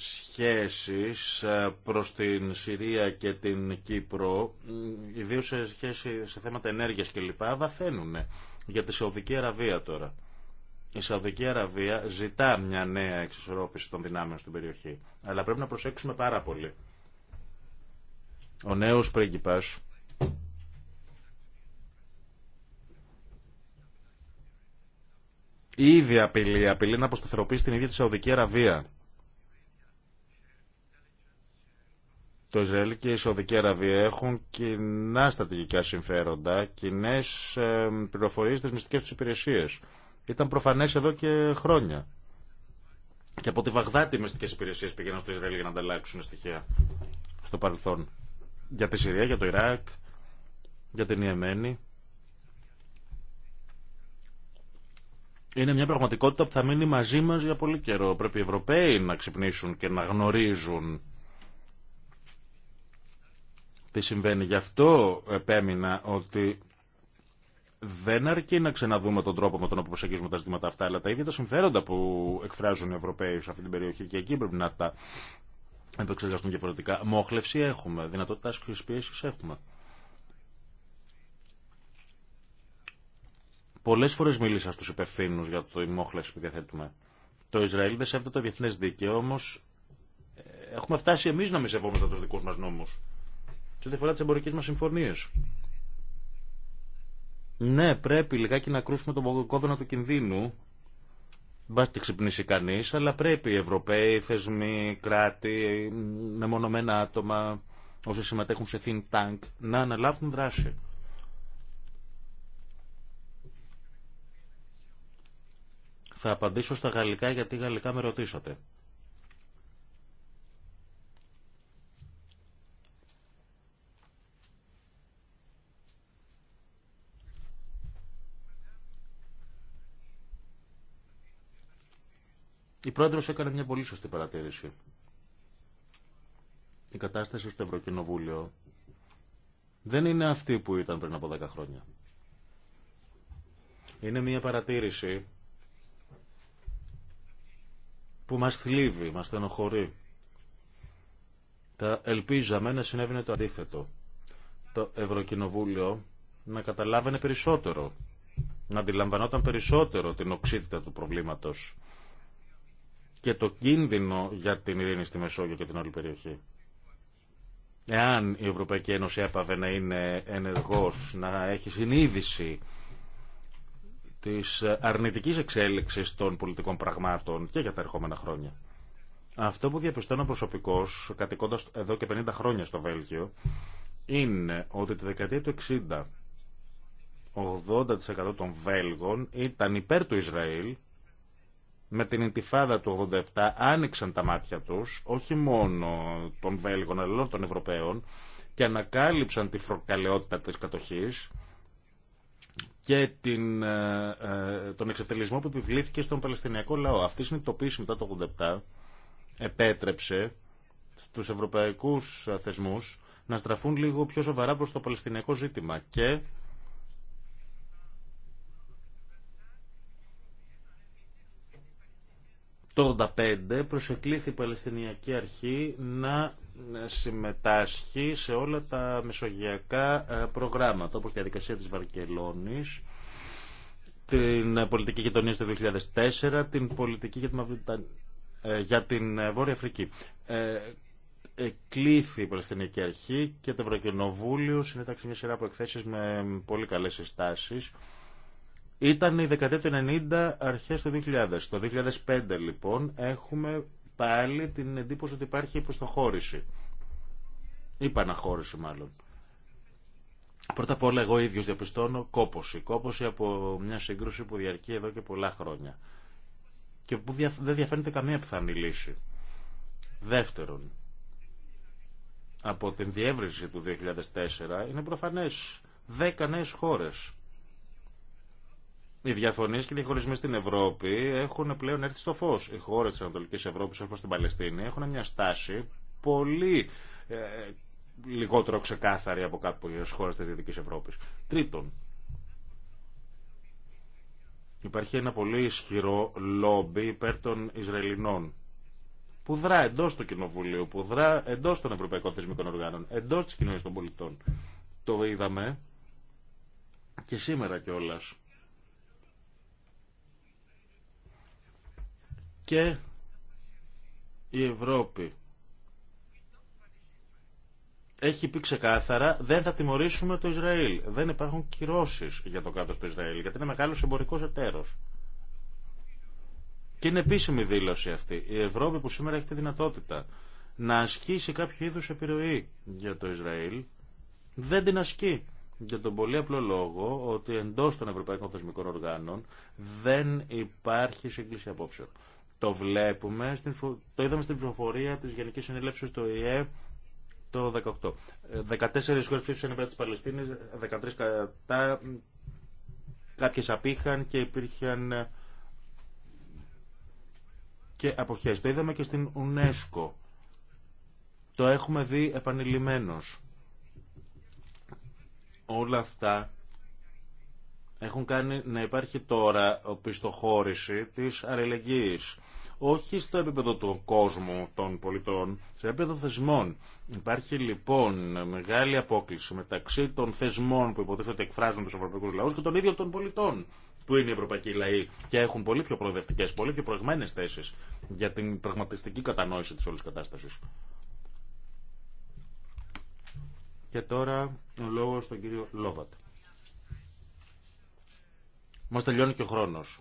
σχέσεις ε, προς την Συρία και την Κύπρο, ιδίως σε, σχέση, σε θέματα ενέργειας κλπ, βαθαίνουν για τη Σαουδική Αραβία τώρα. Η Σαουδική Αραβία ζητά μια νέα εξισορρόπηση των δυνάμεων στην περιοχή. Αλλά πρέπει να προσέξουμε πάρα πολύ. Ο νέος πρίγκιπας ήδη απειλεί, απειλεί να αποσταθεροποιήσει την ίδια τη Σαουδική Αραβία. το Ισραήλ και η Σαουδική Αραβία έχουν κοινά στρατηγικά συμφέροντα, κοινέ ε, πληροφορίε στι μυστικέ του υπηρεσίε. Ήταν προφανέ εδώ και χρόνια. Και από τη Βαγδάτη οι μυστικέ υπηρεσίε πήγαιναν στο Ισραήλ για να ανταλλάξουν στοιχεία στο παρελθόν. Για τη Συρία, για το Ιράκ, για την Ιεμένη. Είναι μια πραγματικότητα που θα μείνει μαζί μα για πολύ καιρό. Πρέπει οι Ευρωπαίοι να ξυπνήσουν και να γνωρίζουν τι συμβαίνει. Γι' αυτό επέμεινα ότι δεν αρκεί να ξαναδούμε τον τρόπο με τον οποίο προσεγγίζουμε τα ζητήματα αυτά, αλλά τα ίδια τα συμφέροντα που εκφράζουν οι Ευρωπαίοι σε αυτή την περιοχή και εκεί πρέπει να τα επεξεργαστούν διαφορετικά. Μόχλευση έχουμε, δυνατότητα άσκηση πίεση έχουμε. Πολλέ φορέ μίλησα στου υπευθύνου για το μόχλευση που διαθέτουμε. Το Ισραήλ δεν σέβεται το διεθνέ δίκαιο, όμω ε, έχουμε φτάσει εμεί να μην σεβόμαστε του δικού μα νόμου σε ό,τι αφορά τι εμπορικέ μα συμφωνίε. Ναι, πρέπει λιγάκι να κρούσουμε τον κόδωνα του κινδύνου. Μπα τη ξυπνήσει κανεί, αλλά πρέπει οι Ευρωπαίοι, θεσμοί, κράτη, μεμονωμένα άτομα, όσοι συμμετέχουν σε think tank, να αναλάβουν δράση. Θα απαντήσω στα γαλλικά γιατί γαλλικά με ρωτήσατε. Η πρόεδρος έκανε μια πολύ σωστή παρατήρηση. Η κατάσταση στο Ευρωκοινοβούλιο δεν είναι αυτή που ήταν πριν από 10 χρόνια. Είναι μια παρατήρηση που μας θλίβει, μας στενοχωρεί. Τα ελπίζαμε να συνέβαινε το αντίθετο. Το Ευρωκοινοβούλιο να καταλάβαινε περισσότερο, να αντιλαμβανόταν περισσότερο την οξύτητα του προβλήματος και το κίνδυνο για την ειρήνη στη Μεσόγειο και την όλη περιοχή. Εάν η Ευρωπαϊκή Ένωση έπαβε να είναι ενεργός, να έχει συνείδηση της αρνητικής εξέλιξης των πολιτικών πραγμάτων και για τα ερχόμενα χρόνια. Αυτό που διαπιστώνω προσωπικώς, κατοικώντας εδώ και 50 χρόνια στο Βέλγιο, είναι ότι τη δεκαετία του 60, 80% των Βέλγων ήταν υπέρ του Ισραήλ με την Ιντιφάδα του 87 άνοιξαν τα μάτια τους, όχι μόνο των Βέλγων αλλά των Ευρωπαίων και ανακάλυψαν τη φροκαλαιότητα της κατοχής και την, ε, ε, τον εξευτελισμό που επιβλήθηκε στον Παλαιστινιακό λαό. Αυτή η συνειδητοποίηση μετά το 87 επέτρεψε στους ευρωπαϊκούς ε, θεσμούς να στραφούν λίγο πιο σοβαρά προς το Παλαιστινιακό ζήτημα και Το 1985 προσεκλήθη η Παλαιστινιακή Αρχή να ε, συμμετάσχει σε όλα τα μεσογειακά ε, προγράμματα, όπως τη διαδικασία της Βαρκελόνης, την πολιτική γειτονία του 2004, την πολιτική για την, ε, για την Βόρεια Αφρική. Εκλήθη η Παλαιστινιακή Αρχή και το Ευρωκοινοβούλιο συνέταξε μια σειρά από εκθέσεις με πολύ καλές συστάσεις ήταν η δεκαετία του 90, αρχές του 2000. Το 2005 λοιπόν έχουμε πάλι την εντύπωση ότι υπάρχει υποστοχώρηση. Ή παναχώρηση μάλλον. Πρώτα απ' όλα εγώ ίδιος διαπιστώνω κόποση. Κόποση από μια σύγκρουση που διαρκεί εδώ και πολλά χρόνια. Και που δεν διαφαίνεται καμία πιθανή λύση. Δεύτερον, από την διεύρυνση του 2004 είναι προφανές. Δέκα νέες χώρες οι διαφωνίε και οι διαχωρισμοί στην Ευρώπη έχουν πλέον έρθει στο φω. Οι χώρε τη Ανατολική Ευρώπη, όπω την Παλαιστίνη, έχουν μια στάση πολύ ε, λιγότερο ξεκάθαρη από κάποιε χώρε τη Δυτική Ευρώπη. Τρίτον, υπάρχει ένα πολύ ισχυρό λόμπι υπέρ των Ισραηλινών που δρά εντό του Κοινοβουλίου, που δρά εντό των Ευρωπαϊκών Θεσμικών Οργάνων, εντό τη κοινωνία των πολιτών. Το είδαμε και σήμερα κιόλα και η Ευρώπη έχει πει ξεκάθαρα δεν θα τιμωρήσουμε το Ισραήλ. Δεν υπάρχουν κυρώσεις για το κράτος του Ισραήλ γιατί είναι μεγάλος εμπορικός εταίρος. Και είναι επίσημη δήλωση αυτή. Η Ευρώπη που σήμερα έχει τη δυνατότητα να ασκήσει κάποιο είδους επιρροή για το Ισραήλ δεν την ασκεί. Για τον πολύ απλό λόγο ότι εντός των Ευρωπαϊκών Θεσμικών Οργάνων δεν υπάρχει σύγκληση απόψεων. Το βλέπουμε, το είδαμε στην πληροφορία της Γενικής Συνέλευσης του ΙΕ το 18. 14 χώρε ψήφισαν υπέρ της Παλαιστίνης, 13 κατά, κάποιες απήχαν και υπήρχαν ε, και αποχές. Το είδαμε και στην UNESCO. Το έχουμε δει επανειλημμένος. Όλα αυτά έχουν κάνει να υπάρχει τώρα πιστοχώρηση της αλληλεγγύης. Όχι στο επίπεδο του κόσμου των πολιτών, σε επίπεδο θεσμών. Υπάρχει λοιπόν μεγάλη απόκληση μεταξύ των θεσμών που υποτίθεται ότι εκφράζουν του ευρωπαϊκούς λαού και των ίδιων των πολιτών που είναι οι ευρωπαϊκοί λαοί και έχουν πολύ πιο προοδευτικέ, πολύ πιο προηγμένε θέσει για την πραγματιστική κατανόηση τη όλη κατάσταση. Και τώρα ο λόγο στον κύριο Λόβατ. Μας τελειώνει και ο χρόνος.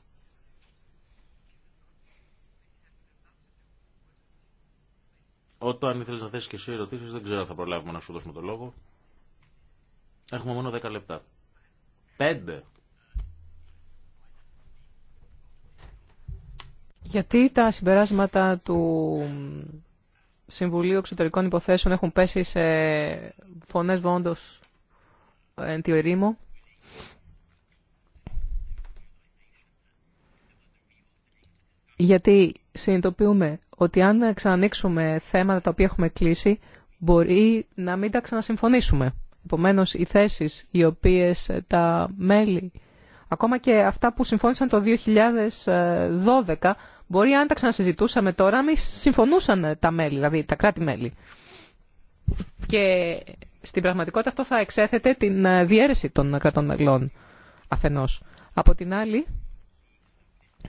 Όταν ήθελες να θέσεις και εσύ ερωτήσεις, δεν ξέρω αν θα προλάβουμε να σου δώσουμε το λόγο. Έχουμε μόνο 10 λεπτά. 5. Γιατί τα συμπεράσματα του Συμβουλίου Εξωτερικών Υποθέσεων έχουν πέσει σε φωνές βόντος εν γιατί συνειδητοποιούμε ότι αν ξανανοίξουμε θέματα τα οποία έχουμε κλείσει, μπορεί να μην τα ξανασυμφωνήσουμε. Επομένω, οι θέσεις οι οποίες τα μέλη, ακόμα και αυτά που συμφώνησαν το 2012, μπορεί αν τα ξανασυζητούσαμε τώρα, να μην συμφωνούσαν τα μέλη, δηλαδή τα κράτη-μέλη. Και στην πραγματικότητα αυτό θα εξέθετε την διαίρεση των κρατών μελών, αφενός. Από την άλλη,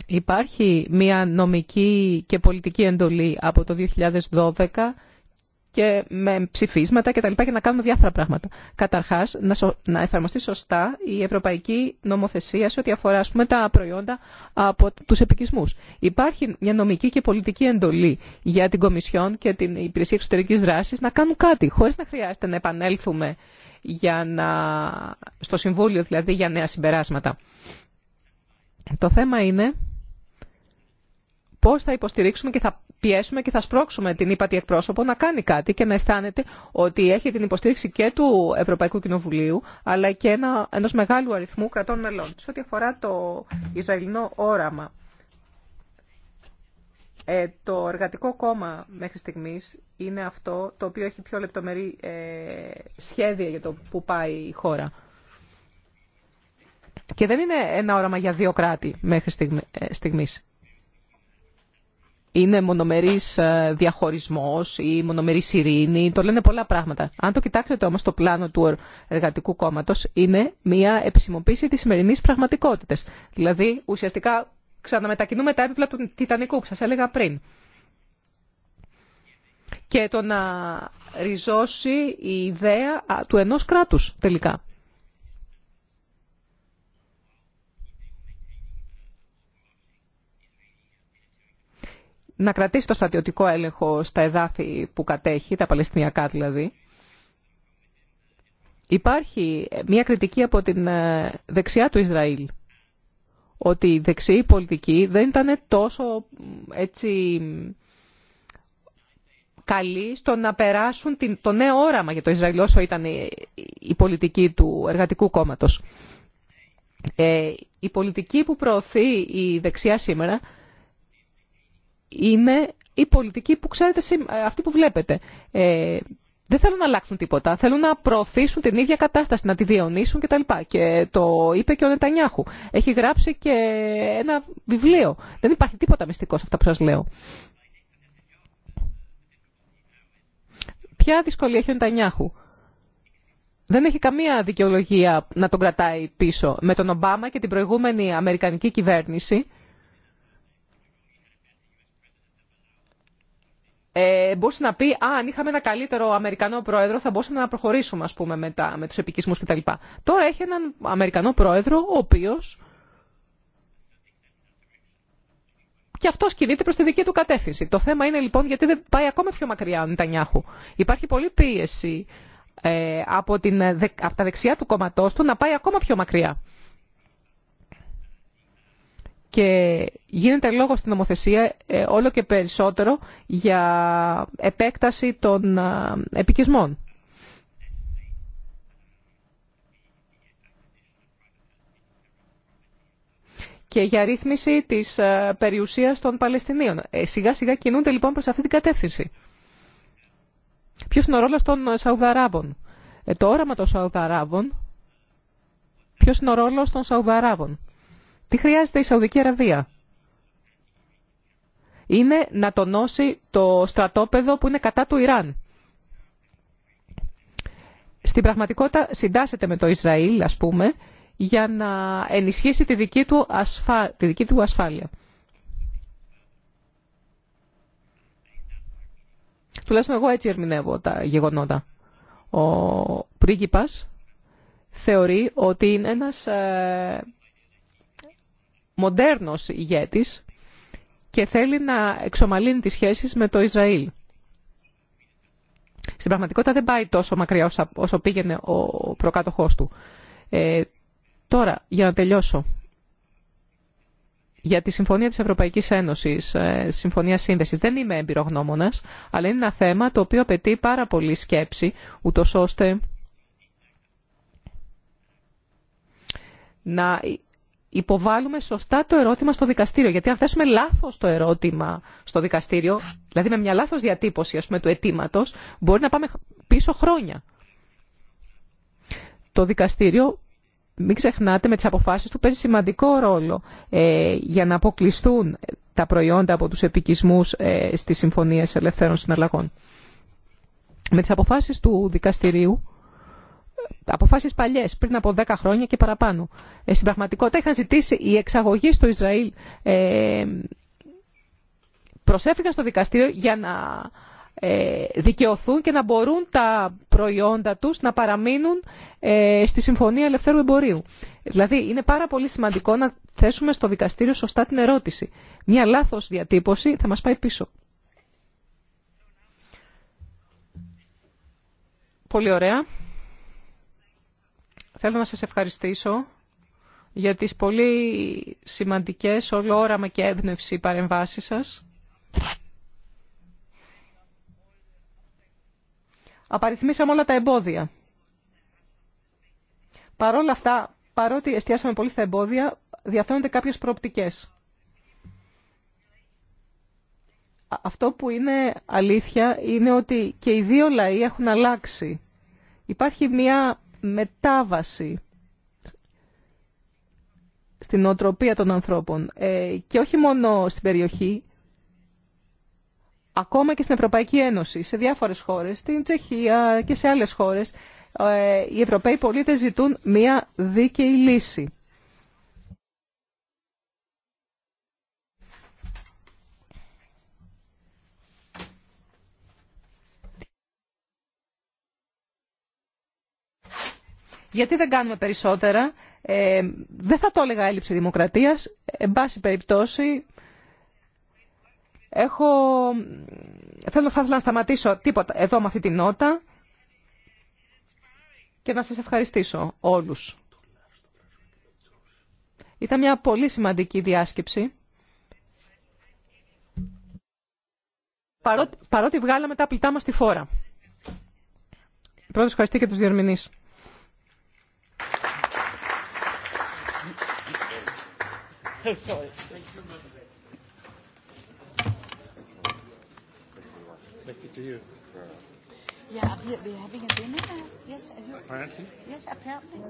Υπάρχει μια νομική και πολιτική εντολή από το 2012 και με ψηφίσματα και τα λοιπά για να κάνουμε διάφορα πράγματα. Καταρχάς, να, να εφαρμοστεί σωστά η ευρωπαϊκή νομοθεσία σε ό,τι αφορά τα προϊόντα από τους επικισμούς. Υπάρχει μια νομική και πολιτική εντολή για την Κομισιόν και την Υπηρεσία Εξωτερικής Δράσης να κάνουν κάτι, χωρίς να χρειάζεται να επανέλθουμε για να... στο Συμβούλιο δηλαδή για νέα συμπεράσματα. Το θέμα είναι πώς θα υποστηρίξουμε και θα πιέσουμε και θα σπρώξουμε την ύπατη εκπρόσωπο να κάνει κάτι και να αισθάνεται ότι έχει την υποστήριξη και του Ευρωπαϊκού Κοινοβουλίου αλλά και ένα, ενός μεγάλου αριθμού κρατών μελών. Σε ό,τι αφορά το Ισραηλινό όραμα, ε, το εργατικό κόμμα μέχρι στιγμής είναι αυτό το οποίο έχει πιο λεπτομερή ε, σχέδια για το που πάει η χώρα. Και δεν είναι ένα όραμα για δύο κράτη μέχρι ε, στιγμής. Είναι μονομερής ε, διαχωρισμός ή μονομερή ειρήνη, το λένε πολλά πράγματα. Αν το κοιτάξετε όμως το πλάνο του εργατικού κόμματο, είναι μια επισημοποίηση της σημερινή πραγματικότητα. Δηλαδή ουσιαστικά ξαναμετακινούμε τα έπιπλα του Τιτανικού που έλεγα πριν. Και το να ριζώσει η ιδέα του ενός κράτους τελικά. να κρατήσει το στρατιωτικό έλεγχο στα εδάφη που κατέχει, τα Παλαιστινιακά δηλαδή. Υπάρχει μια κριτική από την ε, δεξιά του Ισραήλ, ότι η δεξιή πολιτική δεν ήταν τόσο έτσι καλή στο να περάσουν το νέο όραμα για το Ισραήλ όσο ήταν η πολιτική του εργατικού κόμματος. η ε, πολιτική που προωθεί η δεξιά σήμερα είναι η πολιτική που ξέρετε, ε, αυτή που βλέπετε. Ε, δεν θέλουν να αλλάξουν τίποτα. Θέλουν να προωθήσουν την ίδια κατάσταση, να τη διαιωνίσουν κτλ. Και το είπε και ο Νετανιάχου. Έχει γράψει και ένα βιβλίο. Δεν υπάρχει τίποτα μυστικό σε αυτά που σα λέω. Ποια δυσκολία έχει ο Νετανιάχου. Δεν έχει καμία δικαιολογία να τον κρατάει πίσω με τον Ομπάμα και την προηγούμενη Αμερικανική κυβέρνηση ε, μπορούσε να πει «Α, αν είχαμε ένα καλύτερο Αμερικανό πρόεδρο θα μπορούσαμε να προχωρήσουμε, ας πούμε, με, με τους επικισμούς κτλ». Τώρα έχει έναν Αμερικανό πρόεδρο, ο οποίος και αυτό κινείται προ τη δική του κατεύθυνση. Το θέμα είναι λοιπόν γιατί δεν πάει ακόμα πιο μακριά ο Νιτανιάχου. Υπάρχει πολλή πίεση ε, από, την, ε, από τα δεξιά του κόμματό του να πάει ακόμα πιο μακριά και γίνεται λόγο στην νομοθεσία ε, όλο και περισσότερο για επέκταση των ε, επικισμών. και για ρύθμιση της ε, περιουσίας των Παλαιστινίων. Σιγά σιγά κινούνται λοιπόν προς αυτή την κατεύθυνση. Ποιος είναι ο ρόλος των Σαουδαράβων. Το όραμα των Σαουδαράβων. Ποιος είναι ο ρόλος των Σαουδαράβων. Τι χρειάζεται η Σαουδική Αραβία. Είναι να τονώσει το στρατόπεδο που είναι κατά του Ιράν. Στην πραγματικότητα συντάσσεται με το Ισραήλ, ας πούμε, για να ενισχύσει τη δική του, ασφα... τη δική του ασφάλεια. Τουλάχιστον εγώ έτσι ερμηνεύω τα γεγονότα. Ο πρίγκιπας θεωρεί ότι είναι ένας ε, μοντέρνος ηγέτης και θέλει να εξομαλύνει τις σχέσεις με το Ισραήλ. Στην πραγματικότητα δεν πάει τόσο μακριά όσο πήγαινε ο προκάτοχός του. Ε, τώρα, για να τελειώσω, για τη Συμφωνία της Ευρωπαϊκής Ένωσης, ε, Συμφωνία Σύνδεσης, δεν είμαι εμπειρογνώμονας, αλλά είναι ένα θέμα το οποίο απαιτεί πάρα πολύ σκέψη, ούτως ώστε να Υποβάλλουμε σωστά το ερώτημα στο δικαστήριο. Γιατί αν θέσουμε λάθος το ερώτημα στο δικαστήριο, δηλαδή με μια λάθος διατύπωση πούμε, του αιτήματο, μπορεί να πάμε πίσω χρόνια. Το δικαστήριο, μην ξεχνάτε, με τις αποφάσεις του παίζει σημαντικό ρόλο ε, για να αποκλειστούν τα προϊόντα από τους επικισμούς ε, στις συμφωνίες ελευθέρων συναλλαγών. Με τι αποφάσει του δικαστηρίου αποφάσεις παλιές, πριν από 10 χρόνια και παραπάνω. Ε, στην πραγματικότητα είχαν ζητήσει η εξαγωγή στο Ισραήλ ε, προσέφηκαν στο δικαστήριο για να ε, δικαιωθούν και να μπορούν τα προϊόντα τους να παραμείνουν ε, στη Συμφωνία Ελευθέρου Εμπορίου. Δηλαδή είναι πάρα πολύ σημαντικό να θέσουμε στο δικαστήριο σωστά την ερώτηση. Μια λάθος διατύπωση θα μας πάει πίσω. Πολύ ωραία. Θέλω να σας ευχαριστήσω για τις πολύ σημαντικές, όραμα και έμπνευση παρεμβάσεις σας. Απαριθμίσαμε όλα τα εμπόδια. Παρόλα αυτά, παρότι εστιάσαμε πολύ στα εμπόδια, διαφέρονται κάποιες προοπτικές. Αυτό που είναι αλήθεια είναι ότι και οι δύο λαοί έχουν αλλάξει. Υπάρχει μια μετάβαση στην οτροπία των ανθρώπων ε, και όχι μόνο στην περιοχή, ακόμα και στην Ευρωπαϊκή Ένωση, σε διάφορες χώρες, στην Τσεχία και σε άλλες χώρες, ε, οι Ευρωπαίοι πολίτες ζητούν μία δίκαιη λύση. Γιατί δεν κάνουμε περισσότερα. Ε, δεν θα το έλεγα έλλειψη δημοκρατίας. Εν πάση περιπτώσει, έχω... Θέλω, θα ήθελα να σταματήσω τίποτα εδώ με αυτή τη νότα και να σας ευχαριστήσω όλους. Ήταν μια πολύ σημαντική διάσκεψη. Παρότι, παρότι βγάλαμε τα πλητά μας στη φόρα. Πρώτος ευχαριστή και τους διερμηνείς. Sorry. Thank you to you. Yeah, we're having a dinner. Yes, apparently. Yes, apparently.